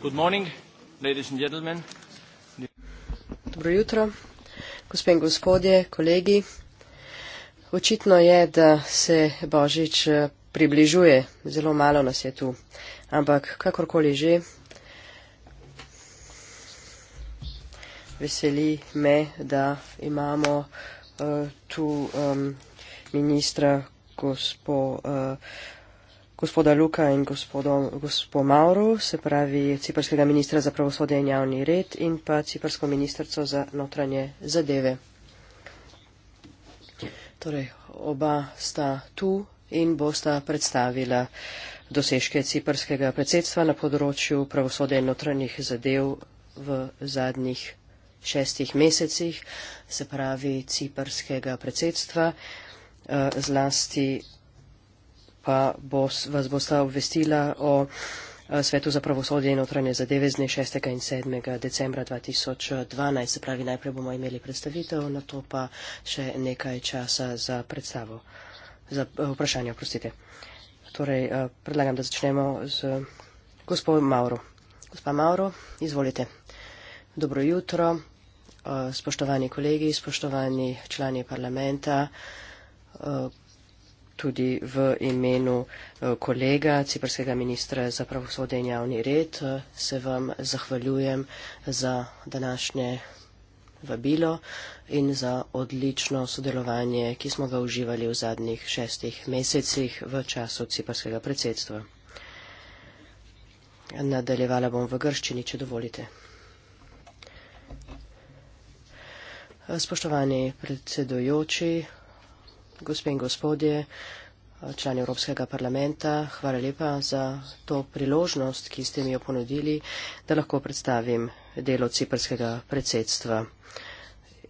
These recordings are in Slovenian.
Good morning, ladies and gentlemen. Dobro jutro, gospe in gospodje, kolegi. Očitno je, da se Božič eh, približuje, zelo malo nas je tu, ampak kakorkoli že, veseli me, da imamo uh, tu um, ministra, gospod uh, eh, gospoda Luka in gospodo, gospo Mauro, se pravi ciprskega ministra za pravosodje in javni red in pa ciprsko ministrico za notranje zadeve. Torej, oba sta tu in bosta predstavila dosežke ciprskega predsedstva na področju pravosodja in notranjih zadev v zadnjih šestih mesecih, se pravi ciprskega predsedstva, eh, zlasti pa bos, vas bosta obvestila o eh, Svetu za pravosodje in notranje zadeve z dne 6. in 7. decembra 2012. Se pravi, najprej bomo imeli predstavitev, na to pa še nekaj časa za predstavo, za eh, vprašanje, oprostite. Torej, eh, predlagam, da začnemo z gospod Mauro. Gospa Mauro, izvolite. Dobro jutro, spoštovani kolegi, spoštovani člani parlamenta tudi v imenu eh, kolega, ciprskega ministra za pravosodje in javni red, eh, se vam zahvaljujem za današnje vabilo in za odlično sodelovanje, ki smo ga uživali v zadnjih šestih mesecih v času ciprskega predsedstva. Nadaljevala bom v grščini, če dovolite. Spoštovani predsedujoči, gospe in gospodje, člani Evropskega parlamenta, hvala lepa za to priložnost, ki ste mi jo ponudili, da lahko predstavim delo ciprskega predsedstva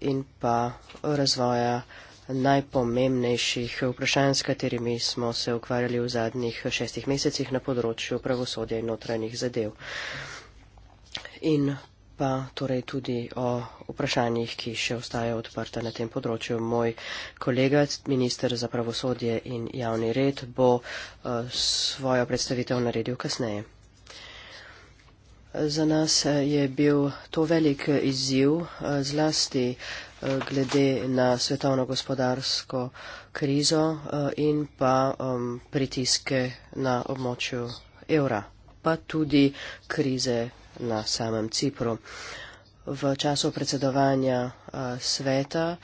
in pa razvoja najpomembnejših vprašanj, s katerimi smo se ukvarjali v zadnjih šestih mesecih na področju pravosodja in notranjih zadev. In pa torej tudi o vprašanjih, ki še ostajajo odprta na tem področju. Moj kolega, minister za pravosodje in javni red, bo eh, svojo predstavitev naredil kasneje. Za nas eh, je bil to velik eh, izziv, zlasti glede na svetovno gospodarsko krizo in pa um, pritiske na območju evra, pa tudi krize na samem Cipru. V času predsedovanja eh, sveta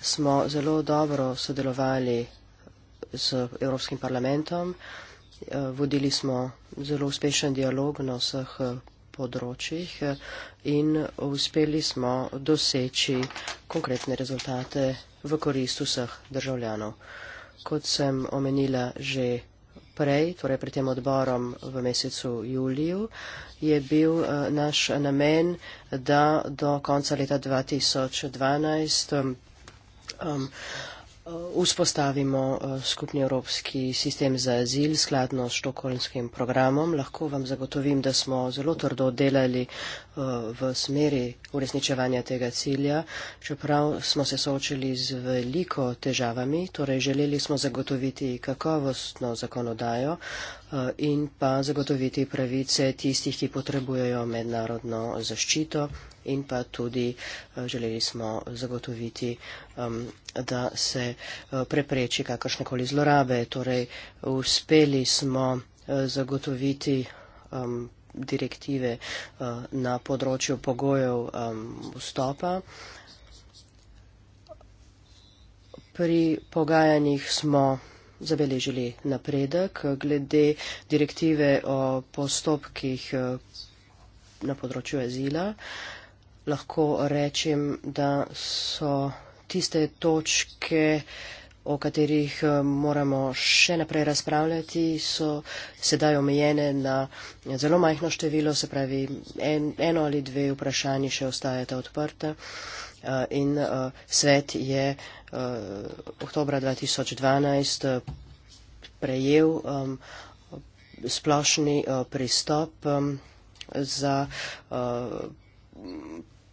smo zelo dobro sodelovali z Evropskim parlamentom, eh, vodili smo zelo uspešen dialog na vseh eh, področjih in uspeli smo doseči konkretne rezultate v korist vseh državljanov. Kot sem omenila že prej, torej pred tem odborom v mesecu juliju, je bil eh, naš namen, da do konca leta 2012 um, Vzpostavimo eh, skupni evropski sistem za azil skladno s štokolmskim programom. Lahko vam zagotovim, da smo zelo trdo delali Eh, v smeri uresničevanja tega cilja, čeprav smo se soočili z veliko težavami, torej želeli smo zagotoviti kakovostno zakonodajo eh, in pa zagotoviti pravice tistih, ki potrebujejo mednarodno zaščito in pa tudi eh, želeli smo zagotoviti, da se prepreči kakršnekoli zlorabe. Torej, uspeli smo zagotoviti direktive uh, na področju pogojev vstopa. Um, Pri pogajanjih smo zabeležili napredek glede direktive o postopkih eh, na področju azila. Lahko rečem, da so tiste točke, o katerih eh, moramo še naprej razpravljati, so sedaj omejene na zelo majhno število, se pravi en, eno ali dve vprašanji še ostajata odprta. Eh, in eh, svet je oktobra 2012 prejel splošni pristop za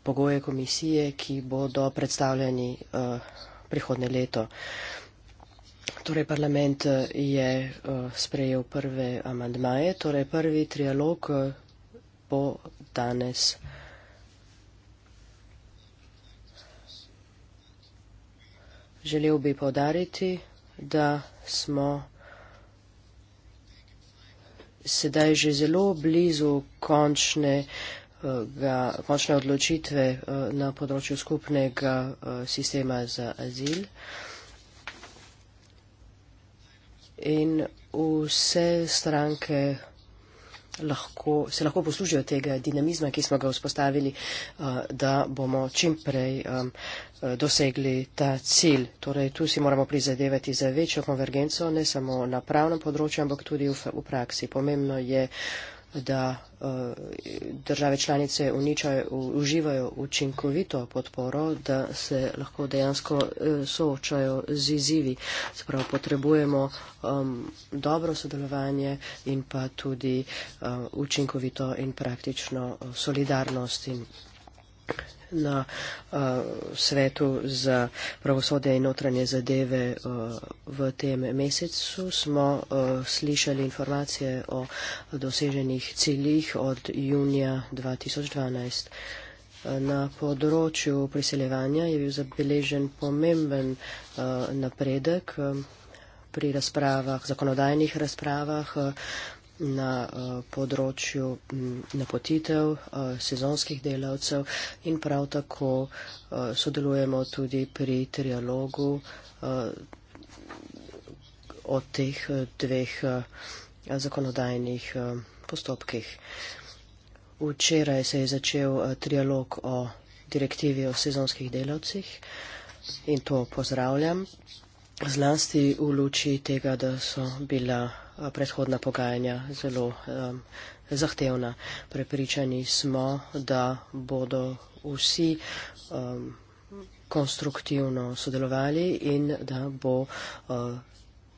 pogoje komisije, ki bodo predstavljeni prihodne leto. Torej, parlament eh, je eh, sprejel prve amandmaje, torej prvi trialog eh, bo danes. Želel bi povdariti, da smo sedaj že zelo blizu končne, končne odločitve na področju skupnega sistema za azil in vse stranke lahko, se lahko poslužijo tega dinamizma, ki smo ga vzpostavili, eh, da bomo čim prej eh, dosegli ta cilj. Torej, tu si moramo prizadevati za večjo konvergenco, ne samo na pravnem področju, ampak tudi v, v praksi. Pomembno je da uh, države članice uničajo, uživajo učinkovito podporo, da se lahko dejansko uh, soočajo z izzivi. Spravo potrebujemo um, dobro sodelovanje in pa tudi uh, učinkovito in praktično uh, solidarnost in na uh, svetu za pravosodje in notranje zadeve uh, v tem mesecu smo uh, slišali informacije o doseženih ciljih od junija 2012. Na področju priseljevanja je bil zabeležen pomemben uh, napredek um, pri razpravah, zakonodajnih razpravah. Uh, na eh, področju mm, napotitev eh, sezonskih delavcev in prav tako eh, sodelujemo tudi pri trialogu o teh dveh zakonodajnih postopkih. Včeraj se je začel trialog o direktivi o sezonskih delavcih in to pozdravljam. Zlasti v luči tega, da so bila Eh, predhodna pogajanja zelo um, zahtevna. Prepričani smo, da bodo vsi um, konstruktivno sodelovali in da bo uh,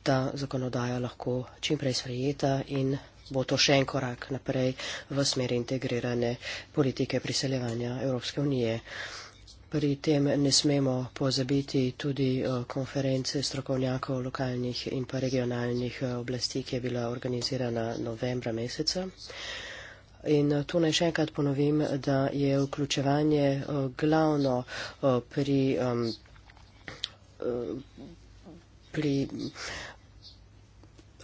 ta zakonodaja lahko čimprej sprejeta in bo to še en korak naprej v smeri integrirane politike priseljevanja Evropske unije. Uh, Pri tem ne smemo pozabiti tudi eh, konference strokovnjakov lokalnih in pa regionalnih eh, oblasti, ki je bila organizirana novembra meseca. In eh, tu naj še enkrat ponovim, da je vključevanje glavno pri, pri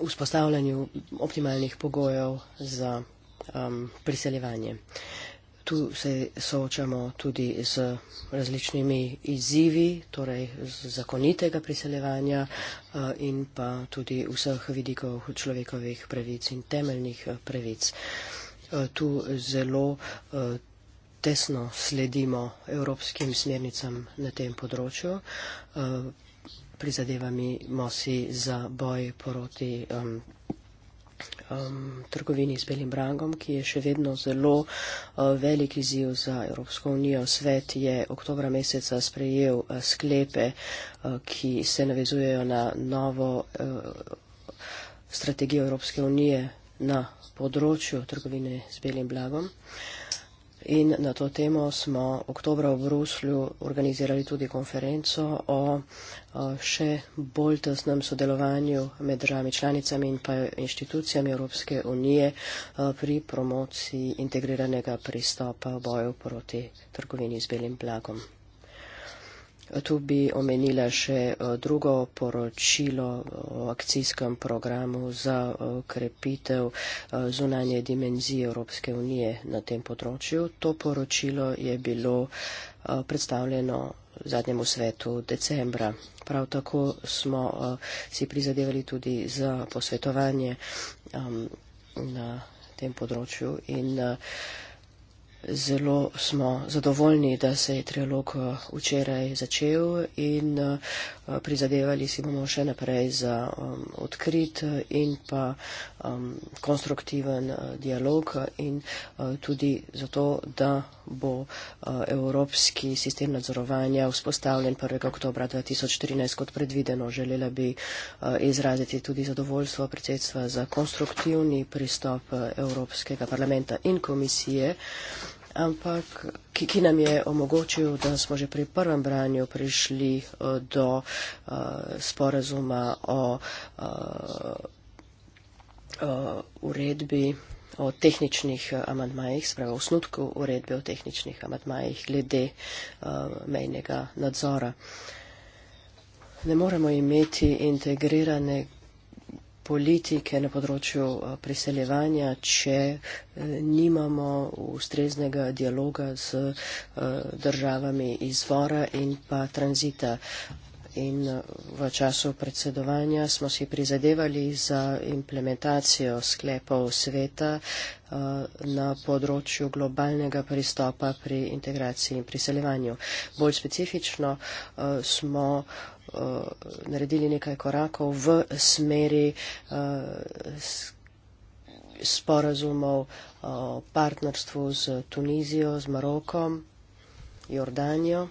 vzpostavljanju optimalnih pogojev za priseljevanje tu se soočamo tudi z različnimi izzivi, torej z zakonitega priseljevanja eh, in pa tudi vseh vidikov človekovih pravic in temeljnih eh, pravic. Eh, tu zelo tesno sledimo evropskim smernicam na tem področju. Prizadevamo si za boj proti um, um, trgovini z belim brangom, ki je še vedno zelo uh, velik izziv za Evropsko unijo. Svet je oktobra meseca sprejel uh, sklepe, uh, ki se navezujejo na novo uh, strategijo Evropske unije na področju trgovine z belim blagom. Uh, In na to temo smo oktobra v Bruslju organizirali tudi konferenco o še bolj tesnem sodelovanju med državami članicami in pa inštitucijami Evropske unije pri promociji integriranega pristopa v boju proti trgovini z belim blagom. Tu bi omenila še eh, drugo poročilo eh, o akcijskem programu za eh, krepitev zunanje dimenzije Evropske unije na tem področju. To poročilo je bilo predstavljeno zadnjemu svetu decembra. Prav tako smo si prizadevali tudi za posvetovanje na tem področju in uh, Zelo smo zadovoljni, da se je trialog eh, včeraj začel in eh, prizadevali si bomo še naprej za eh, odkrit in pa um, konstruktiven uh, dialog in uh, tudi zato, da bo uh, evropski sistem nadzorovanja vzpostavljen 1. oktobra 2013 kot predvideno. Želela bi uh, izraziti tudi zadovoljstvo predsedstva za konstruktivni pristop uh, Evropskega parlamenta in komisije ampak ki, ki nam je omogočil, da smo že pri prvem branju prišli uh, do uh, sporazuma o uh, uredbi o tehničnih eh, amantmajih, spravo osnutku uredbe o tehničnih amantmajih glede eh, mejnega nadzora. Ne moremo imeti integrirane politike na področju eh, priseljevanja, če nimamo ustreznega dialoga z državami izvora in pa tranzita in eh, v času predsedovanja smo si prizadevali za implementacijo sklepov sveta eh, na področju globalnega pristopa pri integraciji in priseljevanju. Bolj specifično eh, smo naredili nekaj korakov v smeri sporazumov o partnerstvu z Tunizijo, z Marokom, Jordanijo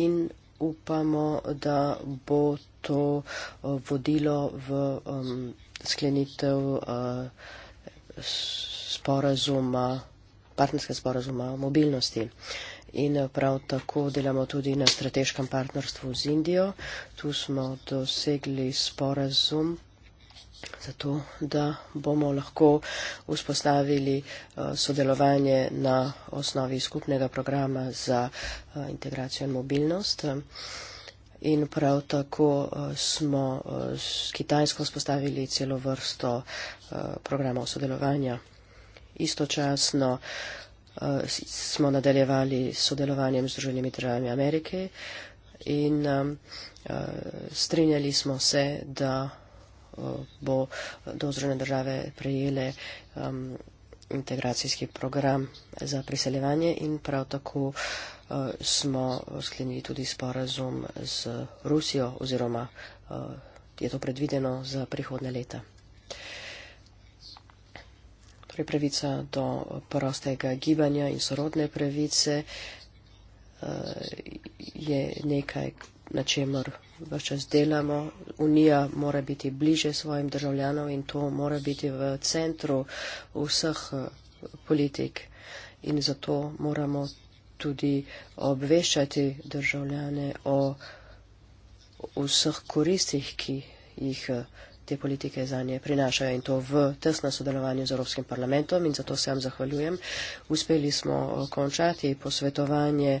in upamo, da bo to eh, vodilo v um, sklenitev uh, sporazuma, partnerske sporazuma o mobilnosti. In eh, prav tako delamo tudi na strateškem partnerstvu z Indijo. Tu smo dosegli sporazum zato, da bomo lahko vzpostavili eh, sodelovanje na osnovi skupnega programa za eh, integracijo in mobilnost. In prav tako eh, smo s Kitajsko vzpostavili celo vrsto programov sodelovanja. Istočasno smo nadaljevali s sodelovanjem z Združenimi državami Amerike in strinjali smo se, da bo do združene države prejele um, integracijski program za priseljevanje in prav tako uh, smo sklenili tudi sporazum z Rusijo oziroma uh, je to predvideno za prihodne leta. Torej pravica do prostega gibanja in sorodne pravice uh, je nekaj, na čemer vse čas delamo. Unija mora biti bliže svojim državljanov in to mora biti v centru vseh eh, politik. In zato moramo tudi obveščati državljane o vseh koristih, ki jih eh, te politike za nje prinašajo in to v tesno sodelovanju z Evropskim parlamentom in zato se vam zahvaljujem. Uspeli smo eh, končati posvetovanje eh,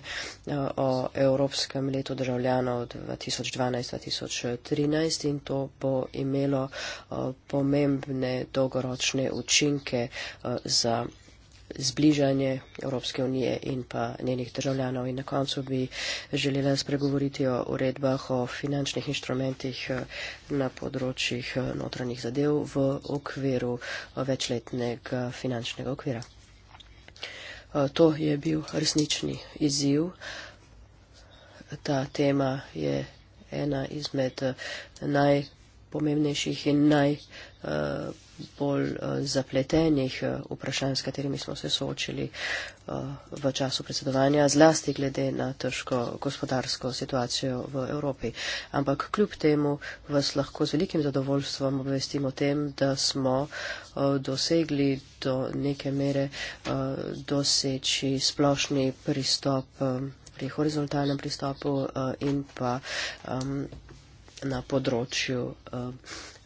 o Evropskem letu državljanov 2012-2013 in to bo imelo eh, pomembne dolgoročne učinke za zbližanje Evropske unije in pa njenih državljanov. In na koncu bi želela spregovoriti o uredbah o finančnih inštrumentih eh, na področjih eh, notranjih zadev v okviru eh, večletnega finančnega okvira. To je bil resnični izziv. Ta tema je ena izmed najpomembnejših najpomembnejših in najbolj eh, eh, zapletenih eh, vprašanj, s katerimi smo se soočili v času predsedovanja, zlasti glede na težko gospodarsko situacijo v Evropi. Ampak kljub temu vas lahko z velikim zadovoljstvom obvestimo o tem, da smo dosegli do neke mere doseči splošni pristop pri horizontalnem pristopu in pa um, na področju uh,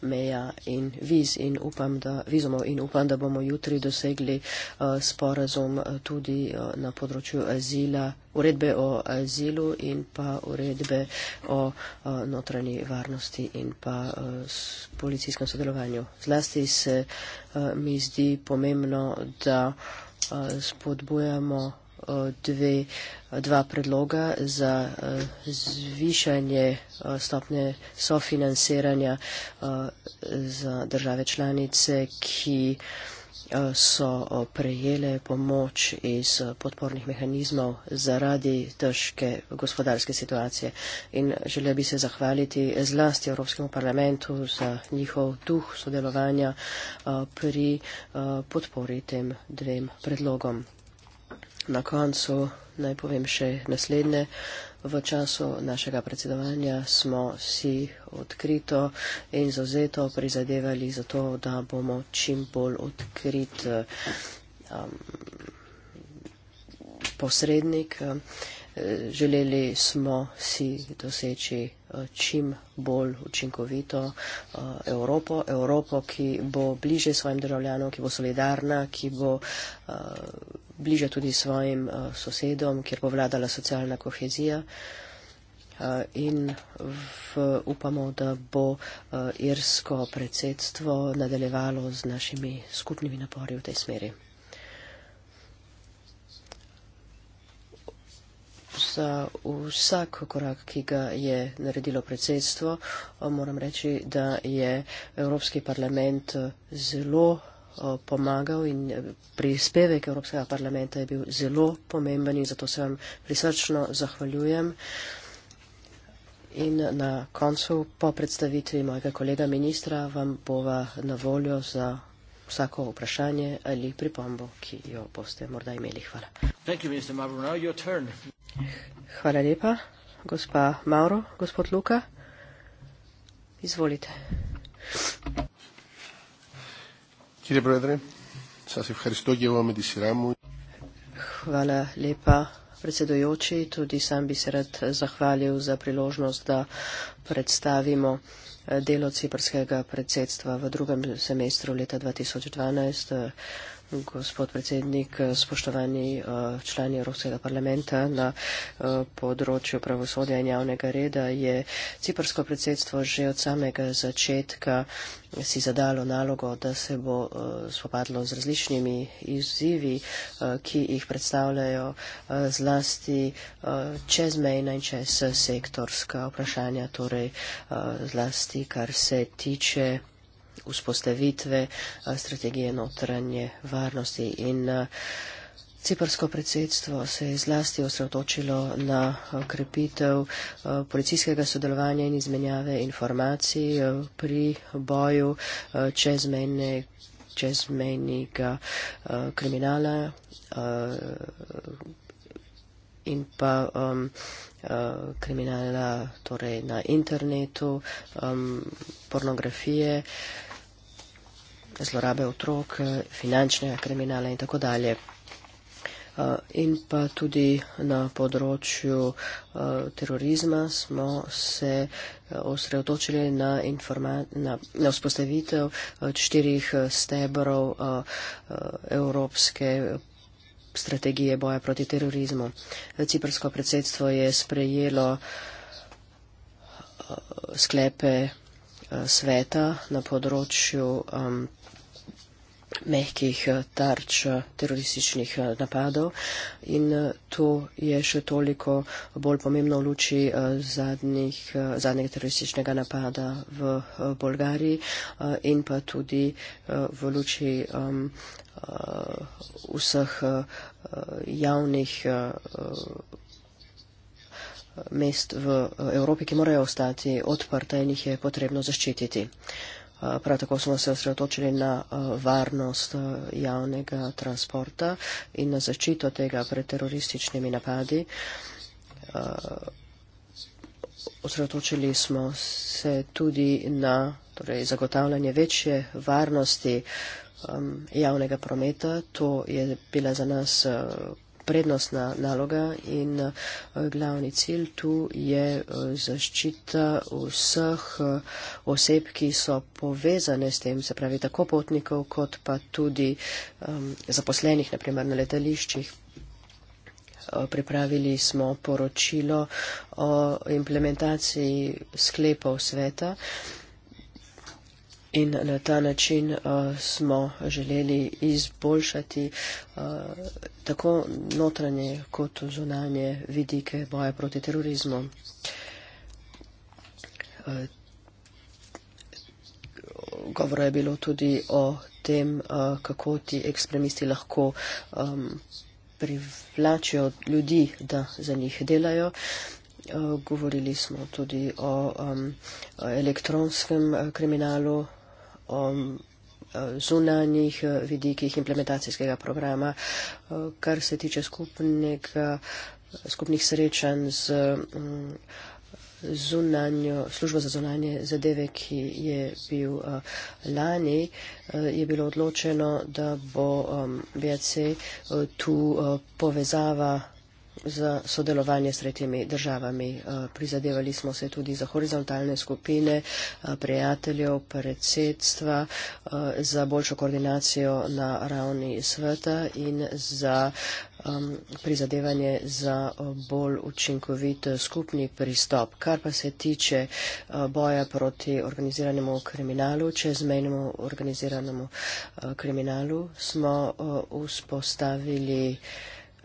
meja in viz in upam, da, vizumov in upam, da bomo jutri dosegli uh, sporazum eh, tudi uh, na področju azila, uredbe o azilu in pa uredbe o uh, notranji varnosti in pa uh, s policijskem sodelovanju. Zlasti se uh, mi zdi pomembno, da uh, spodbujamo dve, dva predloga za zvišanje stopne sofinansiranja za države članice, ki so prejele pomoč iz podpornih mehanizmov zaradi težke gospodarske situacije. In želel bi se zahvaliti zlasti Evropskemu parlamentu za njihov duh sodelovanja pri podpori tem dvem predlogom na koncu naj povem še naslednje. V času našega predsedovanja smo si odkrito in zauzeto prizadevali za to, da bomo čim bolj odkrit um, posrednik. Želeli smo si doseči čim bolj učinkovito eh, Evropo, Evropo, ki bo bliže svojim državljanom, ki bo solidarna, ki bo eh, bliže tudi svojim eh, sosedom, kjer bo vladala socialna kohezija. In v, upamo, da bo irsko predsedstvo nadaljevalo z našimi skupnimi napori v tej smeri. za vsak korak, ki ga je naredilo predsedstvo. Moram reči, da je Evropski parlament eh, zelo eh, pomagal in eh, prispevek Evropskega parlamenta je bil zelo pomemben in zato se vam prisrčno zahvaljujem. In na koncu, po predstavitvi mojega kolega ministra, vam bova na voljo za vsako vprašanje ali pripombo, ki jo boste morda imeli. Hvala. You, Hvala lepa, gospa Mauro, gospod Luka. Izvolite. Hvala lepa, predsedojoči. Tudi sam bi se rad zahvalil za priložnost, da predstavimo delo ciprskega predsedstva v drugem semestru leta 2012 gospod predsednik, spoštovani eh, člani Evropskega parlamenta na eh, področju pravosodja in javnega reda, je ciprsko predsedstvo že od samega začetka si zadalo nalogo, da se bo eh, spopadlo z različnimi izzivi, ki jih predstavljajo zlasti čezmejna in čez sektorska vprašanja, torej zlasti, kar se tiče vzpostavitve eh, strategije notranje varnosti in eh, Ciprsko predsedstvo se je zlasti osredotočilo na eh, krepitev policijskega sodelovanja in izmenjave informacij pri boju čezmejne, čezmejnega kriminala in pa um, kriminala torej na internetu, um, pornografije zlorabe otrok, eh, finančnega kriminala in tako dalje. Eh, in pa tudi na področju eh, terorizma smo se osredotočili na, na, na vzpostavitev štirih stebrov evropske strategije boja proti terorizmu. Ciprsko predsedstvo je sprejelo sklepe Eh, sveta na področju um, mehkih eh, tarč eh, terorističnih napadov in to je še toliko bolj pomembno v luči zadnjih, zadnjega terorističnega napada v Bolgariji in pa tudi v luči um, vseh javnih mest v eh, Evropi, ki morajo ostati odprta in jih je potrebno zaščititi. Eh, prav tako smo se osredotočili na eh, varnost javnega transporta in na zaščito tega pred terorističnimi napadi. Osredotočili smo se tudi na torej, zagotavljanje večje varnosti javnega prometa. To je bila za nas prednostna naloga in eh, glavni cilj tu je eh, zaščita vseh eh, oseb, ki so povezane s tem, se pravi tako potnikov, kot pa tudi zaposlenih, naprimer na letališčih. Pripravili smo poročilo o implementaciji sklepov sveta in na ta način uh, smo želeli izboljšati uh, tako notranje kot zunanje vidike boja proti terorizmu. Uh, govora je bilo tudi o tem, uh, kako ti ekstremisti lahko um, privlačijo ljudi, da za njih delajo. Uh, govorili smo tudi o um, elektronskem kriminalu, o zunanjih eh, vidikih implementacijskega programa. Eh, kar se tiče skupnega, skupnih srečanj z mm, zunanjo, službo za zunanje zadeve, ki je bil eh, lani, je bilo odločeno, da bo VAC tu povezava za sodelovanje s tretjimi državami. Eh, prizadevali smo se tudi za horizontalne skupine eh, prijateljev, predsedstva, eh, za boljšo koordinacijo na ravni sveta in za prizadevanje za bolj učinkovit skupni pristop. Kar pa se tiče boja proti organiziranemu kriminalu, čezmejnemu organiziranemu kriminalu, smo vzpostavili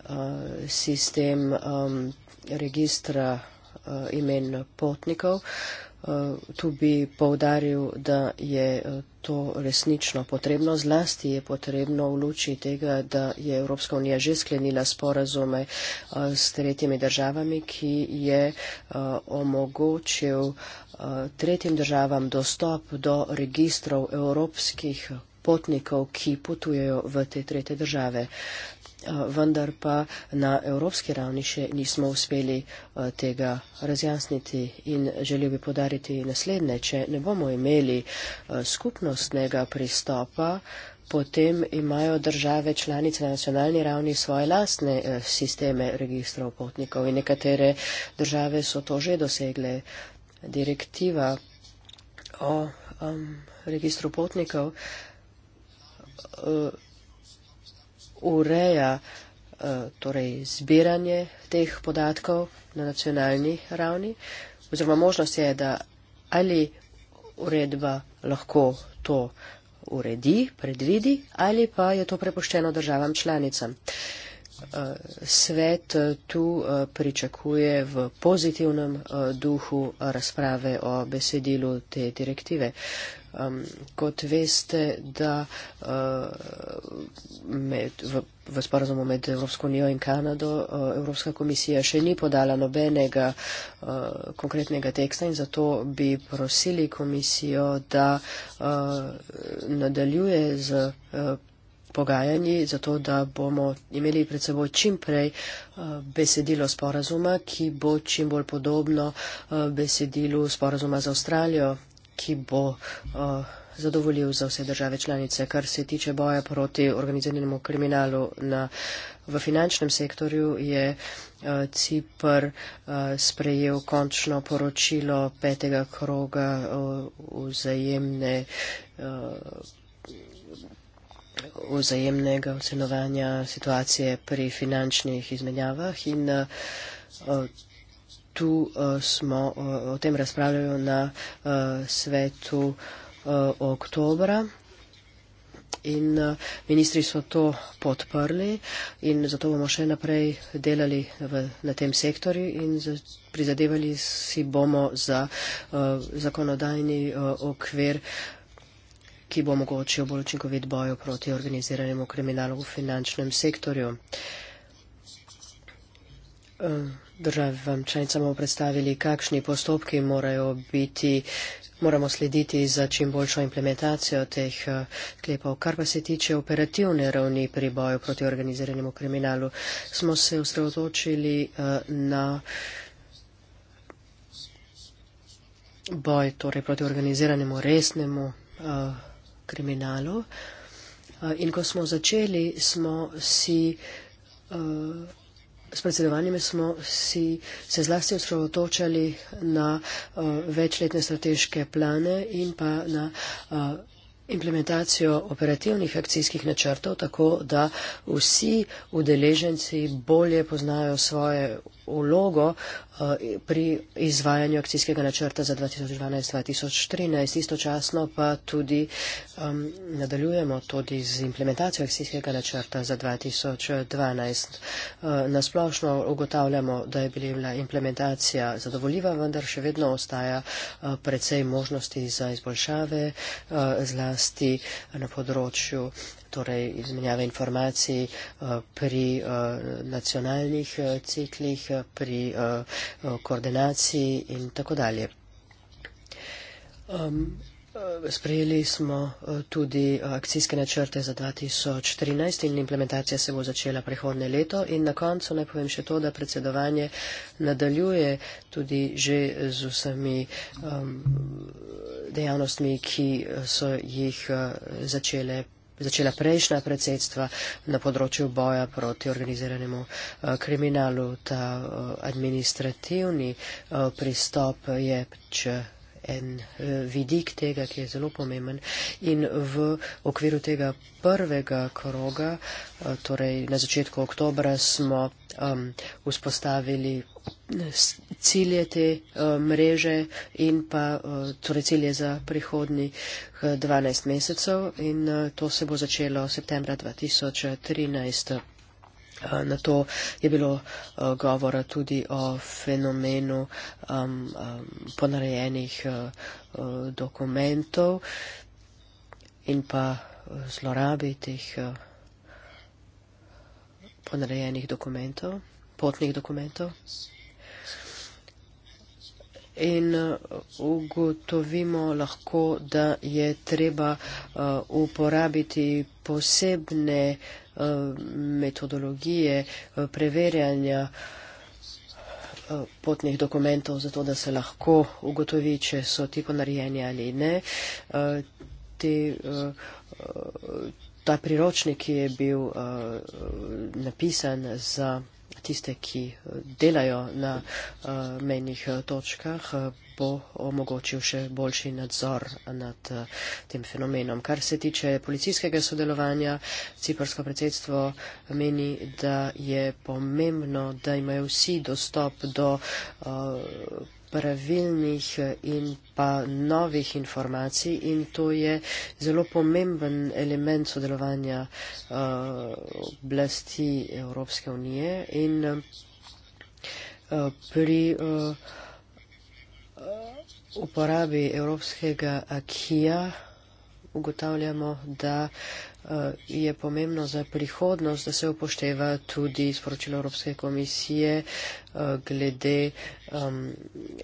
Eh, sistem um, registra uh, imen potnikov. Uh, tu bi povdaril, da je to resnično potrebno. Zlasti je potrebno v luči tega, da je Evropska unija že sklenila sporazume uh, s tretjimi državami, ki je uh, omogočil uh, tretjim državam dostop do registrov evropskih potnikov, ki potujejo v te tretje države. Eh, vendar pa na evropski ravni še nismo uspeli eh, tega razjasniti in želel bi podariti naslednje. Če ne bomo imeli eh, skupnostnega pristopa, potem imajo države članice na nacionalni ravni svoje lastne sisteme registrov potnikov in nekatere države so to že dosegle. Direktiva o um, registru potnikov. Uh, ureja eh, torej zbiranje teh podatkov na nacionalni ravni, oziroma možnost je, da ali uredba lahko to uredi, predvidi, ali pa je to prepuščeno državam članicam svet eh, tu eh, pričakuje v pozitivnem eh, duhu razprave o besedilu te direktive. Um, kot veste, da uh, med, v, v sporazumu med Evropsko unijo in Kanado uh, Evropska komisija še ni podala nobenega uh, konkretnega teksta in zato bi prosili komisijo, da uh, nadaljuje z. Uh, pogajanji, zato da bomo imeli pred seboj čim prej eh, besedilo sporazuma, ki bo čim bolj podobno eh, besedilu sporazuma za Avstralijo, ki bo eh, zadovoljiv za vse države članice. Kar se tiče boja proti organiziranemu kriminalu na, v finančnem sektorju, je Cipr sprejel končno poročilo petega kroga vzajemne vzajemnega ocenovanja situacije pri finančnih izmenjavah in eh, tu eh, smo o tem razpravljali na eh, svetu oktobra. In ministri so to podprli in zato bomo še naprej delali v, na tem sektorju in z, prizadevali si bomo za uh, zakonodajni uh, okvir uh, ki bo omogočil bolj učinkovit boj proti organiziranemu kriminalu v finančnem sektorju. Eh, Države vam članicam bomo predstavili, kakšni postopki morajo biti, moramo slediti za čim boljšo implementacijo teh eh, sklepov. Kar pa se tiče operativne ravni pri boju proti organiziranemu kriminalu, smo se usredotočili eh, na boj torej proti organiziranemu resnemu uh, kriminalu. Eh, in ko smo začeli, smo si, eh, s predsedovanjem smo si se zlasti osredotočali na eh, večletne strateške plane in pa na implementacijo operativnih akcijskih načrtov, tako da vsi udeleženci bolje poznajo svoje vlogo eh, pri izvajanju akcijskega načrta za 2012-2013. Istočasno pa tudi um, nadaljujemo tudi z implementacijo akcijskega načrta za 2012. Uh, nasplošno ugotavljamo, da je bila implementacija zadovoljiva, vendar še vedno ostaja uh, precej možnosti za izboljšave, uh, zlasti na področju uh, torej izmenjava informacij eh, pri eh, nacionalnih eh, ciklih, pri koordinaciji in tako dalje. Sprejeli smo tudi akcijske načrte za 2014 in implementacija se bo začela prihodne leto. In na koncu naj povem še to, da predsedovanje nadaljuje tudi že z vsemi dejavnostmi, ki so jih začele začela prejšnja predsedstva na področju boja proti organiziranemu eh, kriminalu. Ta eh, administrativni eh, pristop je pač, en vidik tega, ki je zelo pomemben. In v okviru tega prvega kroga, torej na začetku oktobra, smo um, vzpostavili cilje te eh, mreže in pa eh, torej cilje za prihodni 12 eh, mesecev in to se bo začelo septembra 2013. Na to je bilo govora tudi o fenomenu um, um, ponarejenih uh, dokumentov in pa zlorabi teh uh, ponarejenih dokumentov, potnih dokumentov in uh, ugotovimo lahko, da je treba uh, uporabiti posebne uh, metodologije preverjanja potnih dokumentov, zato da se lahko ugotovi, če so ti ponarejeni ali ne. Te, ta priročnik, ki je bil napisan za tiste, ki eh, delajo na uh, eh, menjih eh, točkah, bo omogočil še boljši nadzor nad uh, tem fenomenom. Kar se tiče policijskega sodelovanja, ciprsko predsedstvo meni, da je pomembno, da imajo vsi dostop do uh, pravilnih eh, in pa novih informacij in to je zelo pomemben element sodelovanja eh, oblasti uh, Evropske unije in uh, pri uh, uporabi Evropskega akija ugotavljamo, da uh, Eh, je pomembno za prihodnost, da se upošteva tudi sporočilo Evropske komisije eh, glede um,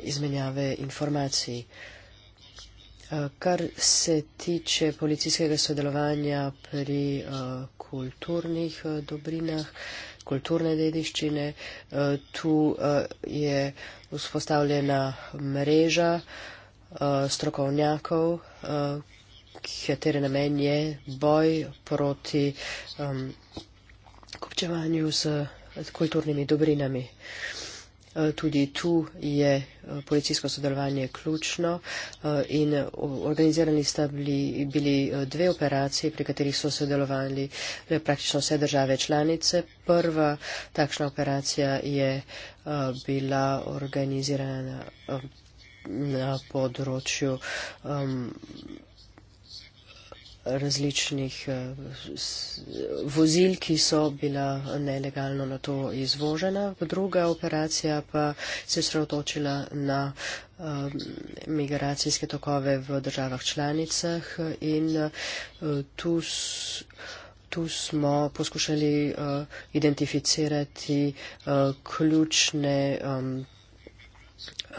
izmenjave informacij. Eh, kar se tiče policijskega sodelovanja pri uh, kulturnih uh, dobrinah, kulturne dediščine, uh, tu uh, je vzpostavljena mreža uh, strokovnjakov, uh, katere namen je boj proti um, kupčevanju z kulturnimi dobrinami. Uh, tudi tu je uh, policijsko sodelovanje ključno uh, in organizirani sta bili, bili dve operacije, pri katerih so sodelovali eh, praktično vse države članice. Prva takšna operacija je bila organizirana um, na področju um, različnih eh, vozil, ki so bila nelegalno na to izvožena. Druga operacija pa se je sredotočila na eh, migracijske tokove v državah članicah in eh, tu, tu smo poskušali identificirati ključne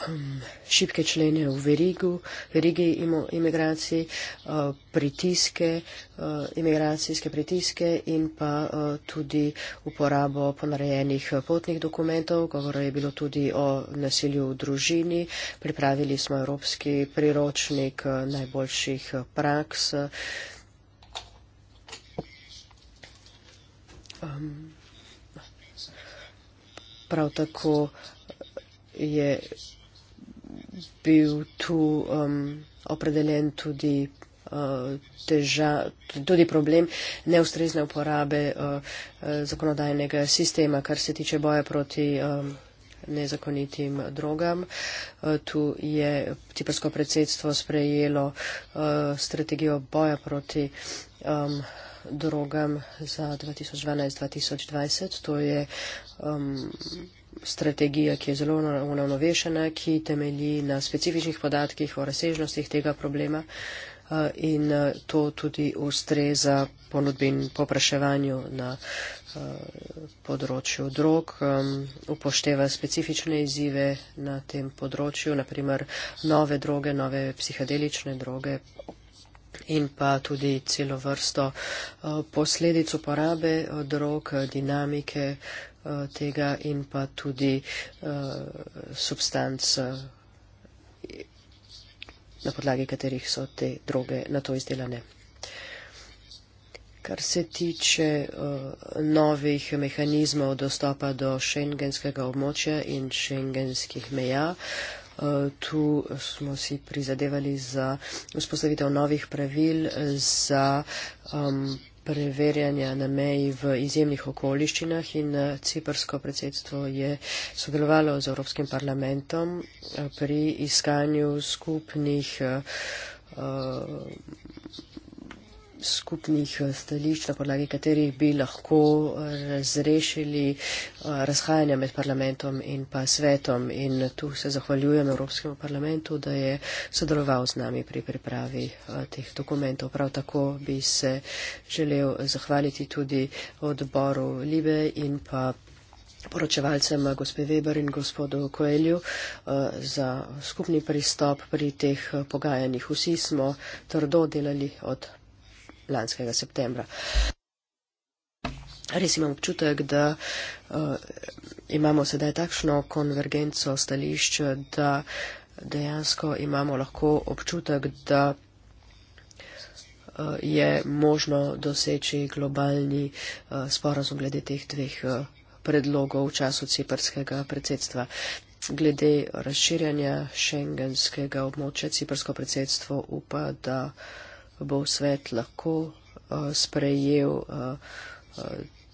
um, šibke člene v verigu, verigi imigracij, uh, pritiske, uh, imigracijske pritiske in pa uh, tudi uporabo ponarejenih potnih dokumentov. Govoro je bilo tudi o nasilju v družini. Pripravili smo evropski priročnik najboljših praks. Um, prav tako je bil tu um, opredeljen tudi, uh, teža, tudi problem neustrezne uporabe uh, uh, zakonodajnega sistema, kar se tiče boja proti. Um, nezakonitim drogam. Uh, tu je tipsko predsedstvo sprejelo uh, strategijo boja proti um, drogam za 2012-2020. To je um, strategija, ki je zelo uravnovešena, ki temelji na specifičnih podatkih o razsežnostih tega problema uh, in uh, to tudi ustreza ponudbi in popraševanju na uh, področju drog, um, upošteva specifične izzive na tem področju, naprimer nove droge, nove psihedelične droge in pa tudi celo vrsto posledic uporabe drog, dinamike, Eh, tega in pa tudi uh, substanc, eh, na podlagi katerih so te droge na to izdelane. Kar se tiče uh, novih mehanizmov dostopa do šengenskega območja in šengenskih meja, Tu smo si prizadevali za vzpostavitev novih pravil za um, preverjanja na meji v izjemnih okoliščinah in eh, ciprsko predsedstvo je sodelovalo z Evropskim parlamentom eh, pri iskanju skupnih eh, skupnih eh, stališč, na podlagi katerih bi lahko eh, razrešili eh, razhajanja med parlamentom in pa svetom. In tu se zahvaljujem Evropskemu parlamentu, da je sodeloval z nami pri pripravi teh dokumentov. Prav tako bi se želel zahvaliti tudi odboru Libe in pa poročevalcem gospe Weber in gospodu Koelju za skupni pristop pri teh pogajanjih. Vsi smo trdo delali od lanskega septembra. Res imam občutek, da uh, imamo sedaj takšno konvergenco stališč, da dejansko imamo lahko občutek, da uh, je možno doseči globalni uh, sporazum glede teh dveh uh, predlogov v času ciprskega predsedstva. Glede razširjanja šengenskega območja ciprsko predsedstvo upa, da. Uh, bo svet lahko eh, sprejel eh, eh,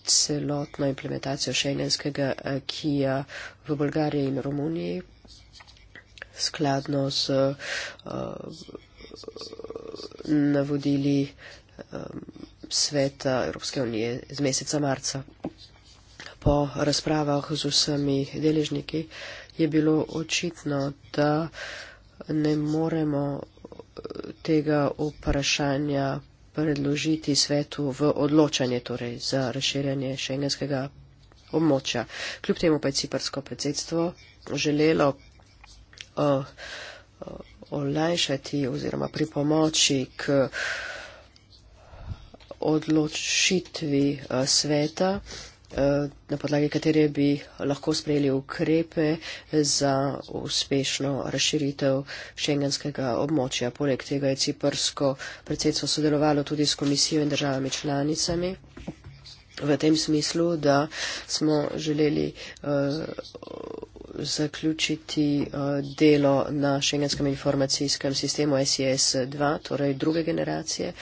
celotno implementacijo šengenskega akija v Bolgariji in Romuniji skladno z navodili sveta Evropske unije z meseca marca. Po razpravah z vsemi deležniki je bilo očitno, da ne moremo tega vprašanja predložiti svetu v odločanje, torej za razširjanje šengenskega območja. Kljub temu pa je ciparsko predsedstvo želelo uh, uh, olajšati oziroma pripomoči k odločitvi uh, sveta uh, Eh, na podlagi katere bi lahko sprejeli ukrepe za uspešno razširitev šengenskega območja. Poleg tega je ciprsko predsedstvo sodelovalo tudi s komisijo in državami članicami v tem smislu, da smo želeli uh, zaključiti uh, delo na šengenskem informacijskem sistemu SIS-2, torej druge generacije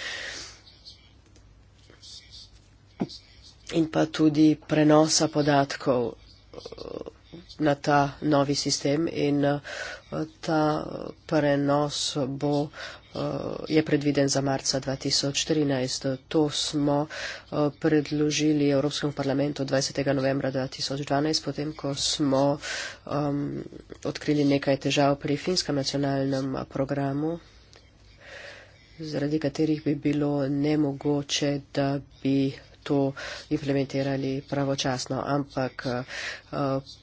in pa tudi prenosa podatkov eh, na ta novi sistem in eh, ta prenos bo, eh, je predviden za marca 2014. To smo predložili Evropskem parlamentu 20. novembra 2012, potem ko smo um, odkrili nekaj težav pri finskem nacionalnem programu, zaradi katerih bi bilo nemogoče, da bi to implementirali pravočasno, ampak eh,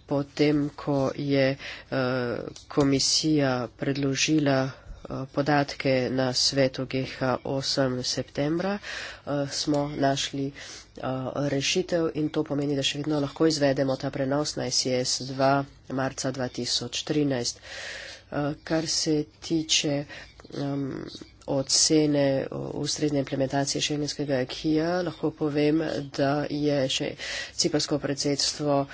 potem, ko je eh, komisija predložila eh, podatke na svetu GH 8. septembra, smo našli rešitev in to pomeni, da še vedno lahko izvedemo ta prenos na SES 2. E marca 2013. Kar se tiče um, ocene ustrezne implementacije šengenskega akija, lahko povem, da je še ciparsko predsedstvo e,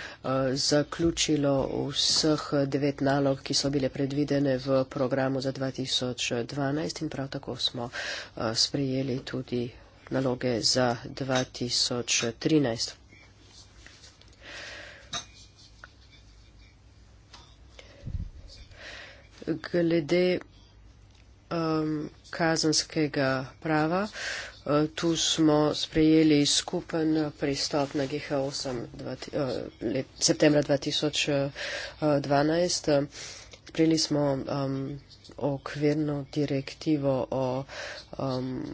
zaključilo vseh devet nalog, ki so bile predvidene v programu za 2012 in prav tako smo e, sprejeli tudi naloge za 2013. Glede um, kazanskega prava. Eh, tu smo sprejeli skupen pristop na GH8 eh, let, septembra 2012. Eh, sprejeli smo um, okvirno direktivo o um,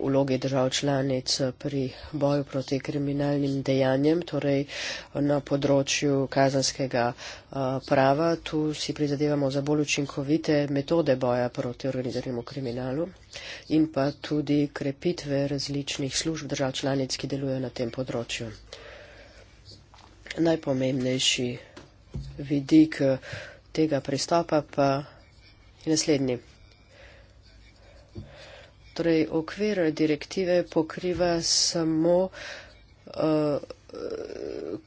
vloge držav članic pri boju proti kriminalnim dejanjem, torej na področju kazanskega prava. Tu si prizadevamo za bolj učinkovite metode boja proti organiziranemu kriminalu in pa tudi krepitve različnih služb držav članic, ki delujejo na tem področju. Najpomembnejši vidik tega pristopa pa je naslednji. Torej, okvir direktive pokriva samo uh,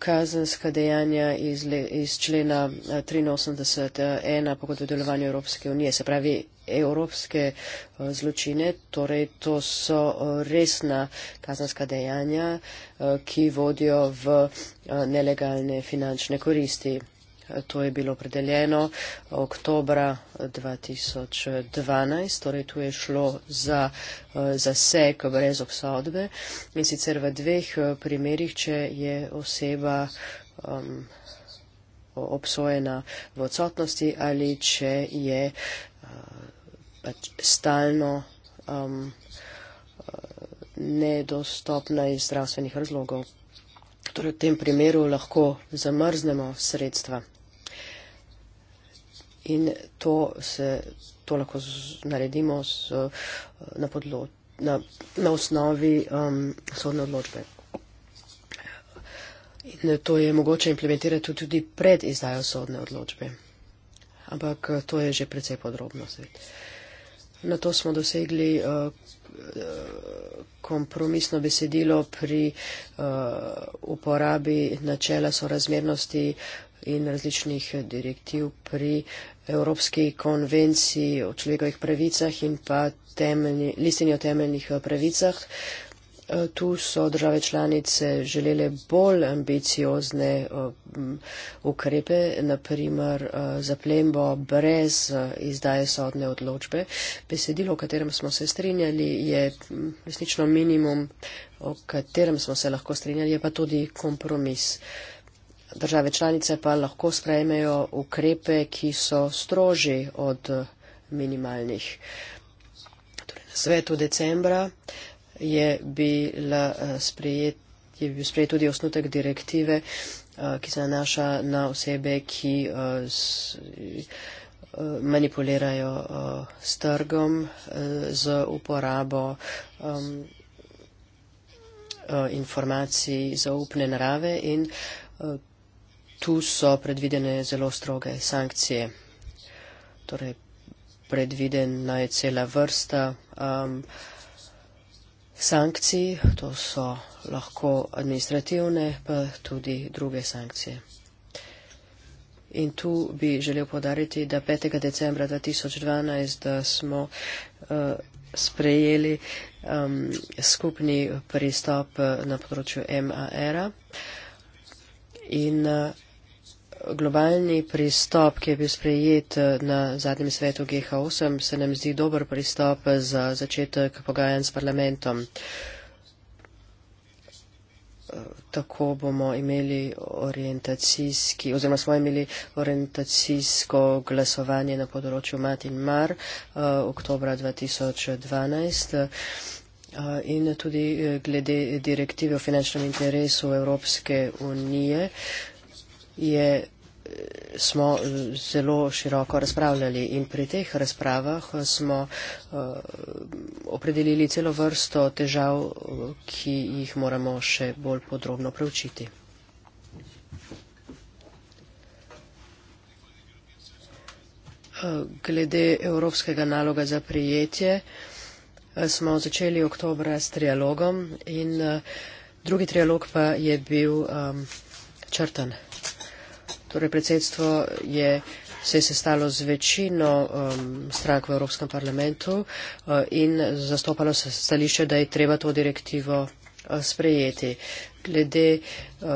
kazenska dejanja iz, le, iz člena 83.1 eh, pogodbe o delovanju Evropske unije, se pravi evropske uh, zločine. Torej, to so resna kazenska dejanja, uh, ki vodijo v uh, nelegalne finančne koristi to je bilo predeljeno oktobra 2012, torej tu je šlo za eh, zaseg brez obsodbe in sicer v dveh eh, primerjih, če je oseba um, obsojena v odsotnosti ali če je uh, pač stalno um, nedostopna iz zdravstvenih razlogov. Torej v tem primeru lahko zamrznemo sredstva in to, se, to lahko z, naredimo z, eh, na, podlo, na, na osnovi um, sodne odločbe. In to je mogoče implementirati tudi pred izdajo sodne odločbe. Ampak eh, to je že precej podrobno. Na to smo dosegli eh, kompromisno besedilo pri uporabi načela sorazmernosti in različnih direktiv pri Evropski konvenciji o človekovih pravicah in pa temeljni, listini o temeljnih eh, pravicah. Eh, tu so države članice želele bolj ambiciozne eh, ukrepe, naprimer zaplembo brez izdaje sodne odločbe. Besedilo, o katerem smo se strinjali, je resnično minimum, o katerem smo se lahko strinjali, je pa tudi kompromis. Države članice pa lahko sprejmejo ukrepe, ki so stroži od minimalnih. Torej, na svetu decembra je, bila, eh, sprejet, je bil sprejet tudi osnutek direktive, eh, ki se nanaša na osebe, ki eh, manipulirajo s trgom z uporabo informacij zaupne narave in tu so predvidene zelo stroge sankcije. Torej, predvidena je cela vrsta um, sankcij, to so lahko administrativne, pa tudi druge sankcije. In tu bi želel podariti, da 5. decembra 2012, da smo uh, sprejeli um, skupni pristop uh, na področju MAR-a in uh, globalni pristop, ki je bil sprejet eh, na zadnjem svetu GH8, se nam zdi dober pristop za začetek pogajanj s parlamentom. Eh, tako bomo imeli orientacijski, oziroma smo imeli orientacijsko glasovanje na področju Mat in Mar eh, oktobra 2012. In tudi glede direktive o finančnem interesu Evropske unije, je, eh, smo eh, zelo široko razpravljali in pri teh razpravah smo eh, opredelili celo vrsto težav, ki jih moramo še bolj podrobno preučiti. Glede evropskega naloga za prijetje smo začeli oktobra s trialogom in drugi trialog pa je bil črtan. Torej, predsedstvo je, se je sestalo z večino um, strank v Evropskem parlamentu uh, in zastopalo se stališče, da je treba to direktivo uh, sprejeti. Glede uh,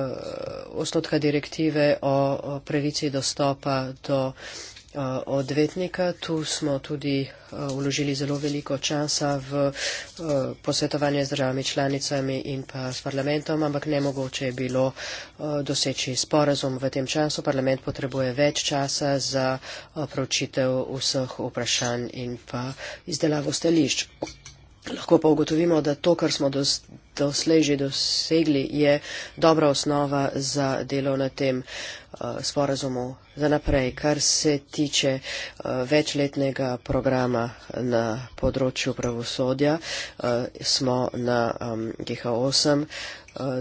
osnotka direktive o, o pravici dostopa do uh, Eh, odvetnika. Tu smo tudi uložili eh, zelo veliko časa v eh, posvetovanje z državami članicami in pa s parlamentom, ampak nemogoče je bilo doseči sporazum v tem času. Parlament potrebuje več časa za pravčitev vseh vprašanj in pa izdelavo stališč. Lahko pa ugotovimo, da to, kar smo dos, doslej že dosegli, je dobra osnova za delo na tem uh, sporazumu za naprej, kar se tiče uh, večletnega programa na področju pravosodja. Uh, smo na um, GH8 uh,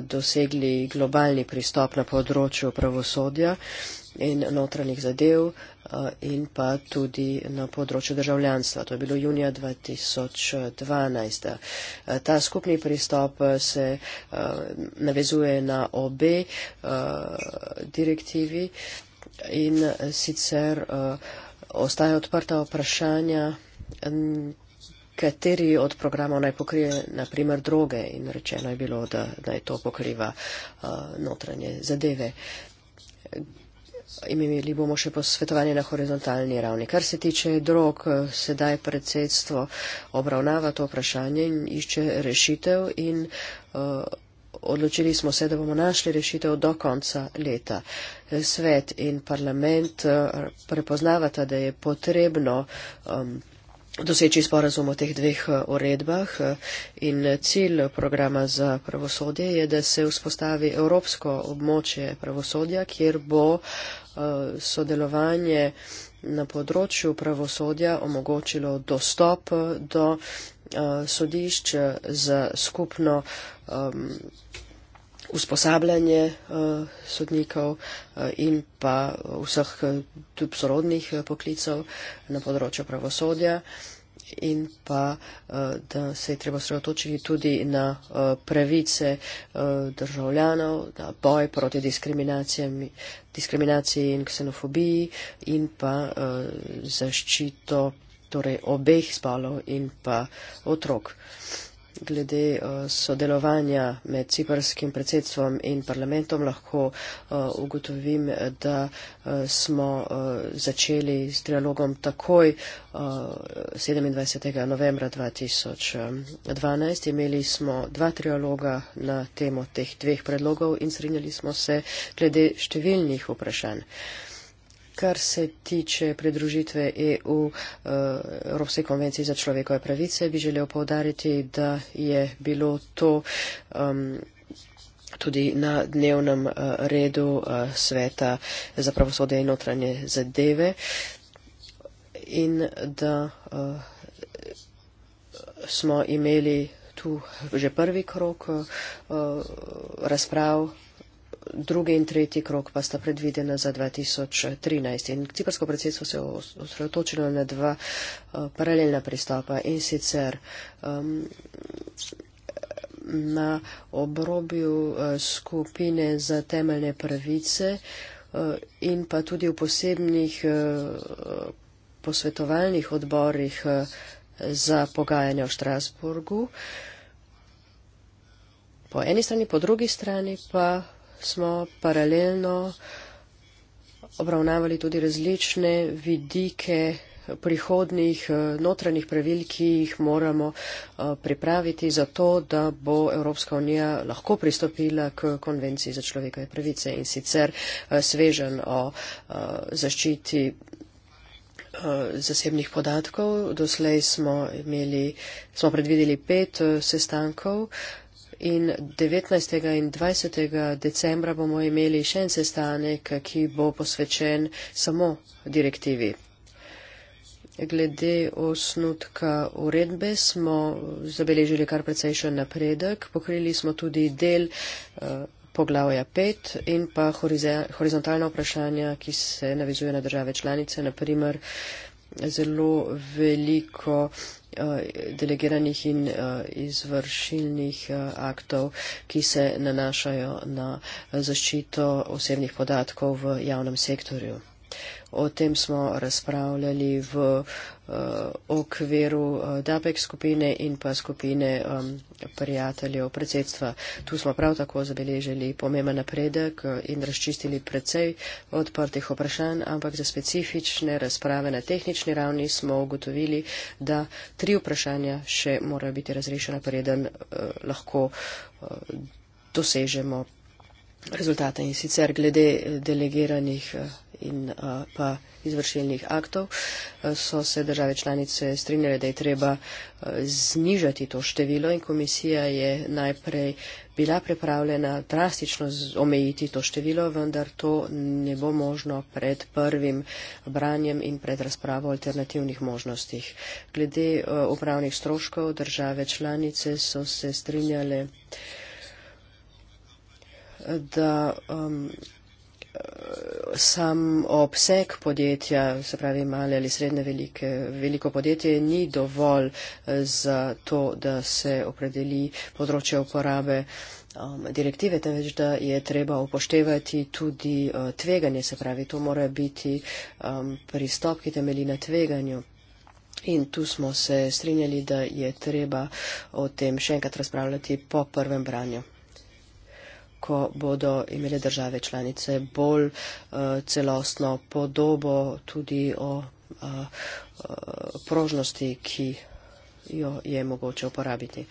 dosegli globalni pristop na področju pravosodja. Uh, in notranjih zadev eh, in pa tudi na področju državljanstva. To je bilo junija 2012. Eh, ta skupni pristop eh, se navezuje na obe direktivi in sicer ostaje odprta vprašanja kateri od programov naj pokrije, naprimer, droge in rečeno je bilo, da naj to pokriva uh, notranje zadeve. Imeli bomo še posvetovanje na horizontalni ravni. Kar se tiče drog, eh, sedaj predsedstvo obravnava to vprašanje in išče rešitev in eh, odločili smo se, da bomo našli rešitev do konca leta. Svet in parlament eh, prepoznavata, da je potrebno doseči sporazum o teh dveh uredbah in cilj programa za pravosodje je, da se vzpostavi evropsko območje pravosodja, kjer bo uh, Eh, sodelovanje na področju pravosodja omogočilo dostop eh, do eh, sodišč za skupno usposabljanje sodnikov in pa vseh sorodnih poklicev na področju pravosodja in pa eh, da se je treba sredotočiti tudi na eh, pravice eh, državljanov, na boj proti diskriminaciji in ksenofobiji in pa zaščito torej obeh spolov in pa otrok glede eh, sodelovanja med ciparskim predsedstvom in parlamentom lahko eh, ugotovim, da eh, smo začeli s trialogom takoj 27. novembra 2012. Imeli smo dva trialoga na temo teh dveh predlogov in srinjali smo se glede številnih vprašanj kar se tiče predružitve EU eh, Evropske konvencije za človekove pravice, bi želel povdariti, da je bilo to um, tudi na dnevnem uh, redu uh, sveta za pravosodje in notranje zadeve in da uh, smo imeli tu že prvi krok uh, razprav drugi in tretji krok pa sta predvidena za 2013. In ciprsko predsedstvo se je osredotočilo na dva uh, paralelna pristopa in sicer um, na obrobju uh, skupine za temeljne pravice uh, in pa tudi v posebnih uh, posvetovalnih odborih uh, za pogajanje v Štrasburgu. Po eni strani, po drugi strani pa smo paralelno obravnavali tudi različne vidike prihodnih eh, notranjih pravil, ki jih moramo eh, pripraviti za to, da bo Evropska unija lahko pristopila k konvenciji za človekove pravice in sicer eh, svežen o zaščiti zasebnih podatkov. Doslej smo, imeli, smo predvideli pet sestankov, In 19. in 20. decembra bomo imeli še en sestanek, ki bo posvečen samo direktivi. Glede osnutka uredbe smo zabeležili kar precejšen napredek. Pokrili smo tudi del uh, poglavja 5 in pa horizontalna vprašanja, ki se navizuje na države članice, naprimer uh, zelo veliko eh, delegiranih in eh, izvršilnih eh, aktov, ki se nanašajo na zaščito osebnih podatkov v javnem sektorju. O tem smo razpravljali v uh, okviru uh, eh, DAPEK skupine in pa skupine um, prijateljev predsedstva. Tu smo prav tako zabeležili pomemben napredek in razčistili precej odprtih vprašanj, ampak za specifične razprave na tehnični ravni smo ugotovili, da tri vprašanja še morajo biti razrešena, preden uh, lahko uh, dosežemo rezultate in sicer glede eh, delegiranih eh, in eh, pa izvršilnih aktov so se države članice strinjale, da je treba znižati to število in komisija je najprej bila prepravljena drastično omejiti to število, vendar to ne bo možno pred prvim branjem in pred razpravo alternativnih možnostih. Glede upravnih stroškov države članice so se strinjale da um, sam obseg podjetja, se pravi male ali srednje velike, veliko podjetje, ni dovolj eh, za to, da se opredeli področje uporabe um, direktive, temveč da je treba upoštevati tudi uh, tveganje, se pravi, to mora biti um, pristop, ki temeli na tveganju. In tu smo se strinjali, da je treba o tem še enkrat razpravljati po prvem branju ko bodo imele države članice bolj uh, celostno podobo tudi o uh, uh, prožnosti, ki jo je mogoče uporabiti.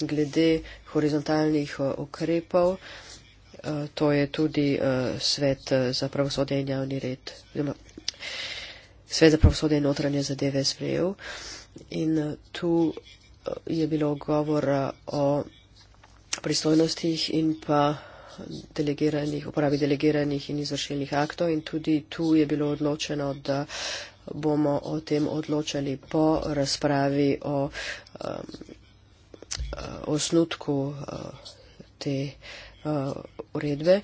Glede horizontalnih ukrepov, to je tudi svet za pravosodje in javni red, svet za pravosodje in notranje zadeve sprejel in tu je bilo govora o pristojnostih in pa delegiranih, uporabi delegiranih in izvršilnih aktov in tudi tu je bilo odločeno, da bomo o tem odločali po razpravi o um, osnutku uh, te uh, uredbe.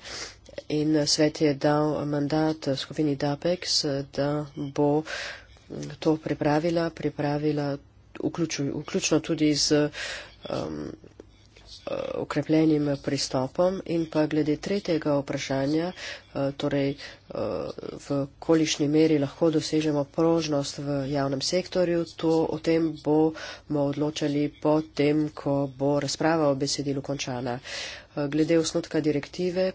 In svet je dal mandat skupini DAPEX, da bo to pripravila, pripravila vključno tudi z um, Eh, okrepljenim pristopom in pa glede tretjega vprašanja, eh, torej eh, v kolišni meri lahko dosežemo prožnost v javnem sektorju, to o tem bomo odločali potem, ko bo razprava o besedilu končana. Glede osnutka direktive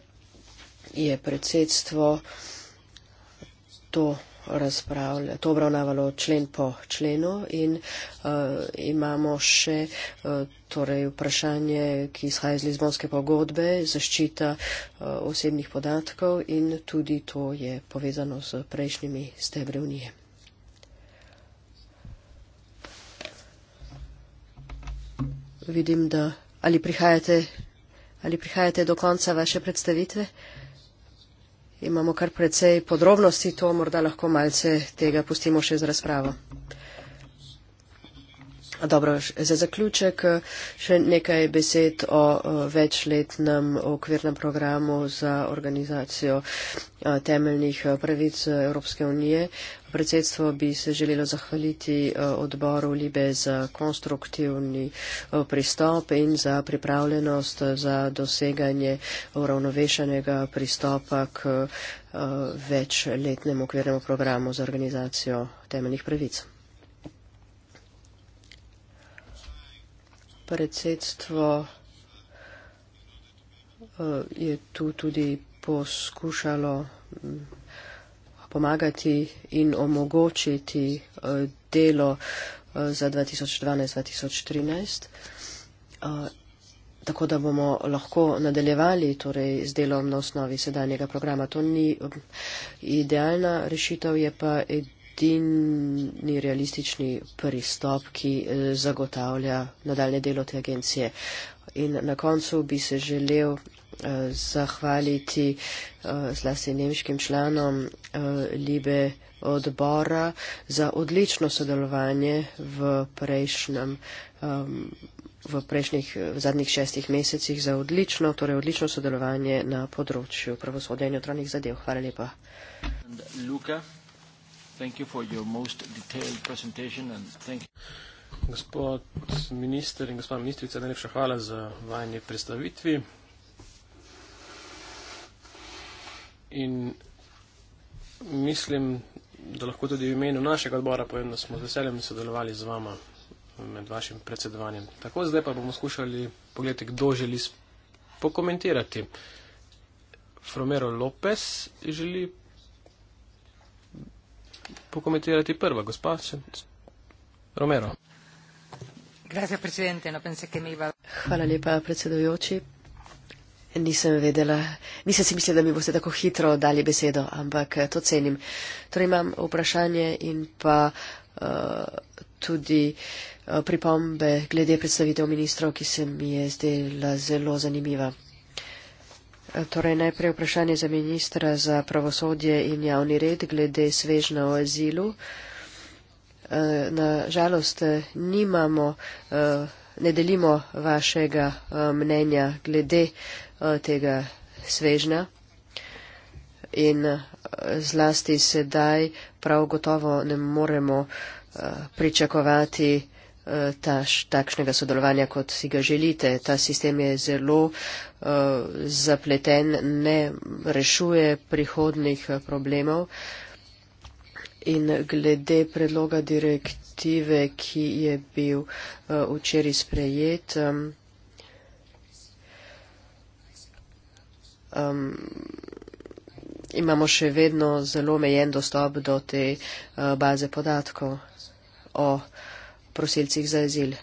je predsedstvo to to obravnavalo člen po členu in uh, imamo še uh, torej vprašanje, ki izhaja iz Lizbonske pogodbe, zaščita uh, osebnih podatkov in tudi to je povezano s prejšnjimi stebre unije. Vidim, da ali prihajate, ali prihajate do konca vaše predstavitve? Uh, imamo kar precej podrobnosti, to morda lahko malce tega pustimo še z razpravo. Dobro, za zaključek še nekaj besed o večletnem okvirnem programu za organizacijo temeljnih pravic Evropske unije. Predsedstvo bi se želelo zahvaliti odboru Libe za konstruktivni pristop in za pripravljenost za doseganje uravnovešenega pristopa k večletnemu okvirnemu programu za organizacijo temeljnih pravic. predsedstvo eh, je tu tudi poskušalo mm, pomagati in omogočiti eh, delo eh, za 2012-2013, tako da bomo lahko nadaljevali torej, z delom na osnovi sedanjega programa. To ni mm, idealna rešitev, je pa edina edini realistični pristop, ki eh, zagotavlja nadaljne delo te agencije. In na koncu bi se želel uh, zahvaliti uh, zlasti nemškim članom uh, Libe odbora za odlično sodelovanje v prejšnjem. Um, v prejšnjih, v zadnjih šestih mesecih za odlično, torej odlično sodelovanje na področju pravosodja in otranjih zadev. Hvala lepa. Thank you for your most detailed presentation and thank you. Gospod minister in gospod ministrica, najlepša hvala za vajanje predstavitvi. In mislim, da lahko tudi v imenu našega odbora povem, da smo z veseljem sodelovali z vama med vašim predsedovanjem. Tako zdaj pa bomo skušali pogledati, kdo želi pokomentirati. Fromero Lopez želi pokomentirati prva, gospa Romero. No Hvala lepa, predsedujoči. Nisem vedela, nisem si mislila, da mi boste tako hitro dali besedo, ampak eh, to cenim. Torej imam vprašanje in pa uh, tudi uh, pripombe glede predstavitev ministrov, ki se mi je zdela zelo zanimiva. Torej, najprej vprašanje za ministra za pravosodje in javni red glede svežna o azilu. Eh, na žalost eh, nimamo, eh, ne delimo vašega mnenja glede tega svežna in zlasti sedaj prav gotovo ne moremo pričakovati Eh, taš, takšnega sodelovanja, kot si ga želite. Ta sistem je zelo uh, zapleten, ne rešuje prihodnih eh, problemov. In glede predloga direktive, ki je bil uh, včeraj sprejet, um, um, imamo še vedno zelo omejen dostop do te uh, baze podatkov o uh, prosilcih za azil.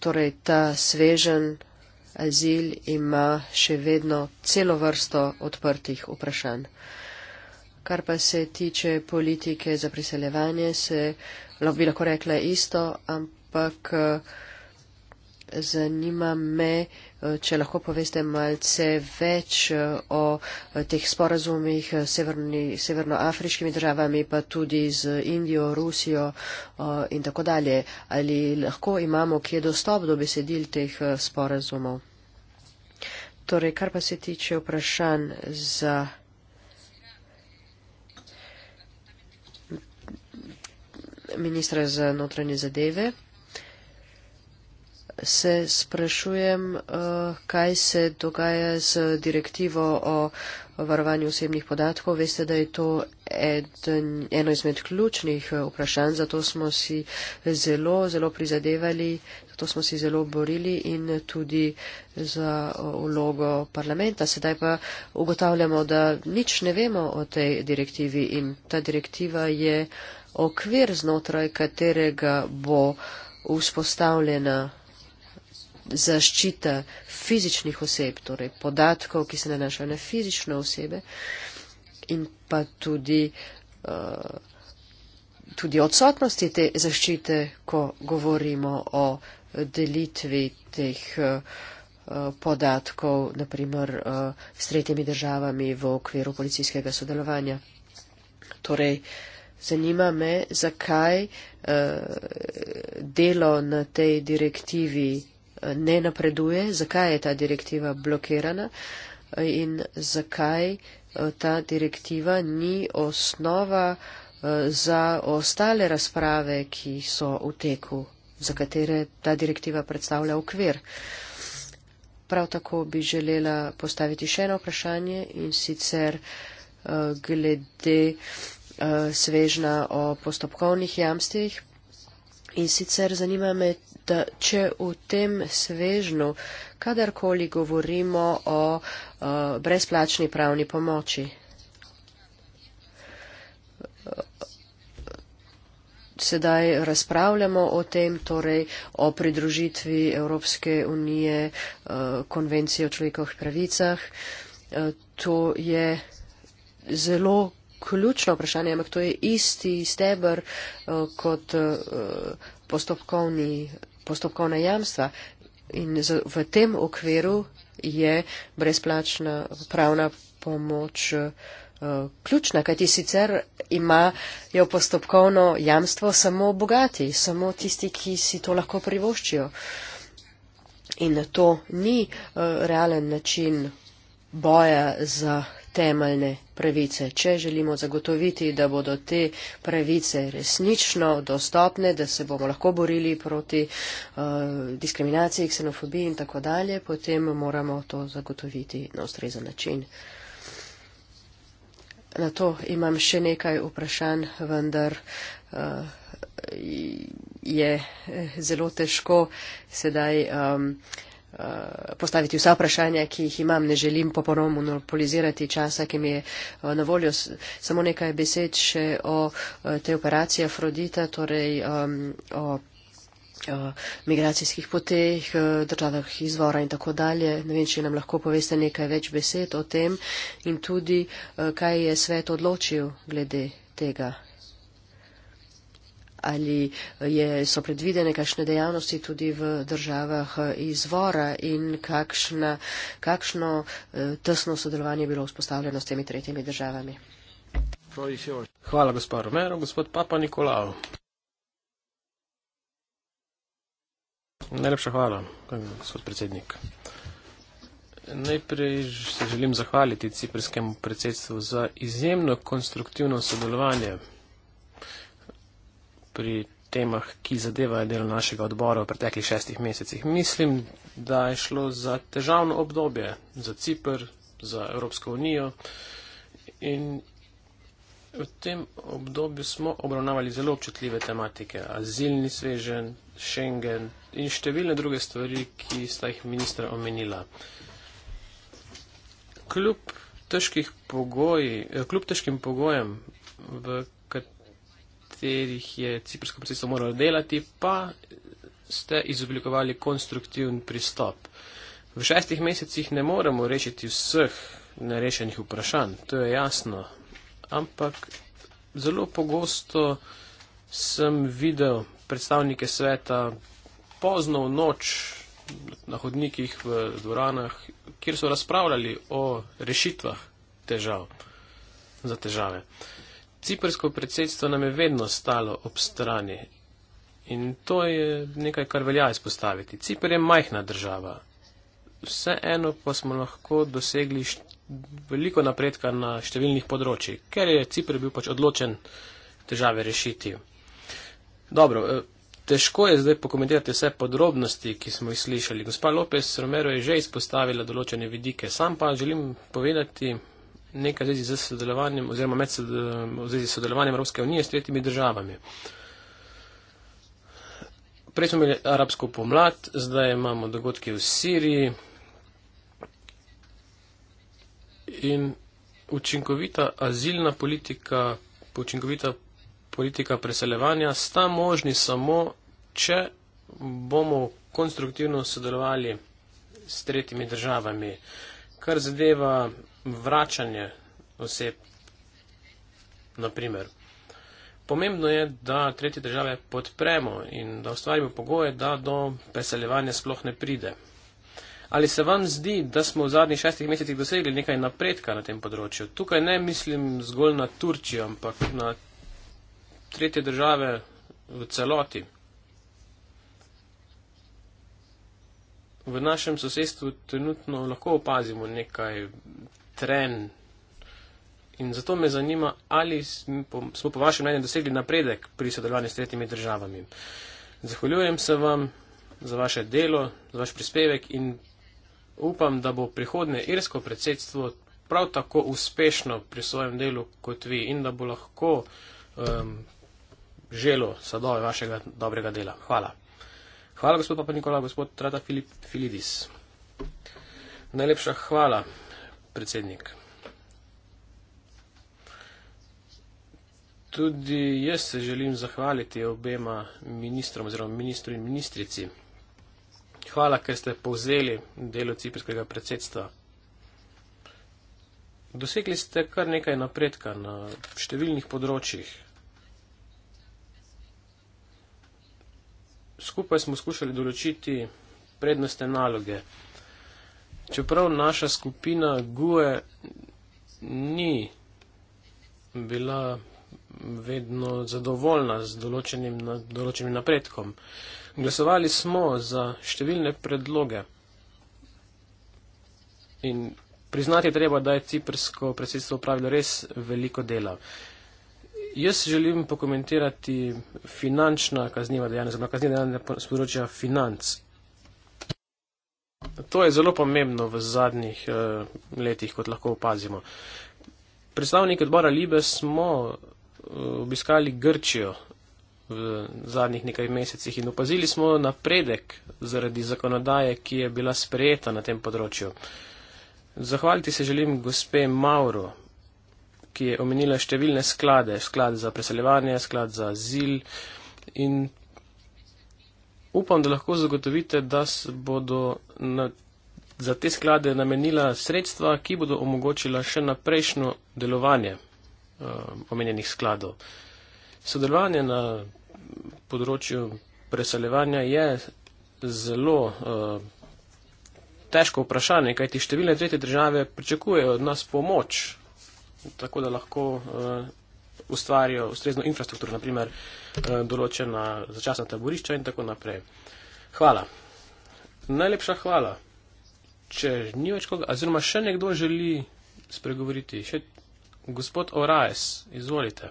Torej, ta svežen azil ima še vedno celo vrsto odprtih vprašanj. Kar pa se tiče politike za priseljevanje, se bi lahko rekla isto, ampak uh, Zanima me, eh, če lahko poveste malce več eh, o eh, teh sporazumih s severnoafriškimi državami, pa tudi z Indijo, Rusijo in tako dalje. Ali lahko imamo kje dostop do besedil teh sporazumov? Torej, kar pa se tiče vprašanj za. Ministra za notranje zadeve se sprašujem, eh, kaj se dogaja z direktivo o varovanju osebnih podatkov. Veste, da je to eden, eno izmed ključnih eh, vprašanj, zato smo si zelo, zelo prizadevali, zato smo si zelo borili in tudi za eh, vlogo parlamenta. Sedaj pa ugotavljamo, da nič ne vemo o tej direktivi in ta direktiva je okvir znotraj katerega bo vzpostavljena zaščita fizičnih oseb, torej podatkov, ki se nanašajo na fizične osebe in pa tudi, uh, tudi odsotnosti te zaščite, ko govorimo o delitvi teh uh, podatkov, naprimer uh, eh, s tretjimi državami v okviru policijskega sodelovanja. Torej, zanima me, zakaj uh, delo na tej direktivi ne napreduje, zakaj je ta direktiva blokirana in zakaj eh, ta direktiva ni osnova eh, za ostale razprave, ki so v teku, za katere ta direktiva predstavlja okvir. Prav tako bi želela postaviti še eno vprašanje in sicer eh, glede svežna o postopkovnih jamstvih. In sicer zanima me da če v tem svežnu, kadarkoli govorimo o, o brezplačni pravni pomoči, sedaj razpravljamo o tem, torej o pridružitvi Evropske unije e, konvencijo o človekovih pravicah. E, to je zelo ključno vprašanje, ampak to je isti steber e, kot postopkovni postopkovna jamstva in v tem okviru je brezplačna pravna pomoč eh, ključna, kajti sicer imajo postopkovno jamstvo samo bogati, samo tisti, ki si to lahko privoščijo. In to ni eh, realen način boja za temeljne pravice. Če želimo zagotoviti, da bodo te pravice resnično dostopne, da se bomo lahko borili proti uh, diskriminaciji, ksenofobiji in tako dalje, potem moramo to zagotoviti na ustrezen način. Na to imam še nekaj vprašanj, vendar uh, je eh, zelo težko sedaj. Um, Eh, postaviti vsa vprašanja, ki jih imam. Ne želim popolnoma monopolizirati časa, ki mi je eh, na voljo. Samo nekaj besed še o eh, tej operaciji Afrodita, torej um, o, o migracijskih poteh, državah izvora in tako dalje. Ne vem, če nam lahko poveste nekaj več besed o tem in tudi, kaj je svet odločil glede tega ali je, so predvidene kakšne dejavnosti tudi v državah eh, izvora in kakšna, kakšno eh, tesno sodelovanje je bilo vzpostavljeno s temi tretjimi državami. Hvala, gospod Romero. Gospod Papa Nikolao. Najlepša hvala, gospod predsednik. Najprej se želim zahvaliti ciprskemu predsedstvu za izjemno konstruktivno sodelovanje pri temah, ki zadevajo delo našega odbora v preteklih šestih mesecih. Mislim, da je šlo za težavno obdobje za Cipr, za Evropsko unijo in v tem obdobju smo obravnavali zelo občutljive tematike, azilni svežen, Schengen in številne druge stvari, ki sta jih ministra omenila. Kljub težkim pogojem, v katerih je ciprsko predsedstvo moralo delati, pa ste izoblikovali konstruktivni pristop. V šestih mesecih ne moremo rešiti vseh nerešenih vprašanj, to je jasno, ampak zelo pogosto sem videl predstavnike sveta pozno v noč na hodnikih v dvoranah, kjer so razpravljali o rešitvah težav za težave ciprsko predsedstvo nam je vedno stalo ob strani. In to je nekaj, kar velja izpostaviti. Cipr je majhna država. Vseeno pa smo lahko dosegli veliko napredka na številnih področjih, ker je Cipr bil pač odločen težave rešiti. Dobro, eh, težko je zdaj pokomentirati vse podrobnosti, ki smo jih slišali. Gospa Lopez Romero je že izpostavila določene vidike. Sam pa želim povedati nekaj zvezi z sodelovanjem oziroma med zvezi sodelovanjem Evropske unije s tretjimi državami. Prej smo imeli arabsko pomlad, zdaj imamo dogodke v Siriji in učinkovita azilna politika, učinkovita politika preseljevanja sta možni samo, če bomo konstruktivno sodelovali s tretjimi državami. Kar zadeva vračanje oseb, naprimer. Pomembno je, da tretje države podpremo in da ustvarimo pogoje, da do preseljevanja sploh ne pride. Ali se vam zdi, da smo v zadnjih šestih mesecih dosegli nekaj napredka na tem področju? Tukaj ne mislim zgolj na Turčijo, ampak na tretje države v celoti. V našem sosedstvu trenutno lahko opazimo nekaj tren. In zato me zanima, ali smo po vašem mnenju dosegli napredek pri sodelovanju s tretjimi državami. Zahvaljujem se vam za vaše delo, za vaš prispevek in upam, da bo prihodne irsko predsedstvo prav tako uspešno pri svojem delu kot vi in da bo lahko um, želo sadove vašega dobrega dela. Hvala. Hvala, gospod Papa Nikola, gospod Trata Filip, Filidis. Najlepša hvala predsednik. Tudi jaz se želim zahvaliti obema ministrom oziroma ministru in ministrici. Hvala, ker ste povzeli delo ciprskega predsedstva. Dosegli ste kar nekaj napredka na številnih področjih. Skupaj smo skušali določiti prednostne naloge čeprav naša skupina Gue ni bila vedno zadovoljna z določenim, določenim napredkom. Glasovali smo za številne predloge in priznati je treba, da je ciprsko predsedstvo upravilo res veliko dela. Jaz želim pokomentirati finančna kazniva dejanja, zelo kazniva dejanja z področja financ. To je zelo pomembno v zadnjih uh, letih, kot lahko opazimo. Predstavniki odbora Libe smo uh, obiskali Grčijo v zadnjih nekaj mesecih in opazili smo napredek zaradi zakonodaje, ki je bila sprejeta na tem področju. Zahvaliti se želim gospe Mauro, ki je omenila številne sklade, sklad za preseljevanje, sklad za azil in upam, da lahko zagotovite, da se bodo na, za te sklade namenila sredstva, ki bodo omogočila še naprejšnjo delovanje uh, omenjenih skladov. Sodelovanje na področju preseljevanja je zelo uh, težko vprašanje, kajti številne tretje države pričakujejo od nas pomoč, tako da lahko. Uh, ustvarijo ustrezno infrastrukturo, naprimer eh, določena začasna taborišča in tako naprej. Hvala. Najlepša hvala. Če ni več koga, oziroma še nekdo želi spregovoriti, še gospod Orajes, izvolite.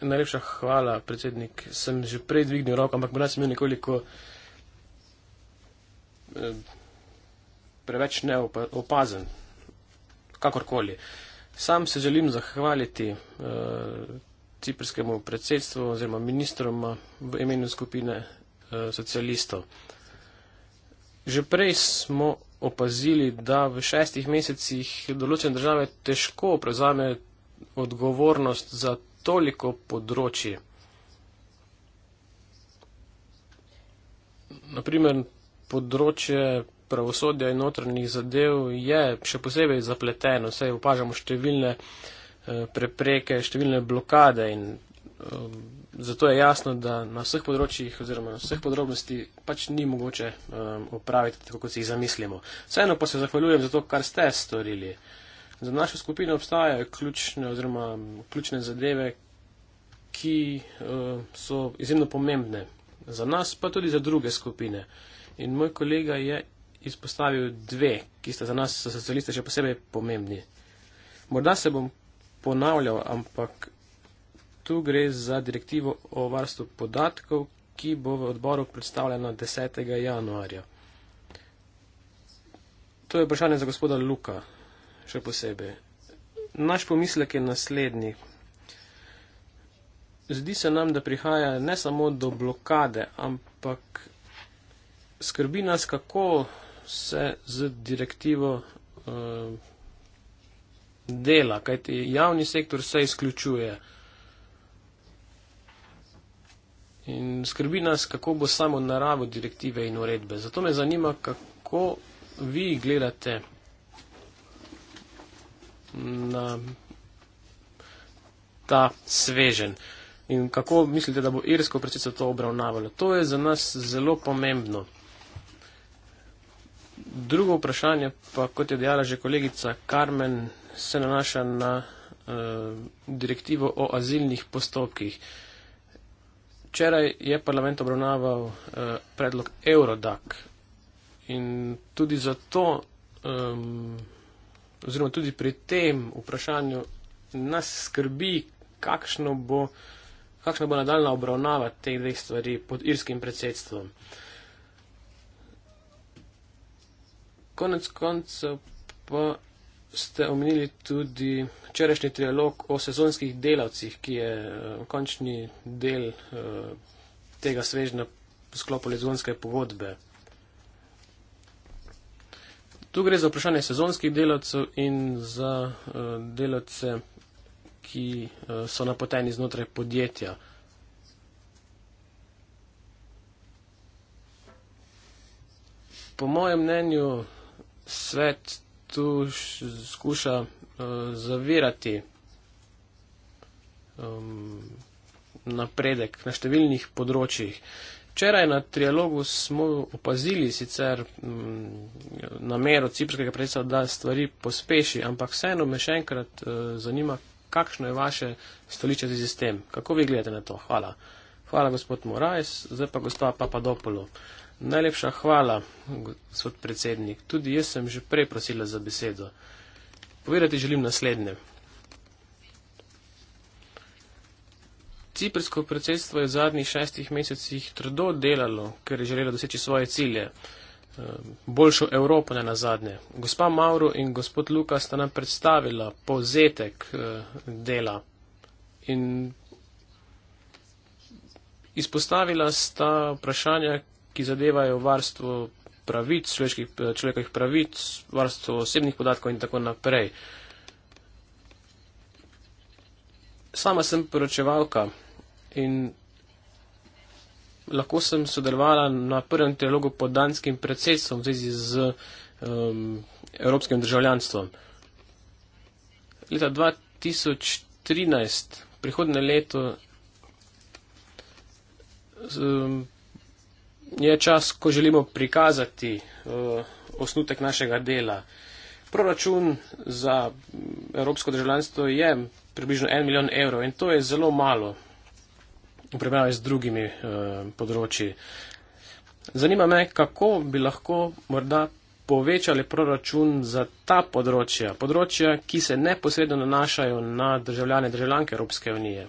Najlepša hvala, predsednik. Sem že prej dvignil roko, ampak morda sem imel nekoliko eh, preveč neopazen. Kakorkoli. Uh, Sam se želim zahvaliti eh, ciprskemu predsedstvu oziroma ministrom v imenu skupine eh, socialistov. Že prej smo opazili, da v šestih mesecih določene države težko prevzame odgovornost za toliko področji. Naprimer, področje pravosodja in notranjih zadev je še posebej zapleteno. Vse upažamo številne eh, prepreke, številne blokade in ehm, zato je jasno, da na vseh področjih oziroma na vseh podrobnosti pač ni mogoče ehm, opraviti tako, kot si jih zamislimo. Vseeno pa se zahvaljujem za to, kar ste storili. Za našo skupino obstajajo ključne oziroma ključne zadeve, ki ehm, so izjemno pomembne. Za nas pa tudi za druge skupine. In moj kolega je izpostavil dve, ki sta za nas socialiste še posebej pomembni. Morda se bom ponavljal, ampak tu gre za direktivo o varstvu podatkov, ki bo v odboru predstavljena 10. januarja. To je vprašanje za gospoda Luka, še posebej. Naš pomislek je naslednji. Zdi se nam, da prihaja ne samo do blokade, ampak skrbi nas, kako se z direktivo uh, dela, kajti javni sektor se izključuje. In skrbi nas, kako bo samo naravo direktive in uredbe. Zato me zanima, kako vi gledate na ta svežen in kako mislite, da bo irsko predsedstvo to obravnavalo. To je za nas zelo pomembno. Drugo vprašanje pa, kot je dejala že kolegica Karmen, se nanaša na eh, direktivo o azilnih postopkih. Včeraj je parlament obravnaval eh, predlog Eurodac in tudi zato, eh, oziroma tudi pri tem vprašanju, nas skrbi, kakšno bo, kakšna bo nadaljna obravnava teh dveh stvari pod irskim predsedstvom. Eh, Konec koncev pa ste omenili tudi včerajšnji trialog o sezonskih delavcih, ki je eh, končni del eh, tega svežna sklopu lezonske pogodbe. Tu gre za vprašanje sezonskih delavcev in za eh, delavce, ki so napoteni znotraj podjetja. Po mojem mnenju svet tu skuša uh, zavirati um, napredek na številnih področjih. Včeraj na trialogu smo opazili sicer um, namero ciprskega predsedstva, da stvari pospeši, ampak vseeno me še enkrat uh, zanima, kakšno je vaše stoliče z sistem. Kako vi gledate na to? Hvala. Hvala, gospod Morajs, zdaj pa gospod Papadopolo. Uh, Najlepša hvala, gospod predsednik. Tudi jaz sem že prej prosila za besedo. Povedati želim naslednje. Ciprsko predsedstvo je v zadnjih šestih mesecih trdo delalo, ker je želelo doseči svoje cilje. Eh, boljšo Evropo ne na zadnje. Gospa Mauro in gospod Luka sta nam predstavila povzetek eh, dela in izpostavila sta vprašanja, ki zadevajo varstvo pravic, človekovih pravic, varstvo osebnih podatkov in tako naprej. Sama sem poročevalka in lahko sem sodelovala na prvem trilogu pod danskim predsedstvom v zvezi z um, evropskim državljanstvom. Leta 2013, prihodne leto, z, je čas, ko želimo prikazati uh, osnutek našega dela. Proračun za mm, evropsko državljanstvo je približno en milijon evrov in to je zelo malo v primerjavi z drugimi uh, področji. Zanima me, kako bi lahko morda povečali proračun za ta področja, področja, ki se neposredno nanašajo na državljane državljanke Evropske unije.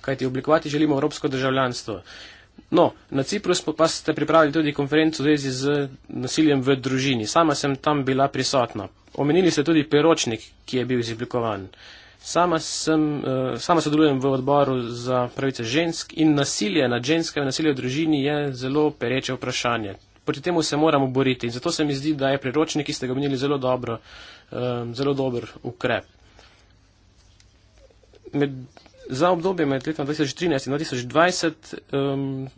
Kajti oblikovati želimo evropsko državljanstvo. Uh, No, na Cipru smo pa ste pripravili tudi konferenco v zvezi z nasiljem v družini. Sama sem tam bila prisotna. Omenili ste tudi peročnik, ki je bil izoblikovan. Sama, sem, eh, sama sodelujem v odboru za pravice žensk in nasilje nad ženskami, nasilje v družini je zelo pereče vprašanje. Proti temu se moramo boriti in zato se mi zdi, da je priročnik, ki ste ga omenili, zelo, dobro, eh, zelo dober ukrep. Med za obdobje med letom 2013 in 2020 um,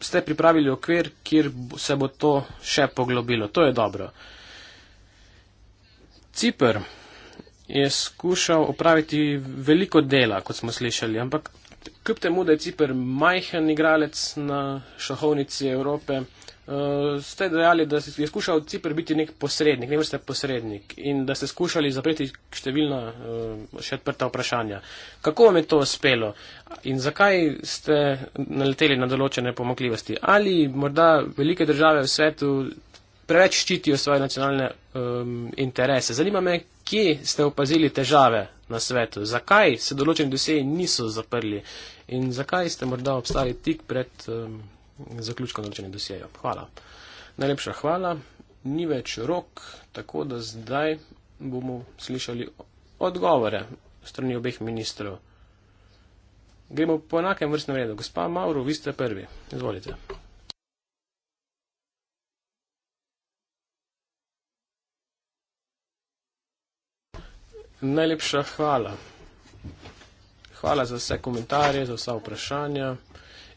ste pripravili okvir, kjer se bo to še poglobilo. To je dobro. Cipr je skušal upraviti veliko dela, kot smo slišali, ampak kljub temu, da je Cipr majhen igralec na šahovnici Evrope, uh, ste dejali, da je skušal Cipr biti nek posrednik, nek vrste posrednik in da ste skušali zapreti številna uh, še odprta vprašanja. Kako vam je to uspelo in zakaj ste naleteli na določene pomakljivosti? Ali morda velike države v svetu preveč ščitijo svoje nacionalne um, interese? Zanima me, kje ste opazili težave na svetu, zakaj se določeni doseji niso zaprli in zakaj ste morda obstali tik pred. Um, zaključkov naročenih dosjejev. Hvala. Najlepša hvala. Ni več rok, tako da zdaj bomo slišali odgovore strani obeh ministrov. Gremo po enakem vrstnem redu. Gospa Mauro, vi ste prvi. Izvolite. Najlepša hvala. Hvala za vse komentarje, za vsa vprašanja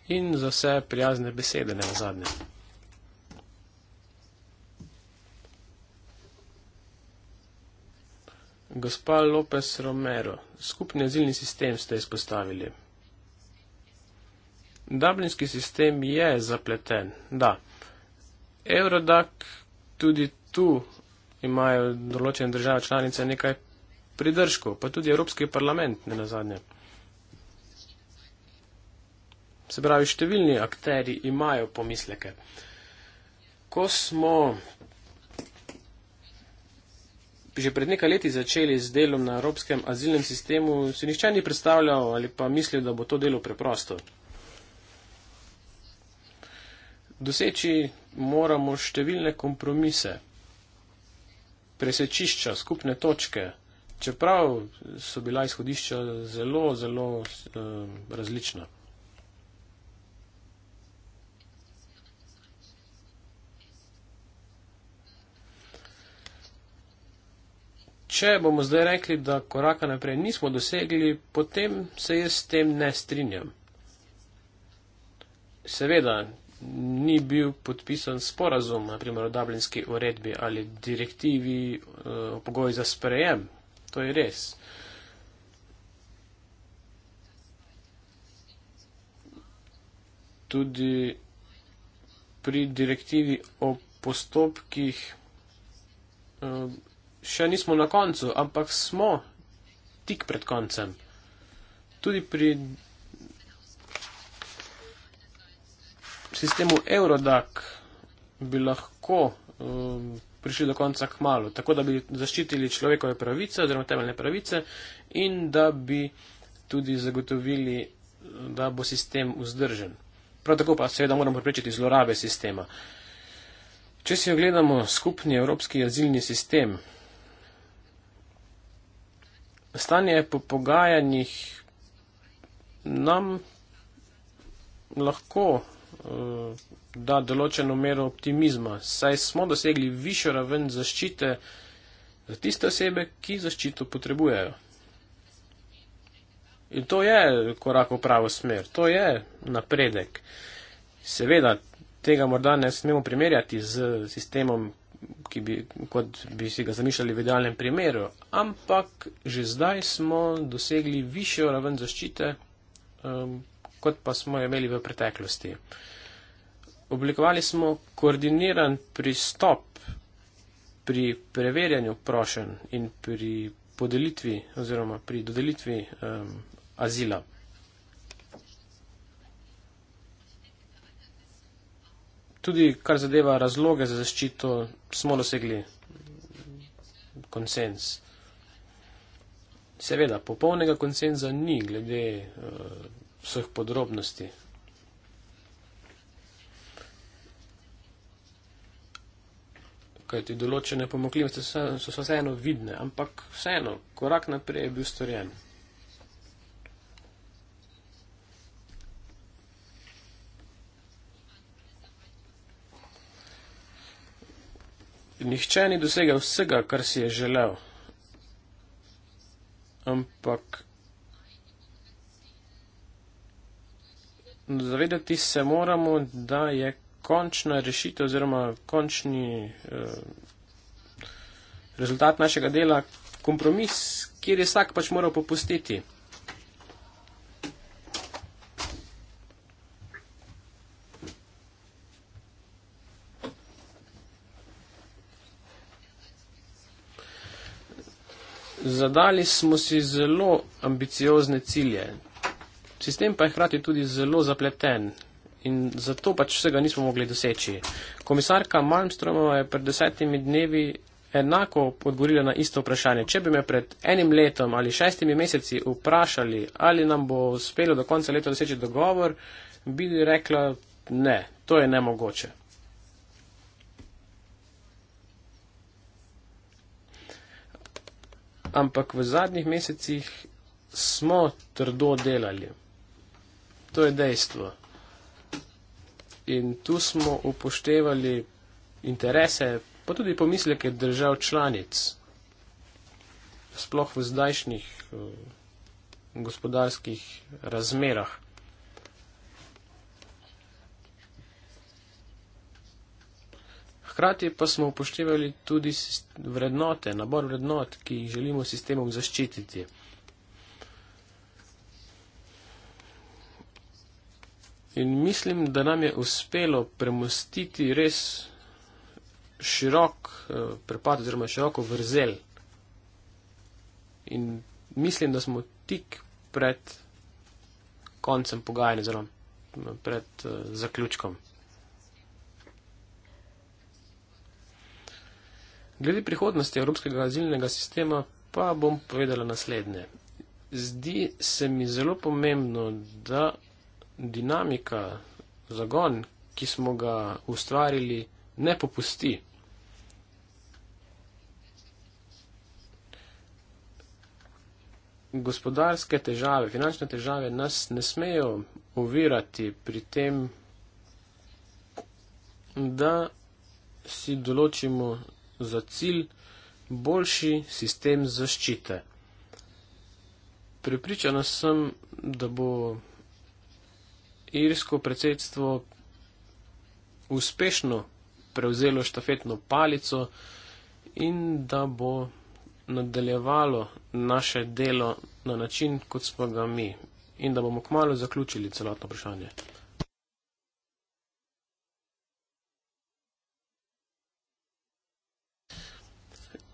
in za vse prijazne besede na zadnje. Gospa Lopes Romero, skupni azilni sistem ste izpostavili. Dublinski sistem je zapleten, da. Eurodac tudi tu imajo določene države članice nekaj pridržkov, pa tudi Evropski parlament ne nazadnje. Se pravi, številni akteri imajo pomisleke. Ko smo že pred nekaj leti začeli z delom na evropskem azilnem sistemu, si nišče ni predstavljal ali pa mislil, da bo to delo preprosto. Doseči moramo številne kompromise, presečišča, skupne točke, čeprav so bila izhodišča zelo, zelo eh, različna. Če bomo zdaj rekli, da koraka naprej nismo dosegli, potem se jaz s tem ne strinjam. Seveda, ni bil podpisan sporazum, naprimer o dablinski uredbi ali direktivi eh, o pogoji za sprejem. To je res. Tudi pri direktivi o postopkih eh, še nismo na koncu, ampak smo tik pred koncem. Tudi pri sistemu Eurodac bi lahko um, prišli do konca kmalo, tako da bi zaščitili človekove pravice oziroma temeljne pravice in da bi tudi zagotovili, da bo sistem vzdržen. Prav tako pa seveda moramo preprečiti zlorabe sistema. Če si ogledamo skupni evropski azilni sistem, stanje po pogajanjih nam lahko uh, da določeno mero optimizma, saj smo dosegli višjo raven zaščite za tiste osebe, ki zaščito potrebujejo. In to je korak v pravo smer, to je napredek. Seveda, tega morda ne smemo primerjati z sistemom ki bi, kot bi si ga zamišljali v idealnem primeru, ampak že zdaj smo dosegli višjo raven zaščite, um, kot pa smo imeli v preteklosti. Oblikovali smo koordiniran pristop pri preverjanju prošen in pri podelitvi oziroma pri dodelitvi um, azila. Tudi kar zadeva razloge za zaščito, smo dosegli konsens. Seveda, popolnega konsenza ni glede uh, vseh podrobnosti. Kajti določene pomakljivosti so, so vseeno vidne, ampak vseeno, korak naprej je bil storjen. Nihče ni dosegel vsega, kar si je želel, ampak zavedati se moramo, da je končna rešitev oziroma končni eh, rezultat našega dela kompromis, kjer je vsak pač moral popustiti. zadali smo si zelo ambiciozne cilje. Sistem pa je hkrati tudi zelo zapleten in zato pač vsega nismo mogli doseči. Komisarka Malmstromova je pred desetimi dnevi enako odgovorila na isto vprašanje. Če bi me pred enim letom ali šestimi meseci vprašali, ali nam bo uspelo do konca leta doseči dogovor, bi rekla ne, to je nemogoče. ampak v zadnjih mesecih smo trdo delali. To je dejstvo. In tu smo upoštevali interese, pa tudi pomisleke držav članic, sploh v zdajšnjih eh, gospodarskih razmerah. Hkrati pa smo upoštevali tudi vrednote, nabor vrednot, ki jih želimo sistemom zaščititi. In mislim, da nam je uspelo premostiti res širok eh, prepad oziroma široko vrzel. In mislim, da smo tik pred koncem pogajanja oziroma eh, pred eh, zaključkom. Glede prihodnosti evropskega azilnega sistema pa bom povedala naslednje. Zdi se mi zelo pomembno, da dinamika, zagon, ki smo ga ustvarili, ne popusti. Gospodarske težave, finančne težave nas ne smejo ovirati pri tem, da si določimo za cilj boljši sistem zaščite. Pripričana sem, da bo irsko predsedstvo uspešno prevzelo štafetno palico in da bo nadaljevalo naše delo na način, kot smo ga mi in da bomo kmalo zaključili celotno vprašanje.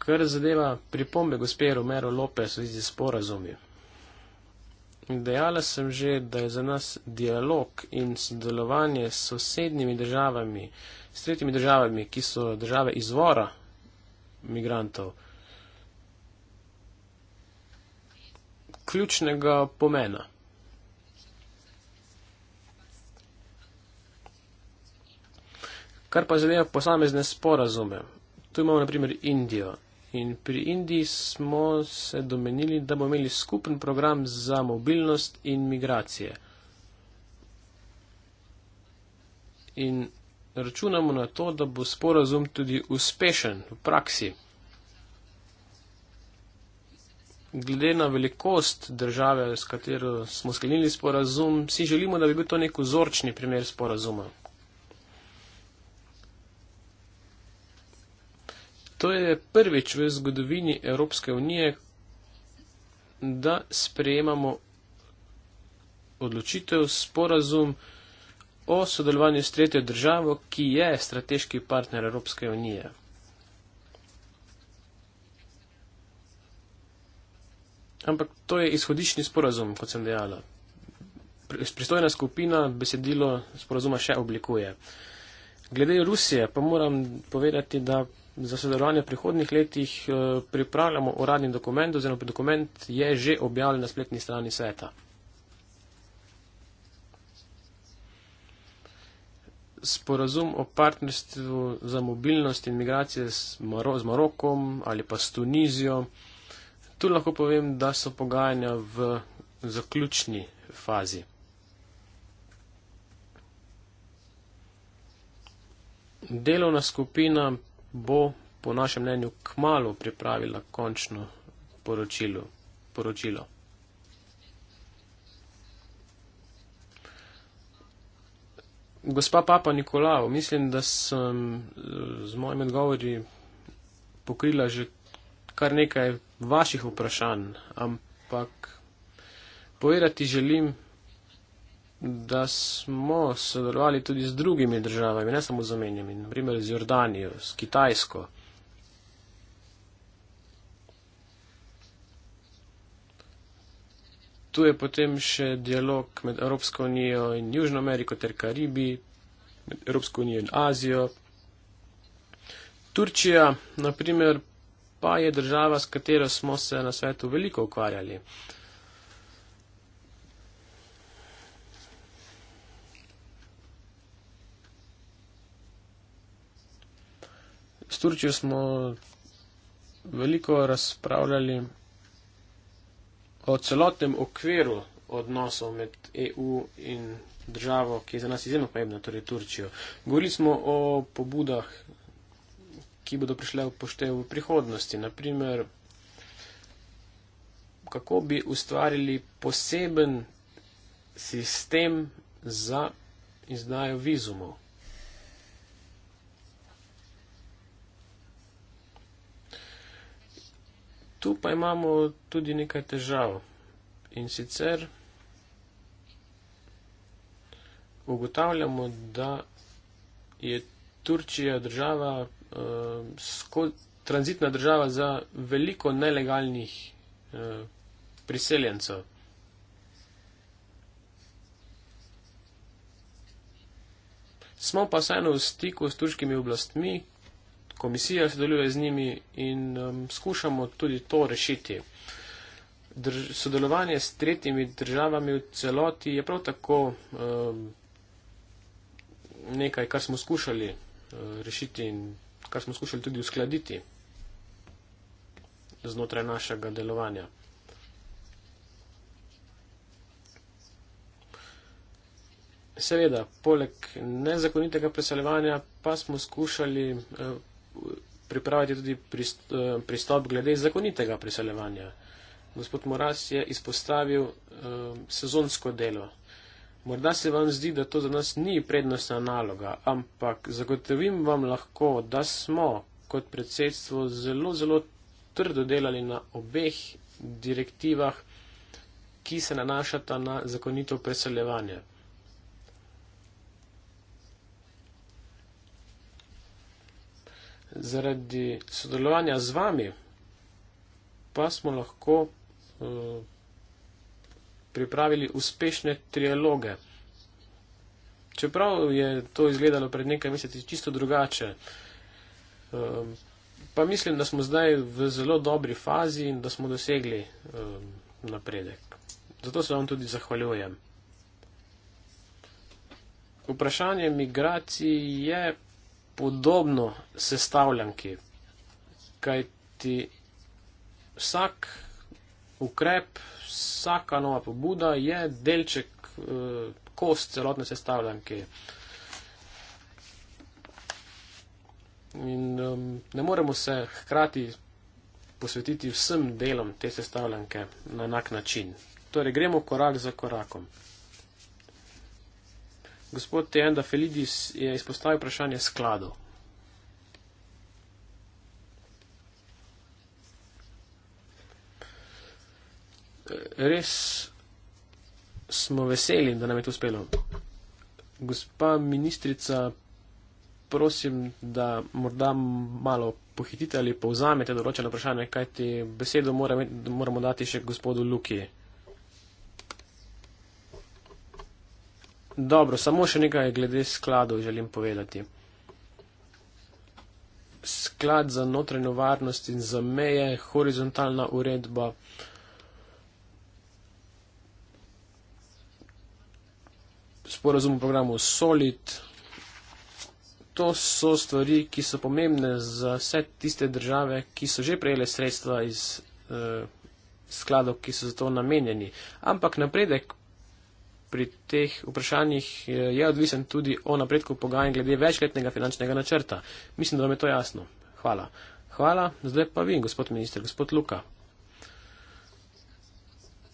kar zadeva pripombe gospe Romero Lopez v zvezi s porazumi. Dejala sem že, da je za nas dialog in sodelovanje s sosednjimi državami, s tretjimi državami, ki so države izvora migrantov, ključnega pomena. Kar pa zadeva posamezne sporazume. Tu imamo naprimer Indijo. In pri Indiji smo se domenili, da bomo imeli skupen program za mobilnost in migracije. In računamo na to, da bo sporazum tudi uspešen v praksi. Glede na velikost države, s katero smo sklenili sporazum, si želimo, da bi bil to nek vzorčni primer sporazuma, To je prvič v zgodovini Evropske unije, da sprejemamo odločitev, sporazum o sodelovanju s tretjo državo, ki je strateški partner Evropske unije. Ampak to je izhodišni sporazum, kot sem dejala. Pristojna skupina besedilo sporazuma še oblikuje. Glede Rusije pa moram povedati, da za sodelovanje v prihodnih letih eh, pripravljamo uradni dokument oziroma dokument je že objavljen na spletni strani sveta. Sporazum o partnerstvu za mobilnost in migracije z, Mar z Marokom ali pa s Tunizijo. Tu lahko povem, da so pogajanja v zaključni fazi. Delovna skupina bo po našem mnenju kmalo pripravila končno poročilo. poročilo. Gospa Papa Nikolao, mislim, da sem eh, z mojim odgovori pokrila že kar nekaj vaših vprašanj, ampak povedati želim, da smo sodelovali tudi z drugimi državami, ne samo z omenjami, naprimer z Jordanijo, s Kitajsko. Tu je potem še dialog med Evropsko unijo in Južno Ameriko ter Karibi, med Evropsko unijo in Azijo. Turčija, naprimer, pa je država, s katero smo se na svetu veliko ukvarjali. Uh, S Turčijo smo veliko razpravljali o celotnem okviru odnosov med EU in državo, ki je za nas izjemno pomembna, torej Turčijo. Govorili smo o pobudah, ki bodo prišle v pošte v prihodnosti. Naprimer, kako bi ustvarili poseben sistem za izdajo vizumov. tu pa imamo tudi nekaj težav. In sicer ugotavljamo, da je Turčija država, eh, sko, tranzitna država za veliko nelegalnih eh, priseljencev. Smo pa vseeno v stiku s turškimi oblastmi, komisija sodeluje z njimi in um, skušamo tudi to rešiti. Drž sodelovanje s tretjimi državami v celoti je prav tako um, nekaj, kar smo skušali uh, rešiti in kar smo skušali tudi uskladiti znotraj našega delovanja. Seveda, poleg nezakonitega preseljevanja pa smo skušali uh, pripraviti tudi eh, pristop glede zakonitega priseljevanja. Gospod Moras je izpostavil eh, sezonsko delo. Morda se vam zdi, da to za nas ni prednostna naloga, ampak zagotovim vam lahko, da smo kot predsedstvo zelo, zelo trdo delali na obeh direktivah, ki se nanašata na zakonito preseljevanje. zaradi sodelovanja z vami pa smo lahko eh, pripravili uspešne trialoge. Čeprav je to izgledalo pred nekaj meseci čisto drugače, eh, pa mislim, da smo zdaj v zelo dobri fazi in da smo dosegli eh, napredek. Zato se vam tudi zahvaljujem. Vprašanje migracij je podobno sestavljanki, kajti vsak ukrep, vsaka nova pobuda je delček, eh, kost celotne sestavljanke. In um, ne moremo se hkrati posvetiti vsem delom te sestavljanke na enak način. Torej, gremo korak za korakom. Gospod Teenda Felidis je izpostavil vprašanje skladov. Res smo veseli, da nam je to uspelo. Gospa ministrica, prosim, da morda malo pohitite ali povzamete določene vprašanje, kajti besedo moramo dati še gospodu Lukiju. Dobro, samo še nekaj glede skladov želim povedati. Sklad za notranjo varnost in za meje, horizontalna uredba. Sporazum o programu Solid. To so stvari, ki so pomembne za vse tiste države, ki so že prejele sredstva iz eh, skladov, ki so za to namenjeni. Ampak napredek pri teh vprašanjih eh, je odvisen tudi o napredku pogajanj glede večletnega finančnega načrta. Mislim, da vam je to jasno. Hvala. Hvala. Zdaj pa vi, gospod minister, gospod Luka.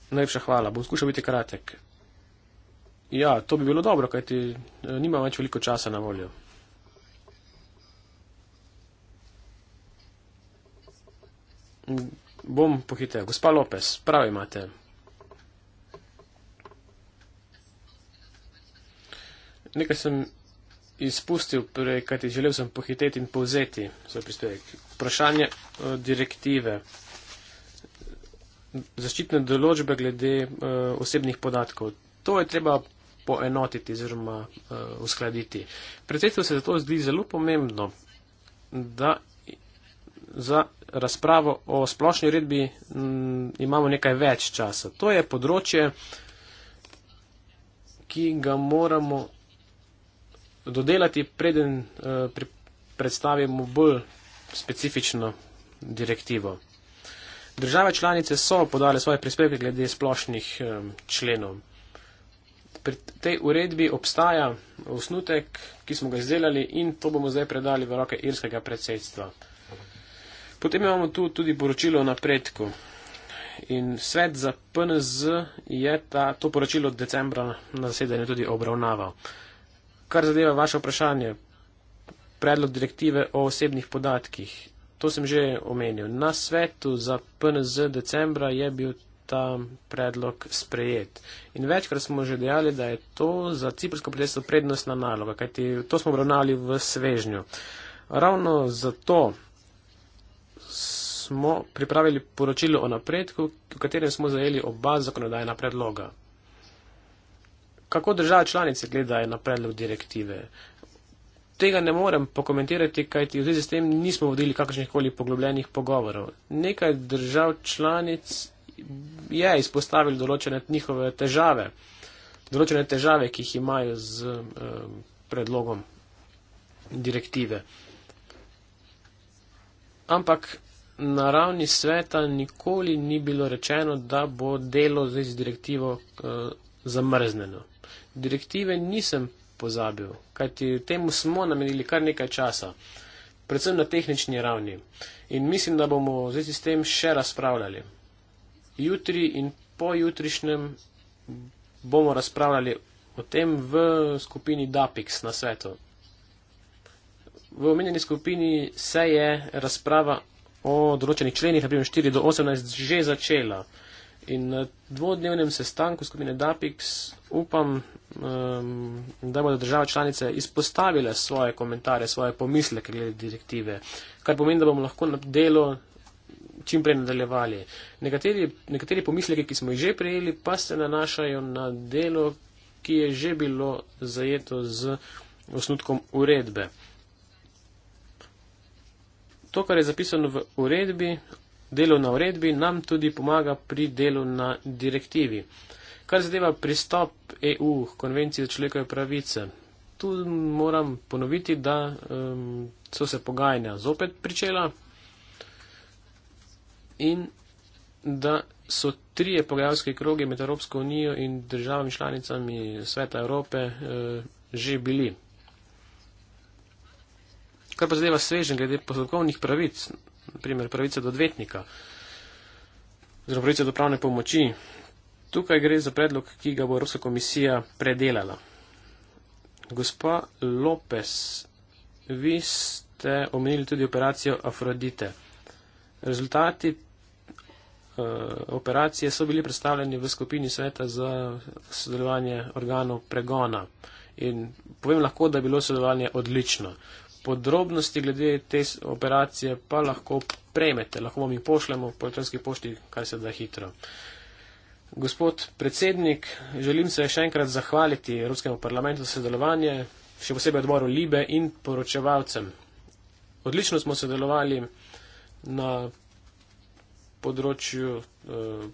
Najlepša hvala. Bom skušal biti kratek. Ja, to bi bilo dobro, kajti eh, nimam več veliko časa na voljo. Bom pohitel. Gospa Lopes, prav imate. nekaj sem izpustil prej, kajti želel sem pohiteti in povzeti svoj prispevek. Vprašanje eh, direktive. Zaščitne določbe glede eh, osebnih podatkov. To je treba poenotiti oziroma eh, uskladiti. Predsedstvo se zato zdi zelo pomembno, da za razpravo o splošni redbi mm, imamo nekaj več časa. To je področje, ki ga moramo dodelati, preden uh, predstavimo bolj specifično direktivo. Države članice so podale svoje prispevke glede splošnih um, členov. Pri tej uredbi obstaja osnutek, ki smo ga izdelali in to bomo zdaj predali v roke irskega predsedstva. Potem imamo tu tudi poročilo o napredku. In svet za PNZ je ta, to poročilo decembra na zasedanju tudi obravnaval. Uh, kar zadeva vaše vprašanje, predlog direktive o osebnih podatkih. To sem že omenil. Na svetu za PNZ decembra je bil ta predlog sprejet. In večkrat smo že dejali, da je to za ciprsko predsedstvo prednostna naloga, kajti to smo obravnavali v svežnju. Ravno zato smo pripravili poročilo o napredku, v katerem smo zajeli oba zakonodajna predloga kako države članice gledajo na predlog direktive. Tega ne morem pokomentirati, kajti v zvezi s tem nismo vodili kakršnih koli poglobljenih pogovorov. Nekaj držav članic je izpostavil določene njihove težave, določene težave, ki jih imajo z eh, predlogom direktive. Ampak na ravni sveta nikoli ni bilo rečeno, da bo delo z direktivo eh, zamrzneno direktive nisem pozabil, kajti temu smo namenili kar nekaj časa, predvsem na tehnični ravni. In mislim, da bomo z tem še razpravljali. Jutri in pojutrišnjem bomo razpravljali o tem v skupini DAPIX na svetu. V omenjeni skupini se je razprava o določenih členih, naprimer 4 do 18, že začela. In na dvodnevnem sestanku skupine DAPIX upam, um, da bodo države članice izpostavile svoje komentarje, svoje pomisleke glede direktive, kar pomeni, da bomo lahko na delo čim prej nadaljevali. Nekateri, nekateri pomisleki, ki smo jih že prejeli, pa se nanašajo na delo, ki je že bilo zajeto z osnutkom uredbe. To, kar je zapisano v uredbi, delo na uredbi, nam tudi pomaga pri delu na direktivi. Uh, Kar zadeva pristop EU k konvenciji o človekove pravice, tu moram ponoviti, da um, so se pogajanja zopet pričela in da so trije pogajalski kroge med Evropsko unijo in državami članicami Sveta Evrope uh, že bili. Kar pa zadeva svežen glede poslovkovnih pravic, naprimer pravice do odvetnika, oziroma pravice do pravne pomoči, Tukaj gre za predlog, ki ga bo Evropska komisija predelala. Gospa Lopes, vi ste omenili tudi operacijo Afrodite. Rezultati uh, operacije so bili predstavljeni v skupini sveta za sodelovanje organov pregona. In povem lahko, da je bilo sodelovanje odlično. Podrobnosti glede te operacije pa lahko prejmete, lahko vam jih pošljemo po elektronski pošti, kar se da hitro. Uh, Gospod predsednik, želim se še enkrat zahvaliti Evropskemu parlamentu za sodelovanje, še posebej odboru Libe in poročevalcem. Odlično smo sodelovali na področju uh,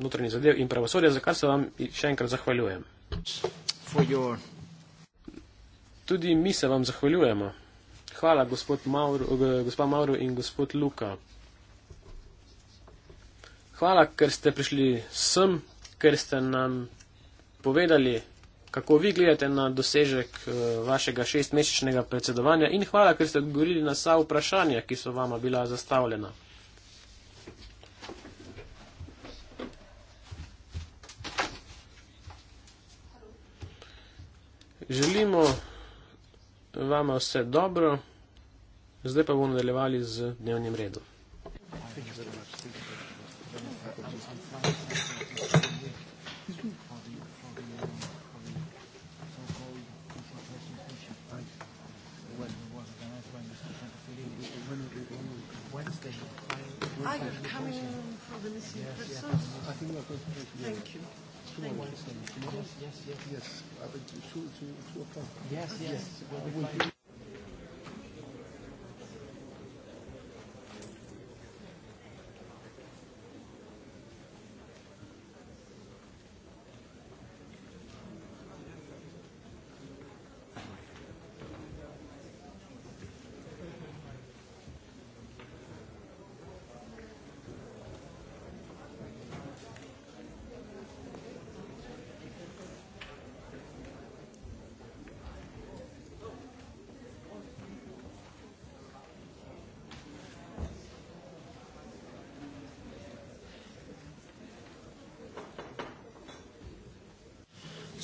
notranjih zadev in pravosodja, za kar se vam še enkrat zahvaljujem. Your... Tudi mi se vam zahvaljujemo. Hvala, gospod Mauro, eh, gospa Mauro in gospod Luka. Hvala, ker ste prišli sem, ker ste nam povedali, kako vi gledate na dosežek eh, vašega šestmesečnega predsedovanja in hvala, ker ste odgovorili na vsa vprašanja, ki so vama bila zastavljena. Želimo vama vse dobro, zdaj pa bomo nadaljevali z dnevnim redom. Thank you very much. thing. Ah, oh, you're coming for the missing yes, persons? Yes. I think we are going to take you. Thank you. Tomorrow. Thank you. Tomorrow? Yes, yes. Yes, I think two, two, two o'clock. Yes, yes. yes. yes.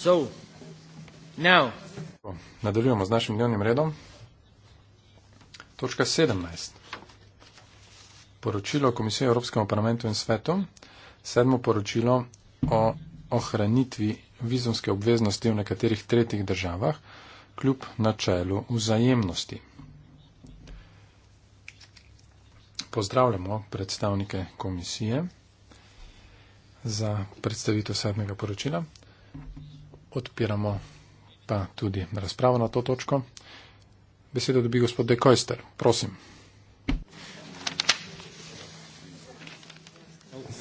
So, Nadaljujemo z našim dnevnim redom. Točka 17. Poročilo Komisije Evropskemu parlamentu in svetu. Sedmo poročilo o ohranitvi vizumske obveznosti v nekaterih tretjih državah kljub načelu vzajemnosti. Pozdravljamo predstavnike komisije za predstavitev sedmega poročila odpiramo pa tudi razpravo na to točko. Besedo dobi gospod De Koester, prosim.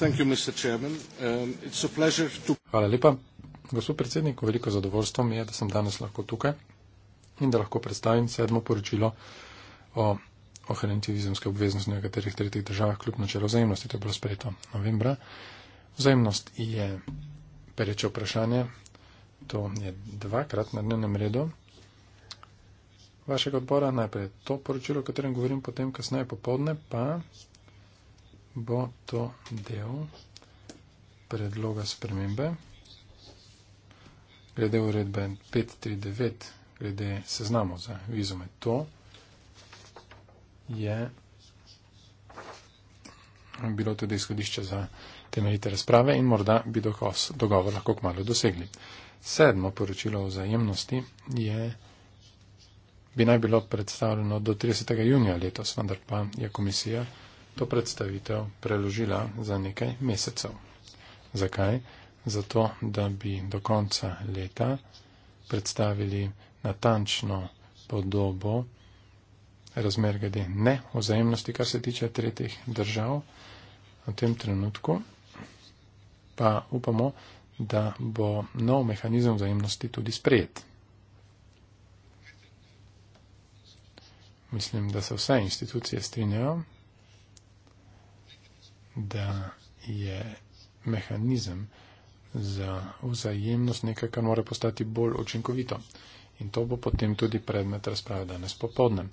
You, um, to... Hvala lepa. Gospod predsednik, veliko zadovoljstvo mi je, da sem danes lahko tukaj in da lahko predstavim sedmo poročilo o ohranitvi vizumske obveznosti v nekaterih tretjih državah kljub načelu vzajemnosti. To je bilo sprejeto novembra. Vzajemnost je pereče vprašanje to je dvakrat na dnevnem redu vašega odbora. Najprej to poročilo, o katerem govorim, potem kasneje popovdne pa bo to del predloga spremembe glede uredbe 539, glede seznamo za vizume. To je bilo tudi izhodišče za temeljite razprave in morda bi dogovor lahko kmalo dosegli sedmo poročilo o vzajemnosti je, bi naj bilo predstavljeno do 30. junija letos, vendar pa je komisija to predstavitev preložila za nekaj mesecev. Zakaj? Zato, da bi do konca leta predstavili natančno podobo razmer glede ne vzajemnosti, kar se tiče tretjih držav v tem trenutku. Pa upamo, da bo nov mehanizem vzajemnosti tudi sprejet. Mislim, da se vse institucije strinjajo, da je mehanizem za vzajemnost nekaj, kar mora postati bolj učinkovito. In to bo potem tudi predmet razprave danes popovdne.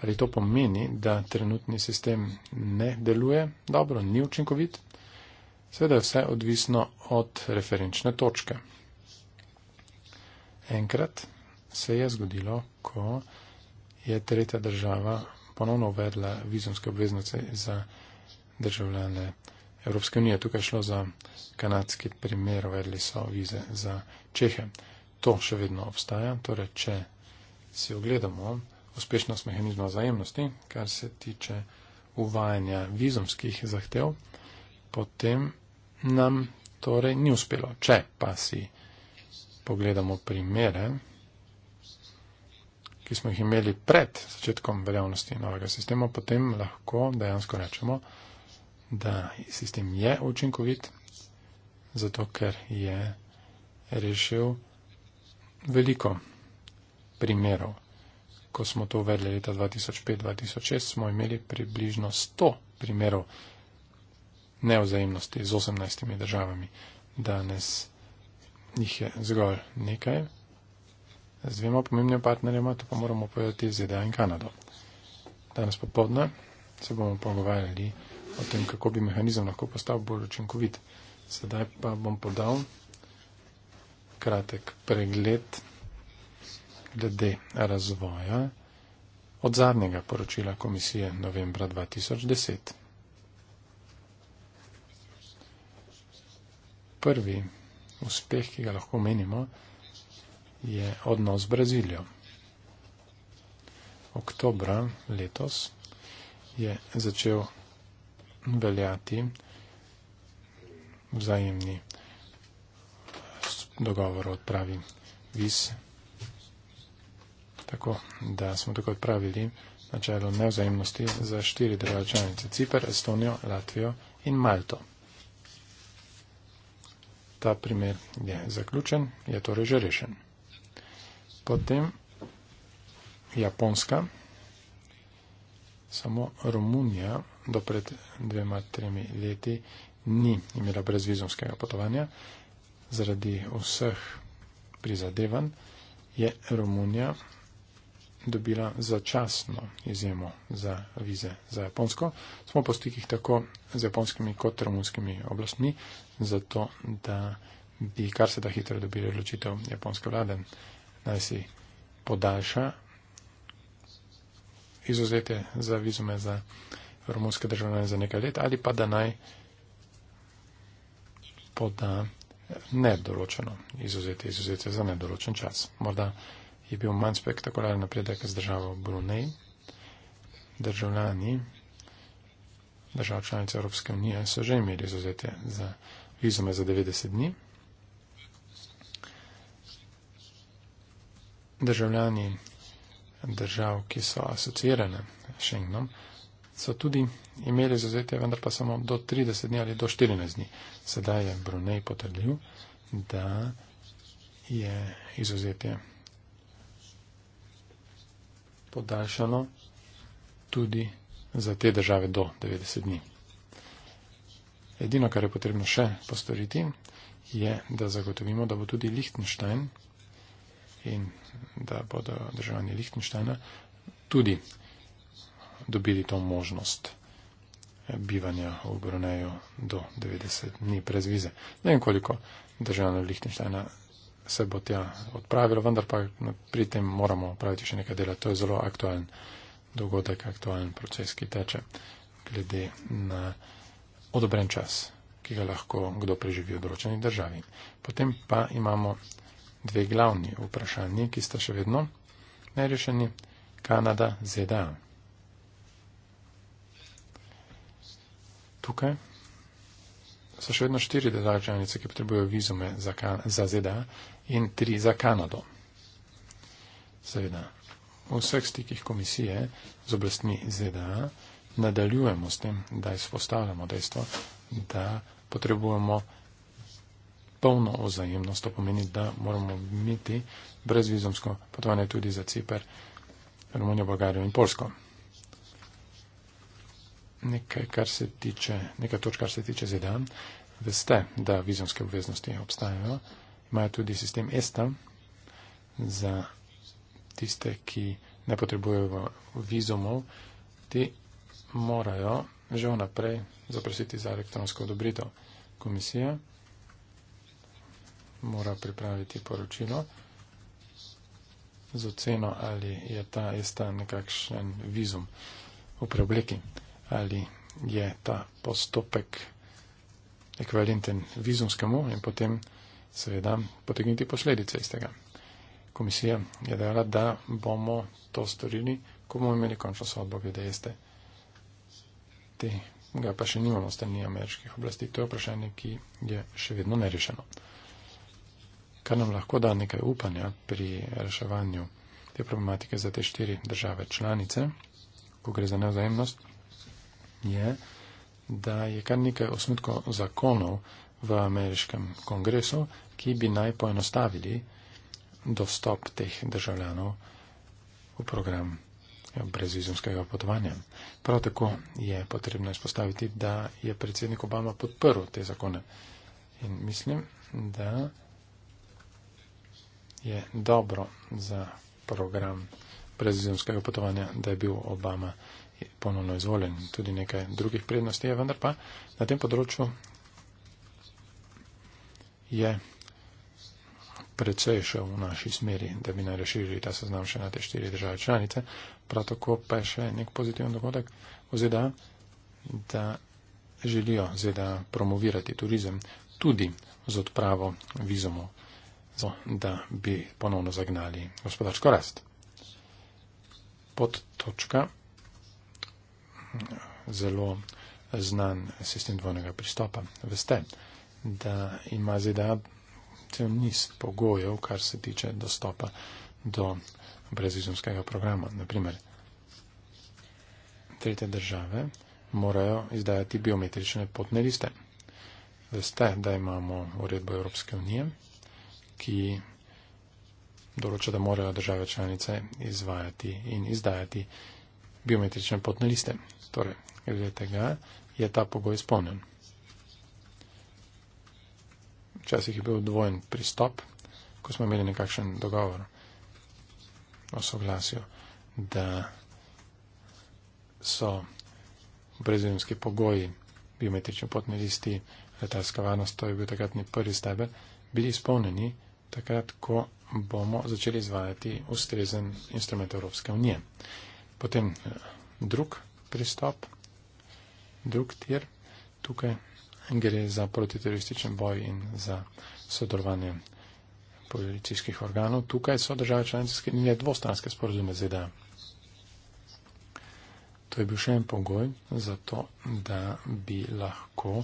Ali to pomeni, da trenutni sistem ne deluje dobro, ni učinkovit? Seveda je vse odvisno od referenčne točke. Enkrat se je zgodilo, ko je tretja država ponovno uvedla vizumske obveznice za državljane Evropske unije. Tukaj šlo za kanadski primer, uvedli so vize za Čehe. To še vedno obstaja, torej če si ogledamo uspešnost mehanizma vzajemnosti, kar se tiče uvajanja vizumskih zahtev, potem nam torej ni uspelo. Če pa si pogledamo primere, ki smo jih imeli pred začetkom veljavnosti novega sistema, potem lahko dejansko rečemo, da sistem je učinkovit, zato ker je rešil veliko primerov. Ko smo to uvedli leta 2005-2006, smo imeli približno 100 primerov neozajemnosti z 18 državami. Danes jih je zgolj nekaj, z dvema pomembnima partnerjema, to pa moramo povedati ZDA in Kanado. Danes popodne se bomo pogovarjali o tem, kako bi mehanizem lahko postal bolj učinkovit. Sedaj pa bom podal kratek pregled glede razvoja od zadnjega poročila komisije novembra 2010. prvi uspeh, ki ga lahko menimo, je odnos z Brazilijo. Oktobra letos je začel veljati vzajemni dogovor o odpravi viz, tako da smo tako odpravili načelo nevzajemnosti za štiri države članice Cipr, Estonijo, Latvijo in Malto ta primer je zaključen, je torej že rešen. Potem Japonska, samo Romunija do pred dvema, tremi leti ni imela brezvizumskega potovanja. Zaradi vseh prizadevanj je Romunija dobila začasno izjemo za vize za Japonsko. Smo po stikih tako z japonskimi kot romunskimi oblastmi, zato da bi kar se da hitro dobili odločitev japonske vlade, naj si podaljša izuzete za vizume za romunske državljane za nekaj let ali pa da naj poda nedoločeno izuzete, izuzete za nedoločen čas. Morda je bil manj spektakularen napredek z državo Brunej. Državljani držav članic Evropske unije so že imeli izuzete za vizume za 90 dni. Državljani držav, ki so asocirane s Schengenom, so tudi imeli izuzete, vendar pa samo do 30 dni ali do 14 dni. Sedaj je Brunej potrdil, da je izuzetje podaljšano tudi za te države do 90 dni. Edino, kar je potrebno še postoriti, je, da zagotovimo, da bo tudi Lichtenstein in da bodo državljani Lichtensteina tudi dobili to možnost eh, bivanja v Bruneju do 90 dni brez vize. Ne vem, koliko državljanov Lichtensteina se bo tja odpravilo, vendar pa pri tem moramo praviti še nekaj dela. To je zelo aktualen dogodek, aktualen proces, ki teče glede na odobren čas, ki ga lahko kdo preživi v določeni državi. Potem pa imamo dve glavni vprašanji, ki sta še vedno nerešeni. Kanada, ZDA. Tukaj so še vedno štiri države članice, ki potrebujejo vizume za, za ZDA, in tri za Kanado. Seveda, v vseh stikih komisije z oblastmi ZDA nadaljujemo s tem, da izpostavljamo dejstvo, da potrebujemo polno vzajemnost. To pomeni, da moramo imeti brezvizumsko potovanje tudi za Cipr, Romunijo, Bolgarijo in Polsko. Nekaj, kar se tiče, nekaj točk, kar se tiče ZDA, veste, da vizumske obveznosti obstajajo imajo tudi sistem ESTA za tiste, ki ne potrebujejo vizumov, ti morajo že vnaprej zaprositi za elektronsko odobritev. Komisija mora pripraviti poročilo z oceno, ali je ta ESTA nekakšen vizum v preobleki, ali je ta postopek ekvivalenten vizumskemu in potem seveda potegniti posledice iz tega. Komisija je dejala, da bomo to storili, ko bomo imeli končno sodbo glede jeste. Tega pa še nimamo strani ameriških oblasti. To je vprašanje, ki je še vedno nerešeno. Kar nam lahko da nekaj upanja pri reševanju te problematike za te štiri države članice, ko gre za nevzajemnost, je, da je kar nekaj osnutko zakonov v ameriškem kongresu, ki bi naj poenostavili dostop teh državljanov v program brezizumskega potovanja. Prav tako je potrebno izpostaviti, da je predsednik Obama podprl te zakone. In mislim, da je dobro za program brezizumskega potovanja, da je bil Obama ponovno izvoljen. Tudi nekaj drugih prednosti je, vendar pa na tem področju je precej šel v naši smeri, da bi naj razširili ta seznam še na te štiri države članice. Prav tako pa je še nek pozitiven dogodek v ZDA, da želijo ZDA promovirati turizem tudi z odpravo vizumov, da bi ponovno zagnali gospodarsko rast. Pod točka zelo znan sistem dvojnega pristopa. Veste, da ima ZDA cel niz pogojev, kar se tiče dostopa do brezvizumskega programa. Naprimer, tretje države morajo izdajati biometrične potne liste. Veste, da imamo uredbo Evropske unije, ki določa, da morajo države članice izvajati in izdajati biometrične potne liste. Torej, glede tega je ta pogoj izpolnjen včasih je bil dvojen pristop, ko smo imeli nekakšen dogovor o soglasju, da so brezvimski pogoji, biometrični potni listi, letalska varnost, to je bil takratni prvi stebel, bili izpolnjeni takrat, ko bomo začeli izvajati ustrezen instrument Evropske unije. Potem eh, drug pristop, drug tir, tukaj gre za protiterorističen boj in za sodelovanje policijskih organov. Tukaj so države članice sklenile dvostranske sporozume z ZDA. To je bil še en pogoj za to, da bi lahko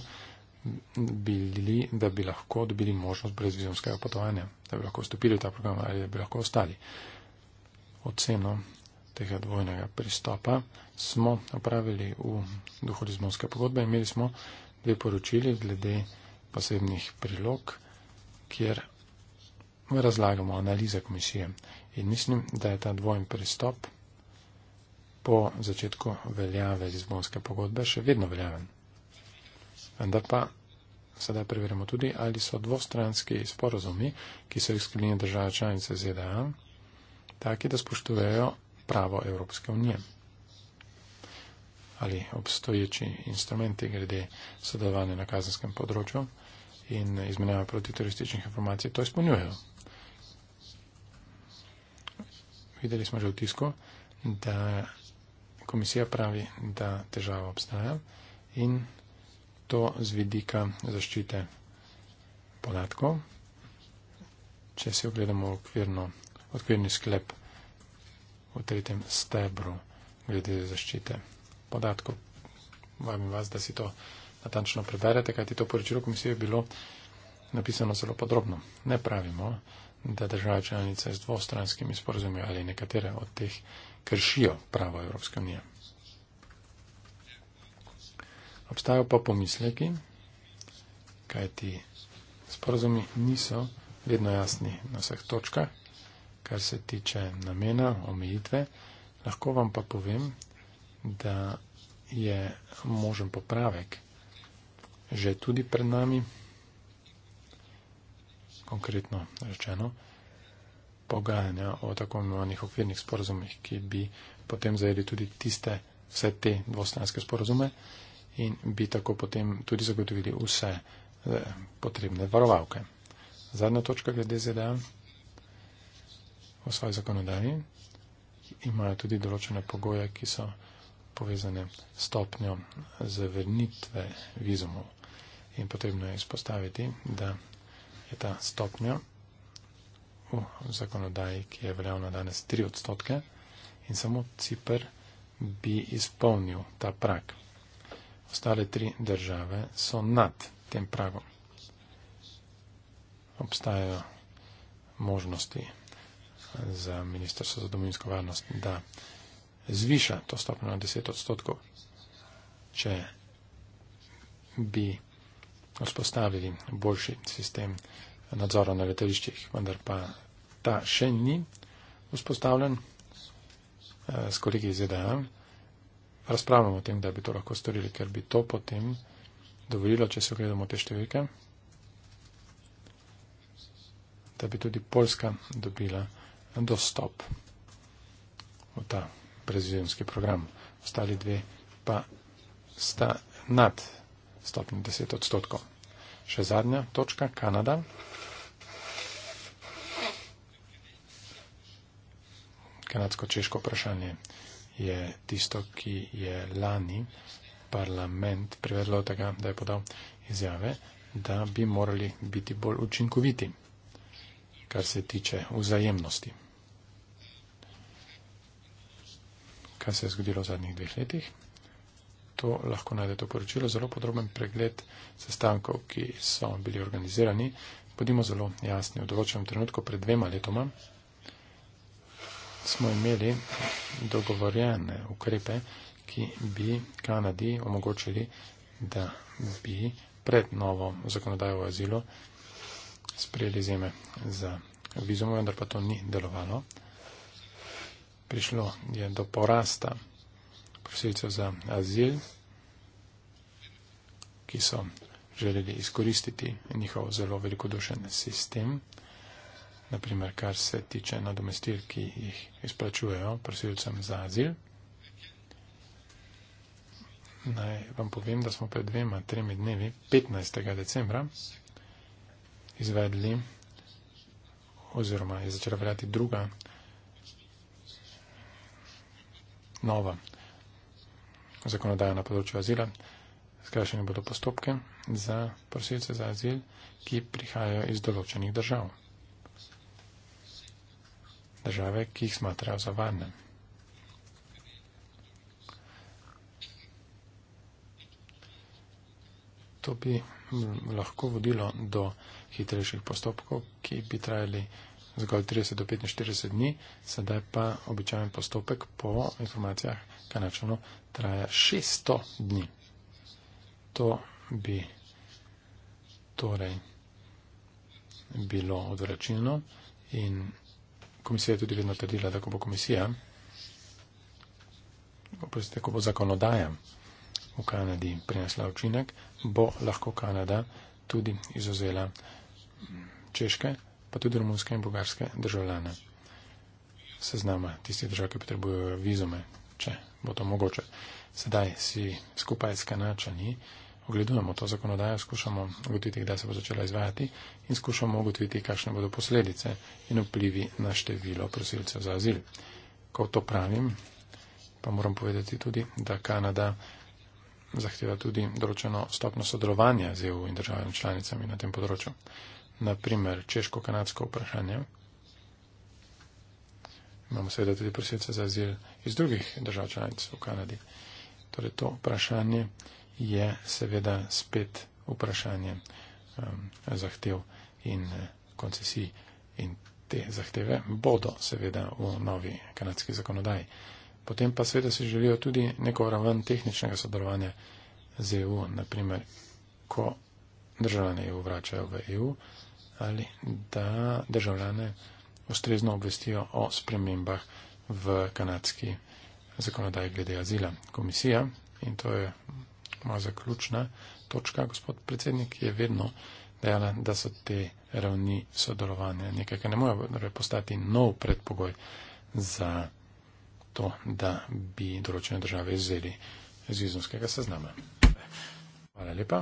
bili, da bi lahko dobili možnost brezvizumskega potovanja, da bi lahko vstopili v ta program ali da bi lahko ostali. Oceno tega dvojnega pristopa smo opravili v duhu Lizbonske pogodbe in imeli smo dve poročili glede posebnih prilog, kjer razlagamo analize komisije. In mislim, da je ta dvojen pristop po začetku veljave Lizbonske pogodbe še vedno veljaven. Vendar pa sedaj preverimo tudi, ali so dvostranski sporozumi, ki so jih sklenili države članice ZDA, taki, da spoštujejo pravo Evropske unije ali obstoječi instrumenti glede sodelovanja na kazenskem področju in izmenjava protiterorističnih informacij, to izpolnjujejo. Videli smo že v tisku, da komisija pravi, da težava obstaja in to z vidika zaščite podatkov. Če se ogledamo okvirno, okvirni sklep v tretjem stebru glede zaščite podatkov, podatkov. Vabim vas, da si to natančno preberete, kajti to poročilo komisije je bilo napisano zelo podrobno. Ne pravimo, da države članice z dvostranskimi sporozumi ali nekatere od teh kršijo pravo Evropske unije. Obstajajo pa pomisleki, kajti sporozumi niso vedno jasni na vseh točkah, kar se tiče namena, omejitve. Lahko vam pa povem, da je možen popravek že tudi pred nami, konkretno rečeno, pogajanja o tako imenovanih okvirnih sporozumih, ki bi potem zajeli tudi tiste, vse te dvostranske sporozume in bi tako potem tudi zagotovili vse eh, potrebne varovalke. Zadnja točka glede ZDA v svoji zakonodaji imajo tudi določene pogoje, ki so povezane stopnjo zavrnitve vizumov. In potrebno je izpostaviti, da je ta stopnja v zakonodaji, ki je veljavna danes 3 odstotke in samo Cipr bi izpolnil ta prag. Ostale tri države so nad tem pragom. Obstajajo možnosti za Ministrstvo za domovinsko varnost, da zviša to stopnjo na 10 odstotkov, če bi vzpostavili boljši sistem nadzora na letališčih, vendar pa ta še ni vzpostavljen eh, s kolegi iz EDA. Razpravljamo o tem, da bi to lahko storili, ker bi to potem dovolilo, če se ogledamo te številke, da bi tudi Poljska dobila dostop v ta brezvizijski program. Ostali dve pa sta nad stopnjo 10 odstotkov. Še zadnja točka, Kanada. Kanadsko-češko vprašanje je tisto, ki je lani parlament privedlo tega, da je podal izjave, da bi morali biti bolj učinkoviti, kar se tiče vzajemnosti. kaj se je zgodilo v zadnjih dveh letih. To lahko najdete v poročilu, zelo podroben pregled sestankov, ki so bili organizirani. Podimo zelo jasni, v določenem trenutku pred dvema letoma smo imeli dogovorjene ukrepe, ki bi Kanadi omogočili, da bi pred novo zakonodajo o azilu sprejeli zeme za vizumo, vendar pa to ni delovalo prišlo je do porasta prosilcev za azil, ki so želeli izkoristiti njihov zelo velikodušen sistem, naprimer kar se tiče nadomestil, ki jih izplačujejo prosilcem za azil. Naj vam povem, da smo pred dvema, tremi dnevi, 15. decembra, izvedli oziroma je začela veljati druga nova zakonodaja na področju azila, skrajšene bodo postopke za prosilce za azil, ki prihajajo iz določenih držav. Države, ki jih smatrajo za varne. To bi lahko vodilo do hitrejših postopkov, ki bi trajali zgolj 30 do 45 dni, sedaj pa običajen postopek po informacijah, kaj načelno traja 600 dni. To bi torej bilo odvračilno in komisija je tudi vedno trdila, da ko bo komisija, oprostite, ko bo zakonodaja v Kanadi prinesla učinek, bo lahko Kanada tudi izuzela češke pa tudi romunske in bogarske državljane seznama tistih držav, ki potrebujejo vizume, če bo to mogoče. Sedaj si skupaj s kanačani ogledujemo to zakonodajo, skušamo ugotoviti, kdaj se bo začela izvajati in skušamo ugotoviti, kakšne bodo posledice in vplivi na število prosilcev za azil. Ko to pravim, pa moram povedati tudi, da Kanada zahteva tudi določeno stopno sodelovanja z EU in državami članicami na tem področju na primer češko-kanadsko vprašanje. Imamo seveda tudi prosilce za azil iz drugih držav članic v Kanadi. Torej to vprašanje je seveda spet vprašanje um, zahtev in eh, koncesij in te zahteve bodo seveda v novi kanadski zakonodaji. Potem pa seveda si želijo tudi neko raven tehničnega sodelovanja z EU, naprimer, ko državljane EU vračajo v EU, ali da državljane ustrezno obvestijo o spremembah v kanadski zakonodaji glede azila. Komisija, in to je moja zaključna točka, gospod predsednik, je vedno dejala, da so te ravni sodelovanja nekaj, kar ne more torej postati nov predpogoj za to, da bi določene države izzeli z izumskega seznama. Hvala lepa.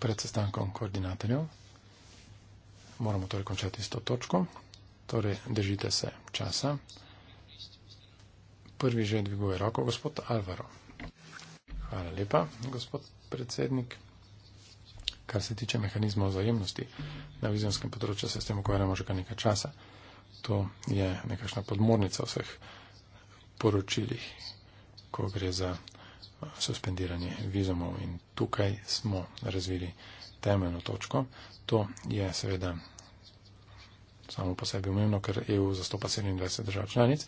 pred sestankom koordinatorjev. Moramo torej končati s to točko. Torej, držite se časa. Prvi že dviguje roko, gospod Alvaro. Hvala lepa, gospod predsednik. Kar se tiče mehanizma vzajemnosti, na vizijonskem področju se s tem ukvarjamo že kar nekaj časa. To je nekakšna podmornica vseh poročilih, ko gre za suspendirani vizumov in tukaj smo razvili temeljno točko. To je seveda samo po sebi umevno, ker EU zastopa 27 držav članic,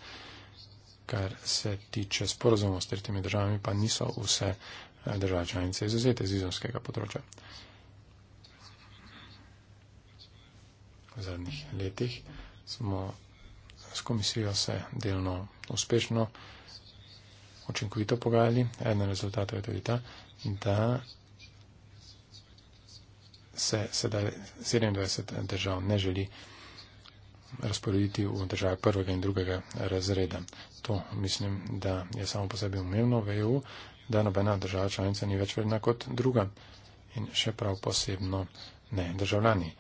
kar se tiče sporozumov s tretjimi državami, pa niso vse eh, države članice izuzete z vizumskega področja. V zadnjih letih smo s komisijo se delno uspešno učinkovito pogajali. Eden rezultat je tudi ta, da se sedaj 27 držav ne želi razporediti v države prvega in drugega razreda. To mislim, da je samo po sebi umevno v EU, da nobena država članica ni več vredna kot druga in še prav posebno ne državljani.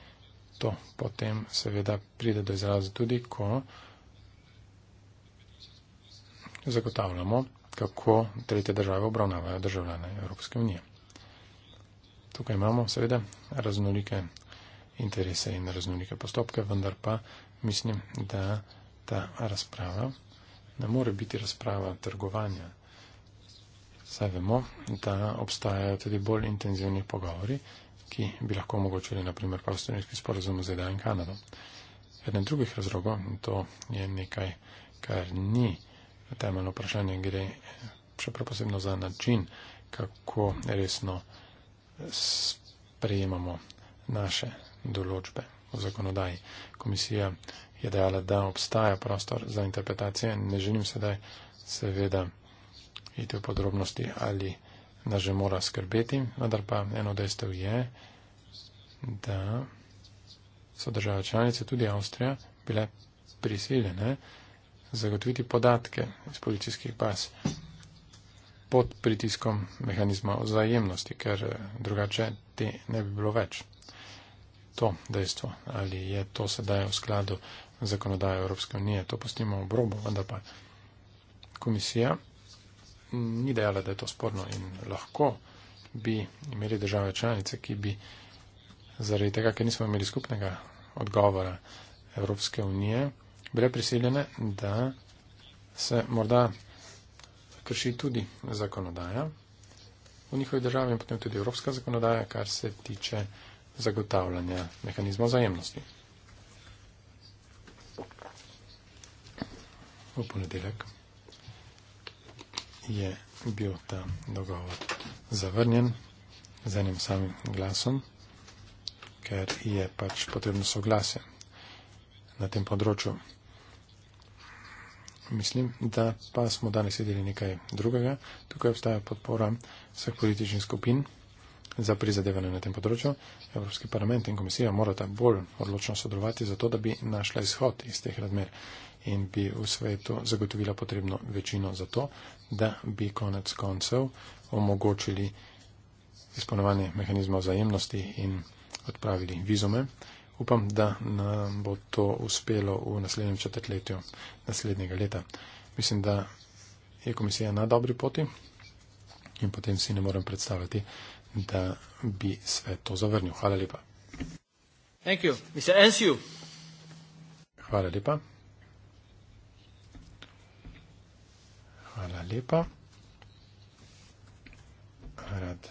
To potem seveda pride do izraza tudi, ko zagotavljamo kako tretje države obravnavajo državljane Evropske unije. Tukaj imamo seveda raznolike interese in raznolike postopke, vendar pa mislim, da ta razprava ne more biti razprava trgovanja. Saj vemo, da obstajajo tudi bolj intenzivni pogovori, ki bi lahko omogočili naprimer prostorniški sporozum z ZDA in Kanado. Eden drugih razlogov, in to je nekaj, kar ni temeljno vprašanje gre še preposebno za način, kako resno sprejemamo naše določbe v zakonodaji. Komisija je dejala, da obstaja prostor za interpretacije. Ne želim sedaj seveda iti v podrobnosti, ali nas že mora skrbeti, vendar pa eno dejstev je, da so države članice, tudi Avstrija, bile prisiljene. Ne? zagotoviti podatke iz policijskih baz pod pritiskom mehanizma vzajemnosti, ker eh, drugače te ne bi bilo več. To dejstvo, ali je to sedaj v skladu zakonodaje Evropske unije, to postimo v brobo, vendar pa komisija ni dejala, da je to sporno in lahko bi imeli države članice, ki bi zaradi tega, ker nismo imeli skupnega odgovora Evropske unije, bile prisiljene, da se morda krši tudi zakonodaja v njihovi državi in potem tudi evropska zakonodaja, kar se tiče zagotavljanja mehanizmov zajemnosti. V ponedeljek je bil ta dogovor zavrnjen z enim samim glasom, ker je pač potrebno soglasje na tem področju mislim, da pa smo danes videli nekaj drugega. Tukaj obstaja podpora vseh političnih skupin za prizadevanje na tem področju. Evropski parlament in komisija morata bolj odločno sodelovati za to, da bi našla izhod iz teh razmer in bi v svetu zagotovila potrebno večino za to, da bi konec koncev omogočili izpolnovanje mehanizmov zajemnosti in odpravili vizume upam, da nam bo to uspelo v naslednjem četrtletju naslednjega leta. Mislim, da je komisija na dobri poti in potem si ne morem predstavljati, da bi svet to zavrnil. Hvala lepa. Hvala lepa. Hvala lepa. Rad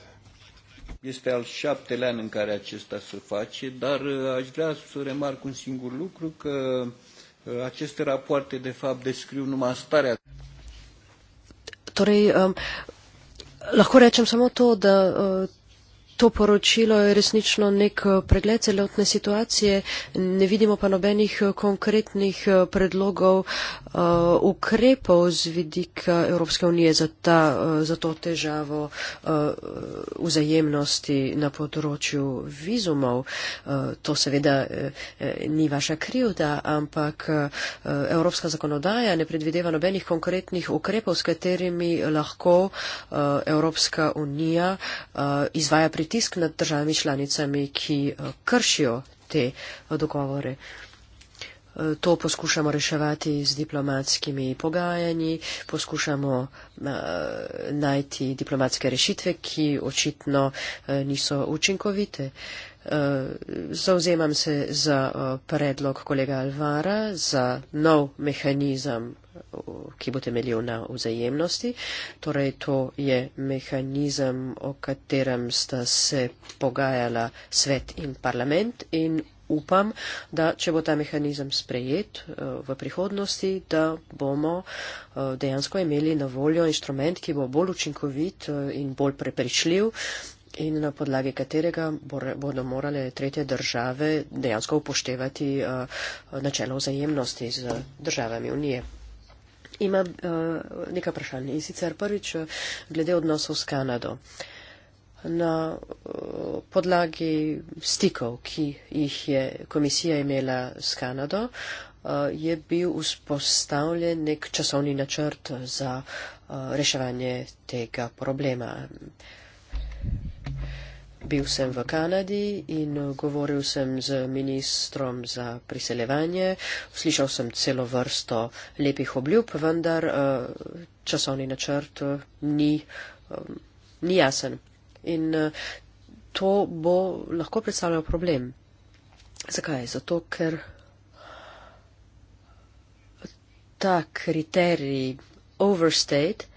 este al șaptele an în care acesta se face, dar uh, aș vrea să remarc un singur lucru, că uh, aceste rapoarte, de fapt, descriu numai starea. Torej, um, lahko rečem samo to, da uh, to poročilo je resnično nek eh, pregled celotne situacije, ne vidimo pa nobenih eh, konkretnih eh, predlogov ukrepov z vidika Evropske unije za, ta, za to težavo vzajemnosti na področju vizumov. To seveda ni vaša krivda, ampak Evropska zakonodaja ne predvideva nobenih konkretnih ukrepov, s katerimi lahko Evropska unija izvaja pritožbe pritisk nad državami članicami, ki eh, kršijo te eh, dogovore. Eh, to poskušamo reševati z diplomatskimi pogajanji, poskušamo najti diplomatske rešitve, ki očitno niso učinkovite. Zauzemam se za predlog kolega Alvara za nov mehanizem ki bo temeljil na vzajemnosti. Torej, to je mehanizem, o katerem sta se pogajala svet in parlament in upam, da če bo ta mehanizem sprejet eh, v prihodnosti, da bomo eh, dejansko imeli na voljo inštrument, ki bo bolj učinkovit eh, in bolj prepričljiv in na podlagi katerega bodo morale tretje države dejansko upoštevati uh, načelo vzajemnosti z državami Unije imam uh, eh, nekaj vprašanj in sicer prvič eh, glede odnosov s Kanado. Na eh, podlagi stikov, ki jih je komisija imela s Kanado, je bil vzpostavljen nek časovni načrt za reševanje tega problema. Bil sem v Kanadi in eh, govoril sem z ministrom za priseljevanje. Slišal sem celo vrsto lepih obljub, vendar eh, časovni načrt eh, ni, ni jasen. In to bo lahko predstavljalo problem. Zakaj? Zato, ker ta kriterij overstate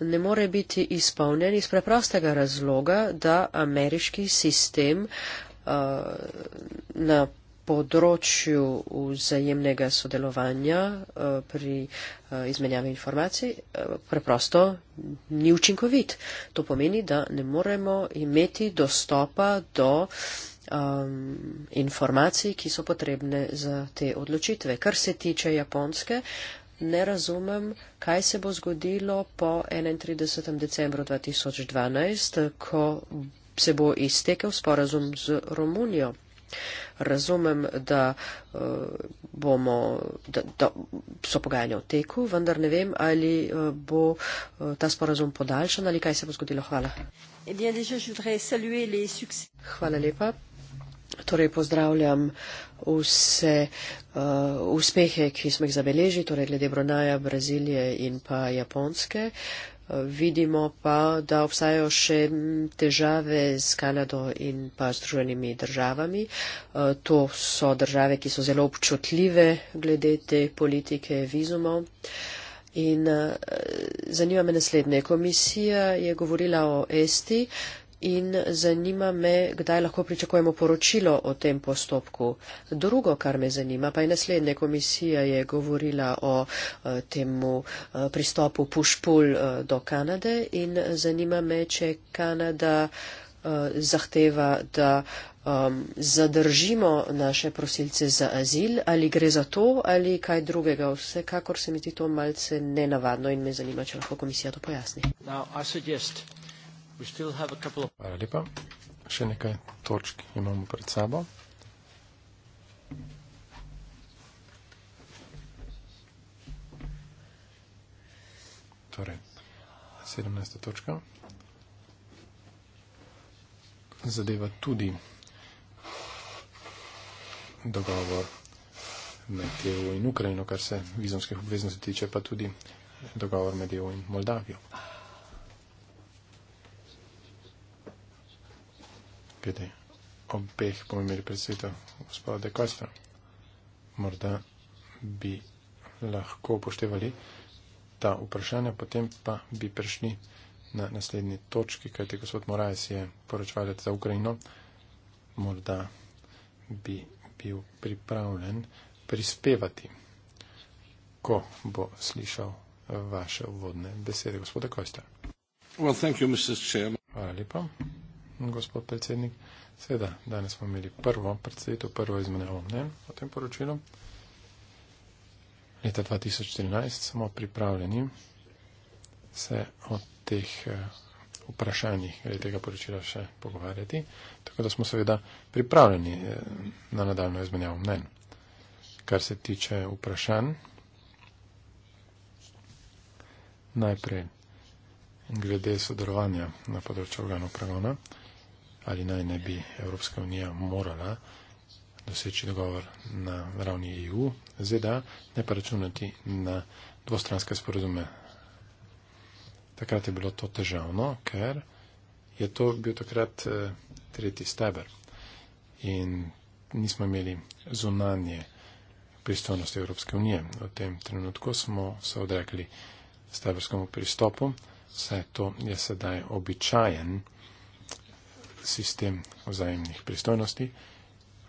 ne more biti izpolnjen iz preprostega razloga, da ameriški sistem uh, na področju vzajemnega sodelovanja uh, pri uh, izmenjavi informacij uh, preprosto ni učinkovit. To pomeni, da ne moremo imeti dostopa do um, informacij, ki so potrebne za te odločitve. Kar se tiče Japonske, uh, ne razumem, kaj se bo zgodilo po 31. decembru 2012, ko se bo iztekel sporazum z Romunijo. Razumem, da, eh, bomo, da, da so pogajanja v teku, vendar ne vem, ali eh, bo eh, ta sporazum podaljšan ali kaj se bo zgodilo. Hvala. Hvala lepa. Torej pozdravljam vse uh, uspehe, ki smo jih zabeležili, torej glede Brunaja, Brazilije in pa Japonske. Uh, vidimo pa, da obstajajo še težave s Kanado in pa s druženimi državami. Uh, to so države, ki so zelo občutljive glede te politike vizumov. In uh, zanima me naslednje. Komisija je govorila o Esti. Uh, in zanima me, kdaj lahko pričakujemo poročilo o tem postopku. Drugo, kar me zanima, pa je naslednje, komisija je govorila o eh, temu eh, pristopu Pušpul eh, do Kanade in zanima me, če Kanada zahteva, da um, zadržimo naše prosilce za azil, ali gre za to, ali kaj drugega. Vsekakor se mi zdi to malce nenavadno in me zanima, če lahko komisija to pojasni. Now, Hvala lepa. Še nekaj točk imamo pred sabo. Torej, 17. točka zadeva tudi dogovor med EU in Ukrajino, kar se vizumskih obveznosti tiče, pa tudi dogovor med EU in Moldavijo. skupiti. Obeh bomo imeli predsvetov gospoda De Costa. Morda bi lahko upoštevali ta vprašanja, potem pa bi prišli na naslednji točki, kajte gospod Morajs je poročval za Ukrajino. Morda bi bil pripravljen prispevati, ko bo slišal vaše vodne besede, gospoda Kojsta. Well, thank you, Mr. Chairman. Hvala lepa gospod predsednik. Seveda, danes smo imeli prvo predsedito, prvo izmenjavo mnen o tem poročilu. Leta 2013 smo pripravljeni se o teh eh, vprašanjih glede tega poročila še pogovarjati, tako da smo seveda pripravljeni eh, na nadaljno izmenjavo mnen. Kar se tiče vprašanj, najprej glede sodelovanja na področju organov pregona ali naj ne bi Evropska unija morala doseči dogovor na ravni EU, ZDA, ne pa računati na dvostranske sporozume. Takrat je bilo to težavno, ker je to bil takrat eh, tretji steber in nismo imeli zunanje pristojnosti Evropske unije. V tem trenutku smo se odrekli steberskemu pristopu, saj to je sedaj običajen sistem vzajemnih pristojnosti.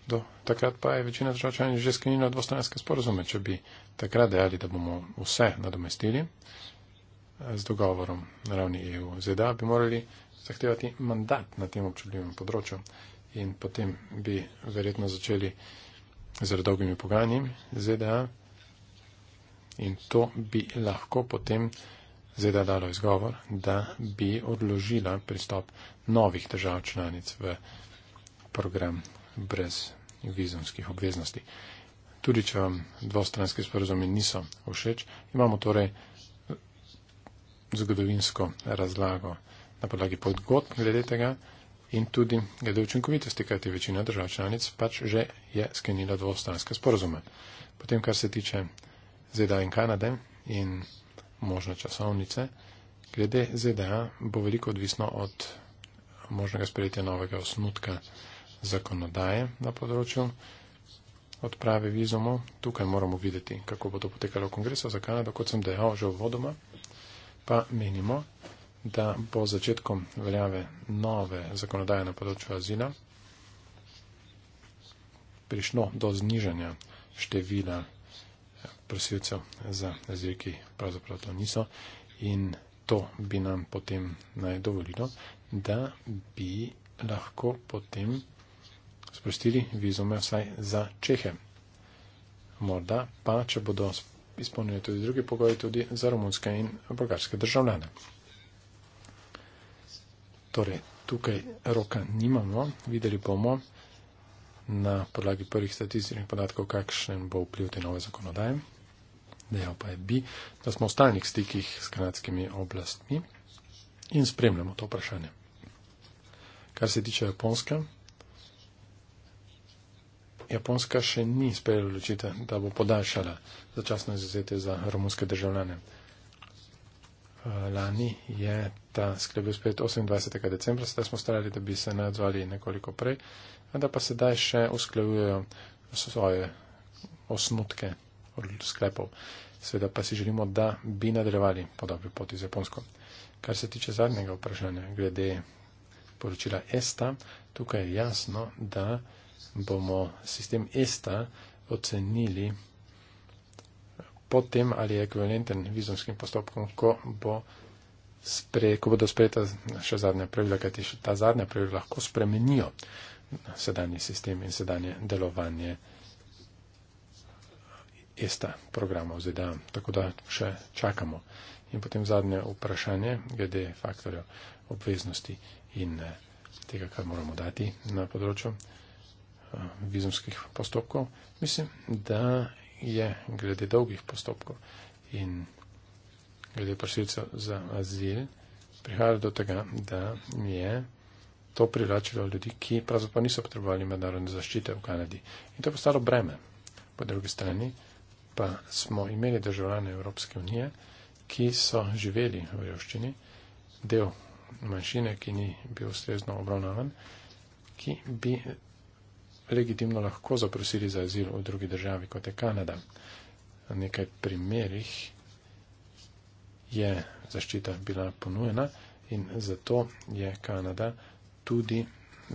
Do takrat pa je večina držav članic že sklenila dvostranske sporozume. Če bi takrat dejali, da bomo vse nadomestili eh, z dogovorom na ravni EU-ZDA, bi morali zahtevati mandat na tem občutljivem področju in potem bi verjetno začeli z dolgimi pogajanji ZDA in to bi lahko potem. ZDA dalo izgovor, da bi odložila pristop novih držav članic v program brez vizumskih obveznosti. Tudi, če vam dvostranski sporozumi niso všeč, imamo torej zgodovinsko razlago na podlagi podgodb glede tega in tudi glede učinkovitosti, kajti večina držav članic pač že je sklenila dvostranske sporozume. Potem, kar se tiče ZDA in Kanade in možne časovnice. Glede ZDA bo veliko odvisno od možnega sprejetja novega osnutka zakonodaje na področju odprave vizumov. Tukaj moramo videti, kako bo to potekalo v kongresu za Kanado, kot sem dejal že v vodoma, pa menimo, da bo začetkom veljave nove zakonodaje na področju azila prišlo do znižanja števila prosilcev za azil, ki pravzaprav to niso. In to bi nam potem naj dovolilo, da bi lahko potem sprostili vizume vsaj za Čehe. Morda pa, če bodo izpolnili tudi druge pogoje, tudi za romunske in bogarske državljane. Torej, tukaj roka nimamo, videli bomo na podlagi prvih statističnih podatkov, kakšen bo vpliv te nove zakonodaje dejal pa je bi, da smo v stalnih stikih s kanadskimi oblastmi in spremljamo to vprašanje. Kar se tiče Japonske, Japonska še ni sprejela odločitev, da bo podaljšala začasno izuzete za romunske državljane. Eh, lani je ta sklep bil sprejet 28. decembra, sedaj smo starali, da bi se ne odzvali nekoliko prej, da pa sedaj še usklajujejo svoje osnutke sklepov. Sveda pa si želimo, da bi nadaljevali po dobri poti z Japonsko. Kar se tiče zadnjega vprašanja glede poročila ESTA, tukaj je jasno, da bomo sistem ESTA ocenili potem, ali je ekvivalenten vizumskim postopkom, ko, bo spre, ko bodo sprejeta še zadnja pravila, kajti ta zadnja pravila lahko spremenijo sedanji sistem in sedanje delovanje. ESTA programa v ZDA. Tako da še čakamo. In potem zadnje vprašanje glede faktorjev obveznosti in eh, tega, kar moramo dati na področju eh, vizumskih postopkov. Mislim, da je glede dolgih postopkov in glede prosilcev za azil prihajalo do tega, da je to privlačilo ljudi, ki pravzaprav niso potrebovali mednarodne zaščite v Kanadi. In to je postalo breme. Po drugi strani, pa smo imeli državljane Evropske unije, ki so živeli v revščini, del manjšine, ki ni bil ustrezno obravnavan, ki bi legitimno lahko zaprosili za azil v drugi državi, kot je Kanada. V nekaj primerih je zaščita bila ponujena in zato je Kanada tudi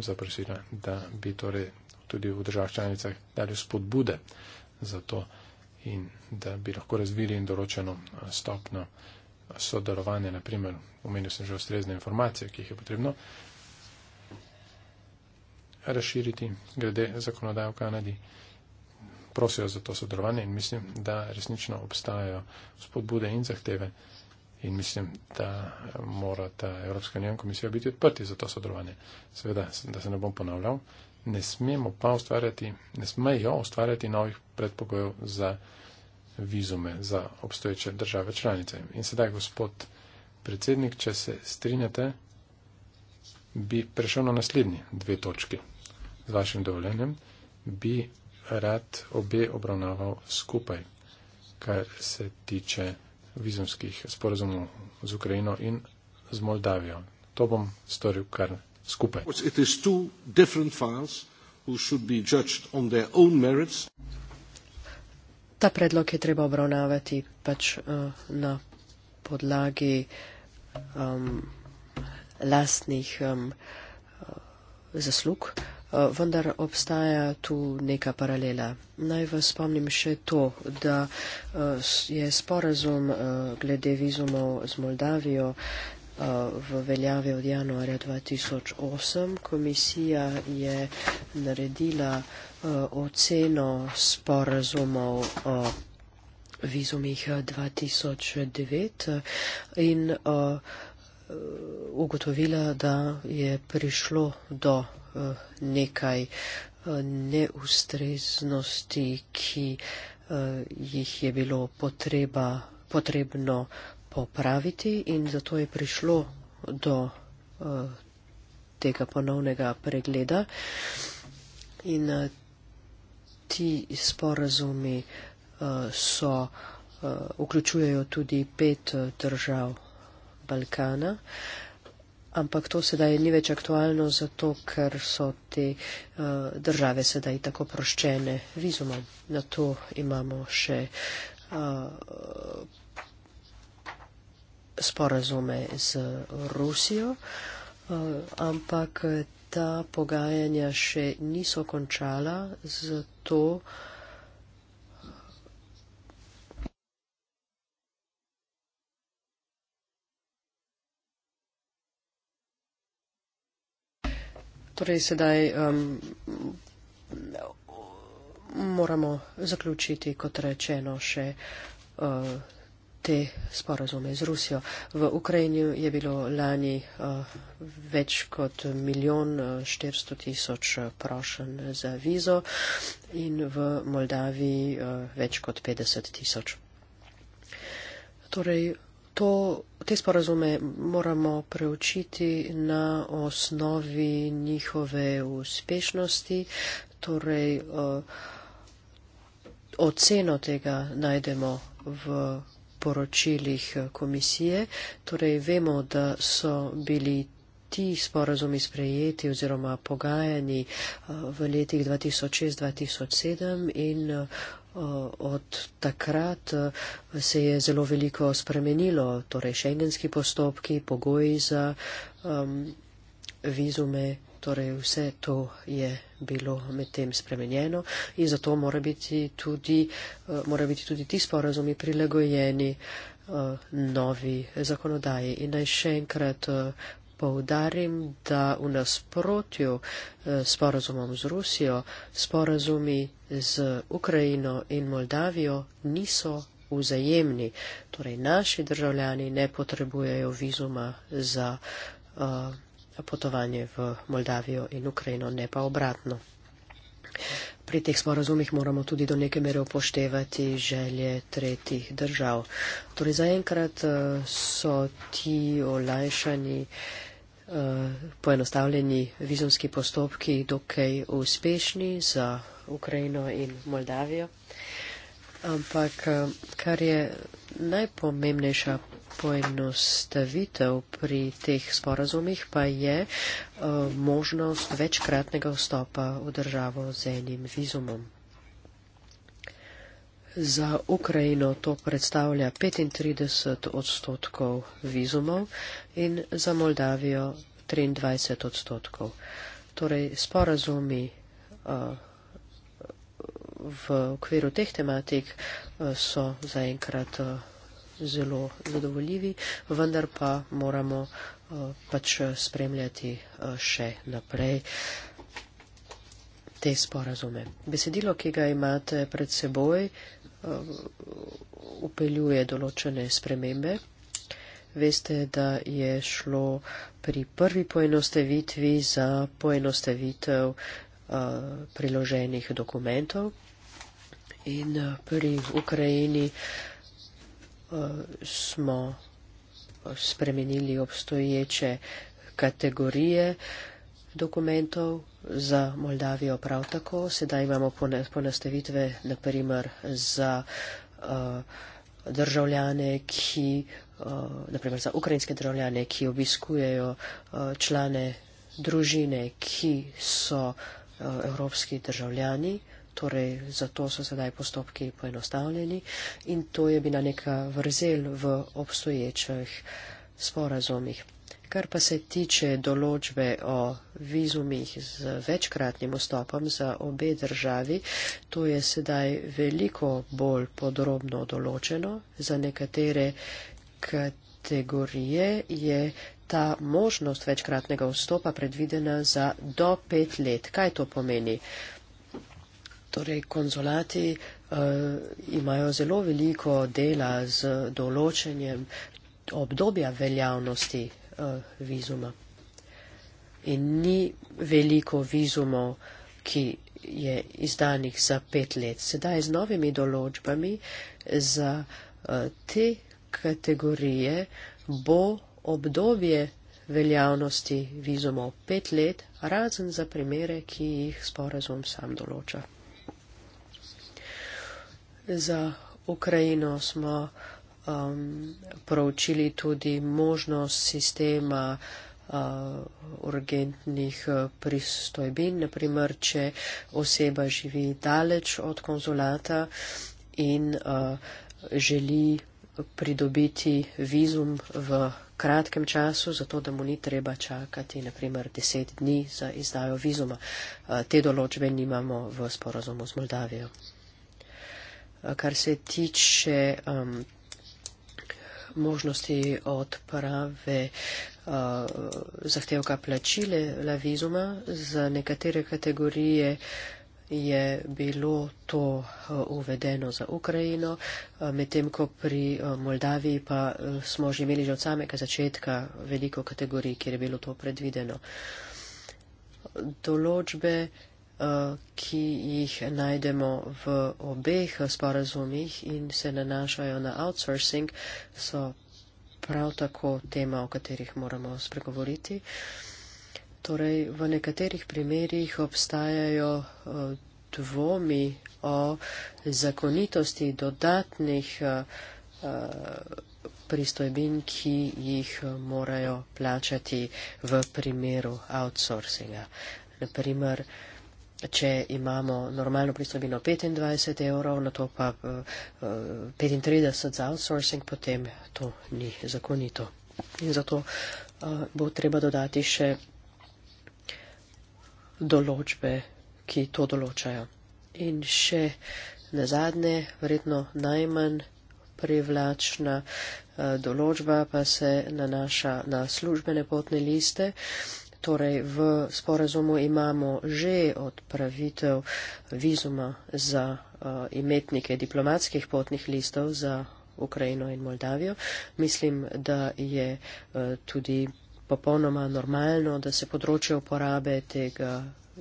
zaprosila, da bi torej tudi v državah članicah dali spodbude za to, in da bi lahko razvili in določeno eh, stopno eh, sodelovanje, naprimer, omenil sem že ustrezne informacije, ki jih je potrebno razširiti glede zakonodaje v Kanadi. Prosijo za to sodelovanje in mislim, da resnično obstajajo spodbude in zahteve in mislim, da eh, mora ta Evropska unija in komisija biti odprti za to sodelovanje. Seveda, da se ne bom ponavljal ne smemo pa ustvarjati, ne smejo ustvarjati novih predpogojev za vizume za obstoječe države članice. In sedaj, gospod predsednik, če se strinjate, bi prešel na naslednji dve točki. Z vašim dovoljenjem bi rad obe obravnaval skupaj, kar se tiče vizumskih sporazumov z Ukrajino in z Moldavijo. To bom storil kar skupaj. Ta predlog je treba obravnavati pač uh, na podlagi um, lastnih um, eh, zaslug, uh, vendar obstaja tu neka paralela. Naj vas spomnim še to, da uh, je sporazum uh, glede vizumov z Moldavijo uh, v veljavi od januarja 2008. Komisija je naredila oceno sporazumov o vizumih 2009 in ugotovila, da je prišlo do nekaj neustreznosti, ki jih je bilo potreba, potrebno popraviti in zato je prišlo do eh, tega ponovnega pregleda. In eh, ti sporazumi eh, so, vključujejo tudi pet držav Balkana, ampak to sedaj ni več aktualno, zato ker so te države sedaj tako proščene vizumom. Na to imamo še sporazume z Rusijo, eh, ampak ta pogajanja še niso končala, zato Torej, sedaj um, moramo zaključiti, kot rečeno, še uh, te sporazume z Rusijo. V Ukrajini je bilo lani uh, več kot milijon 400 eh, tisoč eh, prošen za vizo in v Moldaviji uh, več kot 50 tisoč. Torej, to, te sporazume moramo preučiti na osnovi njihove uspešnosti. Torej, uh, oceno tega najdemo v poročilih eh, komisije. Torej, vemo, da so bili ti sporazumi sprejeti oziroma pogajani eh, v letih 2006-2007 in eh, od takrat se je zelo veliko spremenilo, torej šengenski postopki, pogoji za um, vizume Torej, vse to je bilo medtem spremenjeno in zato mora biti tudi, eh, mora biti tudi ti sporazumi prilagojeni eh, novi zakonodaji. In naj še enkrat eh, poudarim, da v nasprotju sporazumom z Rusijo sporazumi z Ukrajino in Moldavijo niso vzajemni. Torej, naši državljani ne potrebujejo vizuma za. Uh, potovanje v Moldavijo in Ukrajino, ne pa obratno. Pri teh sporazumih moramo tudi do neke mere upoštevati želje tretjih držav. Torej, zaenkrat eh, so ti olajšani, eh, poenostavljeni vizumski postopki dokaj uspešni za Ukrajino in Moldavijo. Ampak eh, kar je najpomembnejša poenostavitev pri teh sporazumih pa je uh, možnost večkratnega vstopa v državo z enim vizumom. Za Ukrajino to predstavlja 35 odstotkov vizumov in za Moldavijo 23 odstotkov. Torej, sporazumi uh, v okviru teh tematik uh, so zaenkrat uh, zelo zadovoljivi, vendar pa moramo eh, pač spremljati eh, še naprej te sporazume. Besedilo, ki ga imate pred seboj, upeljuje eh, določene spremembe. Veste, da je šlo pri prvi poenostavitvi za poenostavitev priloženih dokumentov in pri Ukrajini uh, smo spremenili obstoječe kategorije dokumentov za Moldavijo prav tako. Sedaj imamo ponastavitve, naprimer, za eh, državljane, ki, eh, naprimer, za ukrajinske državljane, ki obiskujejo eh, člane družine, ki so evropski državljani torej zato so sedaj postopki poenostavljeni in to je bila neka vrzel v obstoječih sporazumih. Kar pa se tiče določbe o vizumih z večkratnim vstopom za obe državi, to je sedaj veliko bolj podrobno določeno. Za nekatere kategorije je ta možnost večkratnega vstopa predvidena za do pet let. Kaj to pomeni? Torej, konzulati uh, imajo zelo veliko dela z določenjem obdobja veljavnosti uh, vizuma. In ni veliko vizumov, ki je izdanih za pet let. Sedaj z novimi določbami za uh, te kategorije bo obdobje veljavnosti vizumov pet let, razen za primere, ki jih sporazum sam določa. Za Ukrajino smo um, proučili tudi možnost sistema uh, urgentnih uh, pristojbin, naprimer, če oseba živi daleč od konzulata in uh, želi pridobiti vizum v kratkem času, zato da mu ni treba čakati naprimer deset dni za izdajo vizuma. Uh, te določbe nimamo v sporazumu z Moldavijo kar se tiče um, možnosti odprave uh, zahtevka plačile la vizuma za nekatere kategorije je bilo to uh, uvedeno za Ukrajino, uh, medtem ko pri uh, Moldaviji pa smo že imeli že od samega začetka veliko kategorij, kjer je bilo to predvideno. Določbe Eh, ki jih najdemo v obeh sporazumih in se nanašajo na outsourcing, so prav tako tema, o katerih moramo spregovoriti. Torej, v nekaterih primerjih obstajajo eh, dvomi o zakonitosti dodatnih eh, pristojbin, ki jih morajo plačati v primeru outsourcinga. Naprimer, če imamo normalno pristojbino 25 evrov, na to pa 35 eh, za outsourcing, potem to ni zakonito. In zato eh, bo treba dodati še določbe, ki to določajo. In še na zadnje, verjetno najmanj privlačna eh, določba pa se nanaša na službene potne liste. Torej, v sporazumu imamo že odpravitev vizuma za uh, imetnike diplomatskih potnih listov za Ukrajino in Moldavijo. Mislim, da je uh, tudi popolnoma normalno, da se področje uporabe tega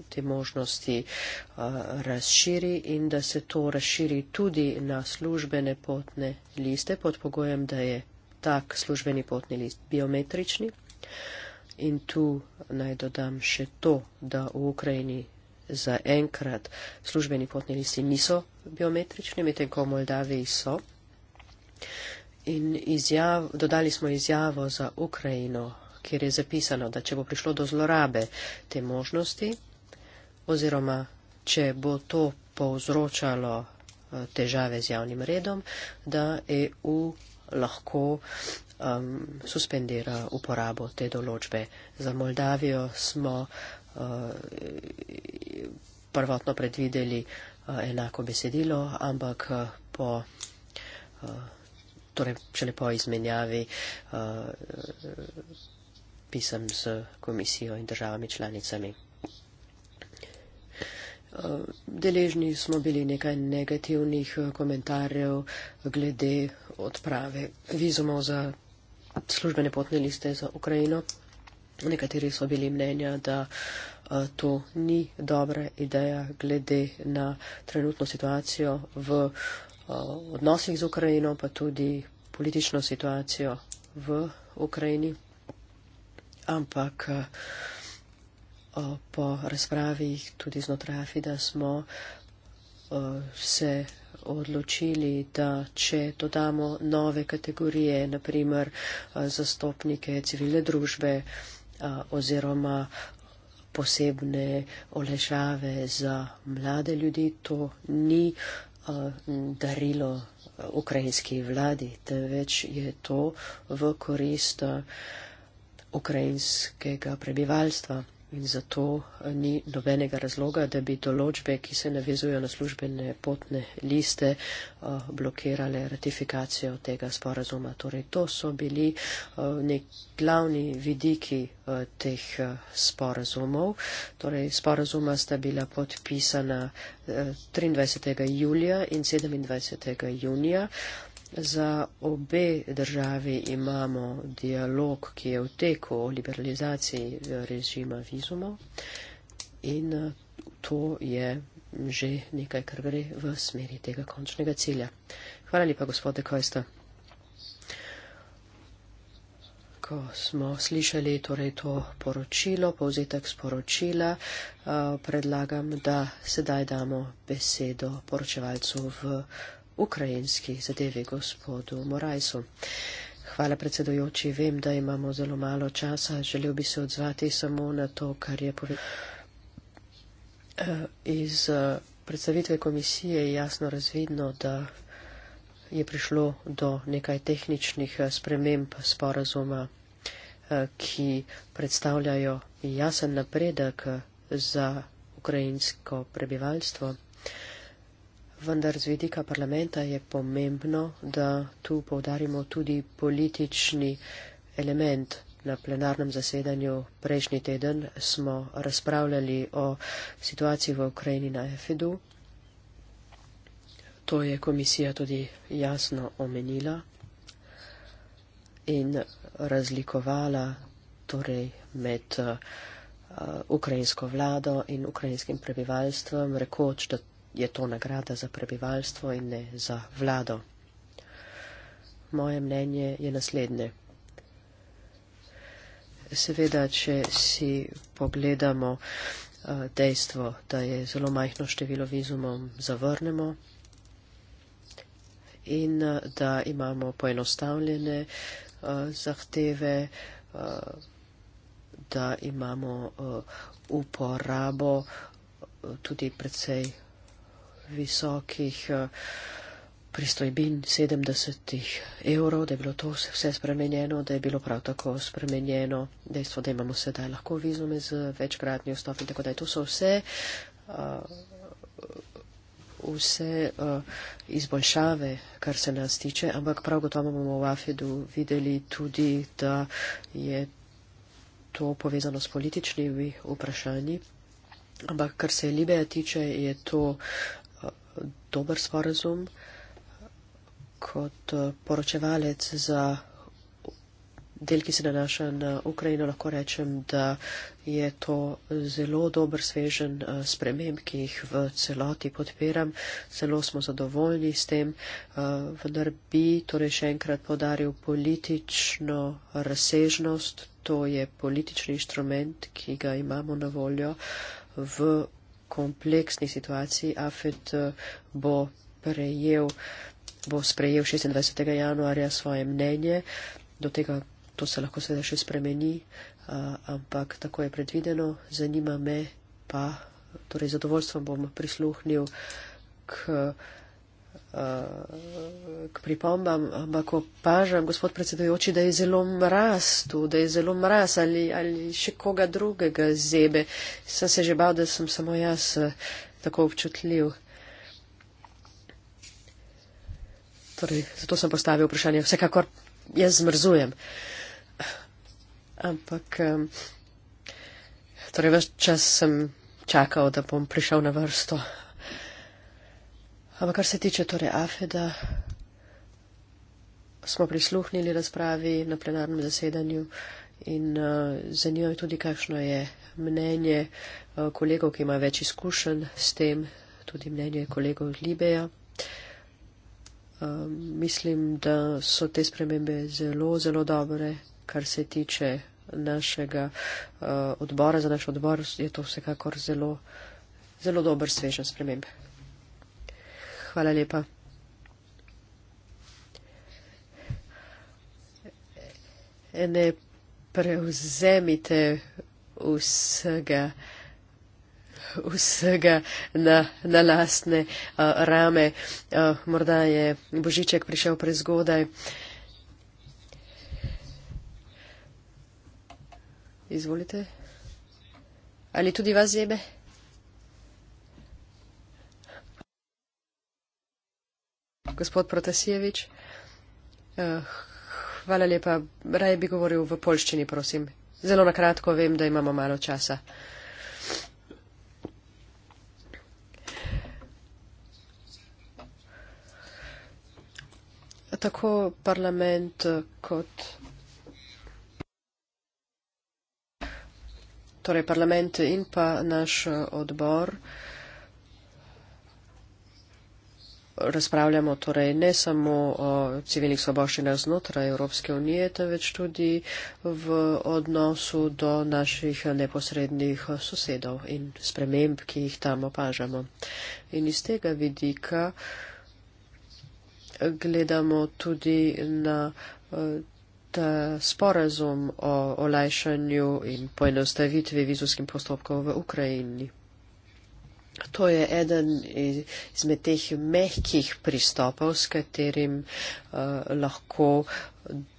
te možnosti uh, razširi in da se to razširi tudi na službene potne liste pod pogojem, da je tak službeni potni list biometrični. Uh, In tu naj dodam še to, da v Ukrajini za enkrat službeni potni listi niso biometrični, medtem ko v Moldaviji so. In izjav, dodali smo izjavo za Ukrajino, kjer je zapisano, da če bo prišlo do zlorabe te možnosti oziroma če bo to povzročalo eh, težave z javnim redom, da EU lahko um, suspendira uporabo te določbe. Za Moldavijo smo uh, prvotno predvideli uh, enako besedilo, ampak uh, po. Uh, Torej, šele po izmenjavi uh, pisem z komisijo in državami članicami. Uh, deležni smo bili nekaj negativnih uh, komentarjev glede odprave vizumov za službene potne liste za Ukrajino. Nekateri so bili mnenja, da uh, to ni dobra ideja glede na trenutno situacijo v uh, odnosih z Ukrajino, pa tudi politično situacijo v Ukrajini. Ampak uh, po razpravi tudi znotraj Afida smo uh, se odločili, da če dodamo nove kategorije, naprimer eh, zastopnike civilne družbe eh, oziroma posebne olešave za mlade ljudi, to ni eh, darilo ukrajinski vladi, temveč je to v korist ukrajinskega prebivalstva in zato eh, ni nobenega razloga, da bi določbe, ki se navezujo na službene potne liste, eh, blokirale ratifikacijo tega sporazuma. Torej, to so bili eh, nek glavni vidiki teh sporazumov. Torej, sporazuma sta bila podpisana 23. julija in 27. junija. Za obe državi imamo dialog, ki je v teku o liberalizaciji režima vizumov in to je že nekaj, kar gre v smeri tega končnega cilja. Hvala lepa, gospode Kojsta. Ko smo slišali torej to poročilo, povzetek sporočila, eh, predlagam, da sedaj damo besedo poročevalcu v ukrajinski zadevi gospodu Morajsu. Hvala predsedojoči, vem, da imamo zelo malo časa, želel bi se odzvati samo na to, kar je povedal. Eh, iz eh, predstavitve komisije je jasno razvidno, da je prišlo do nekaj tehničnih eh, sprememb sporazuma, ki predstavljajo jasen napredek za ukrajinsko prebivalstvo. Vendar z vidika parlamenta je pomembno, da tu povdarimo tudi politični element. Na plenarnem zasedanju prejšnji teden smo razpravljali o situaciji v Ukrajini na EFEDU. To je komisija tudi jasno omenila in razlikovala torej, med uh, ukrajinsko vlado in ukrajinskim prebivalstvom, rekoč, da je to nagrada za prebivalstvo in ne za vlado. Moje mnenje je naslednje. Seveda, če si pogledamo eh, dejstvo, da je zelo majhno število vizumov, zavrnemo in eh, da imamo poenostavljene eh, zahteve, da imamo uporabo tudi predvsej visokih eh, pristojbin 70 evrov, da je bilo to vse spremenjeno, da je bilo prav tako spremenjeno dejstvo, da imamo sedaj lahko vizume z večkratni vstop in tako da je to so vse, eh, vse eh, izboljšave, kar se nas tiče, ampak prav gotovo bomo v Afedu videli tudi, da je to povezano s političnimi vprašanji. Ampak kar se Libeja tiče, je to uh, dober sporazum kot eh, poročevalec za del, ki se nanaša na Ukrajino, lahko rečem, da je to zelo dober svežen eh, sprememb, ki jih v celoti podpiram. Zelo smo zadovoljni s tem, eh, vendar bi torej še enkrat podaril politično razsežnost. To je politični inštrument, ki ga imamo na voljo v kompleksni situaciji Afet eh, bo prejel, bo sprejel 26. januarja svoje mnenje. Do tega to se lahko seveda še spremeni, eh, ampak tako je predvideno. Zanima me pa, torej zadovoljstvom bom prisluhnil k k pripombam, ampak opažam, gospod predsedujoči, da je zelo mraz tu, da je zelo mraz ali, ali še koga drugega zebe. Sem se že bal, da sem samo jaz eh, tako občutljiv. Torej, zato sem postavil vprašanje. Vsekakor jaz zmrzujem. Ampak, torej, več čas sem čakal, da bom prišel na vrsto. Ampak kar se tiče torej AFEDA, smo prisluhnili razpravi na plenarnem zasedanju in uh, zanima me tudi, kakšno je mnenje uh, kolegov, ki ima več izkušenj s tem, tudi mnenje kolegov iz Libeja. Uh, mislim, da so te spremembe zelo, zelo dobre, kar se tiče našega uh, odbora. Za naš odbor je to vsekakor zelo, zelo dober svež spremembe. Hvala lepa. Ne prevzemite vsega, vsega na, na lastne a, rame. A, morda je Božiček prišel prezgodaj. Izvolite. Ali tudi vas zebe? gospod Protasijevič. Uh, eh, hvala lepa. Raje bi govoril v polščini, prosim. Zelo na kratko vem, da imamo malo časa. Tako parlament eh, kot. Torej parlament in pa naš eh, odbor. razpravljamo torej ne samo o civilnih svoboščinah znotraj Evropske unije, temveč tudi v odnosu do naših neposrednih sosedov in sprememb, ki jih tam opažamo. In iz tega vidika gledamo tudi na ta sporazum o olajšanju in poenostavitvi vizovskim postopkov v Ukrajini. To je eden izmed teh mehkih pristopov, s katerim uh, lahko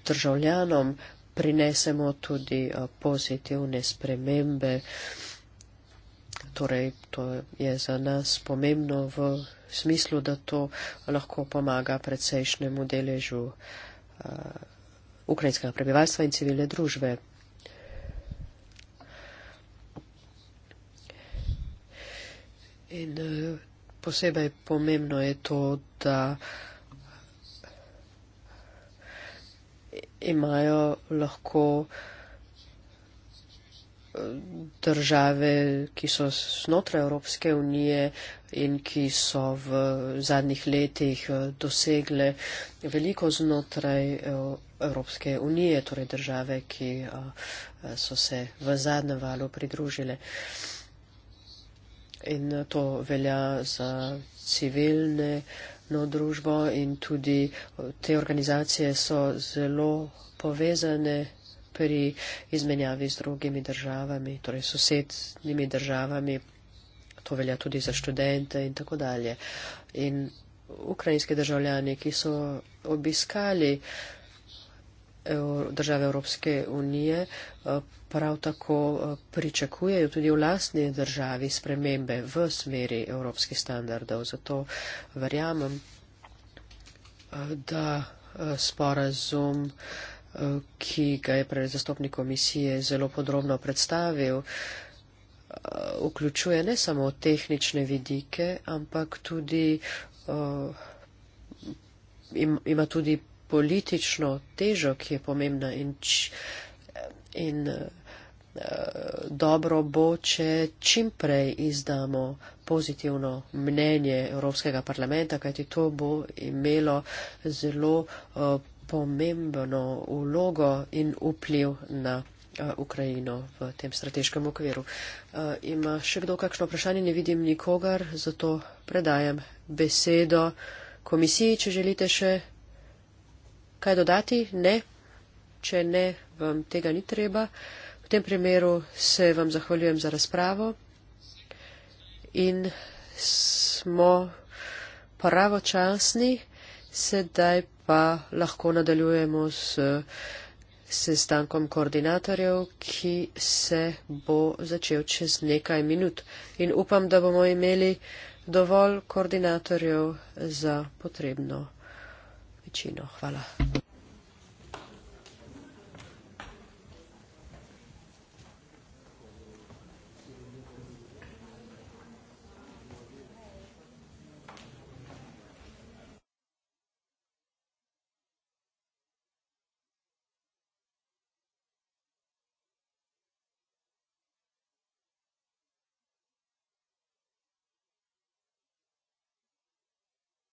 državljanom prinesemo tudi uh, pozitivne spremembe. Torej, to je za nas pomembno v smislu, da to lahko pomaga precejšnjemu deležu uh, ukrajinskega prebivalstva in civilne družbe. In eh, posebej pomembno je to, da imajo lahko eh, države, ki so znotraj Evropske unije in ki so v zadnjih letih eh, dosegle veliko znotraj Evropske unije, torej države, ki so se v zadnjem valu pridružile in eh, to velja za civilne no, družbo in tudi eh, te organizacije so zelo povezane pri izmenjavi z drugimi državami, torej sosednimi državami. To velja tudi za študente in tako dalje. In ukrajinske državljane, ki so obiskali uh, države Evropske unije eh, prav tako eh, pričakujejo tudi v lastni državi spremembe v smeri evropskih standardov. Zato verjamem, eh, da sporazum, ki ga je pred zastopnik komisije zelo podrobno predstavil, vključuje ne samo tehnične vidike, ampak tudi ima tudi politično težo, ki je pomembna in, č, in uh, dobro bo, če čimprej izdamo pozitivno mnenje Evropskega parlamenta, kajti to bo imelo zelo uh, pomembno vlogo in vpliv na. Eh, Ukrajino v tem strateškem okviru. Ima še kdo kakšno vprašanje? Ne vidim nikogar, zato predajam besedo komisiji, če želite še kaj dodati? Ne. Če ne, vam tega ni treba. V tem primeru se vam zahvaljujem za razpravo in smo pravočasni, sedaj pa lahko nadaljujemo s sestankom koordinatorjev, ki se bo začel čez nekaj minut. In upam, da bomo imeli dovolj koordinatorjev za potrebno večino. Hvala.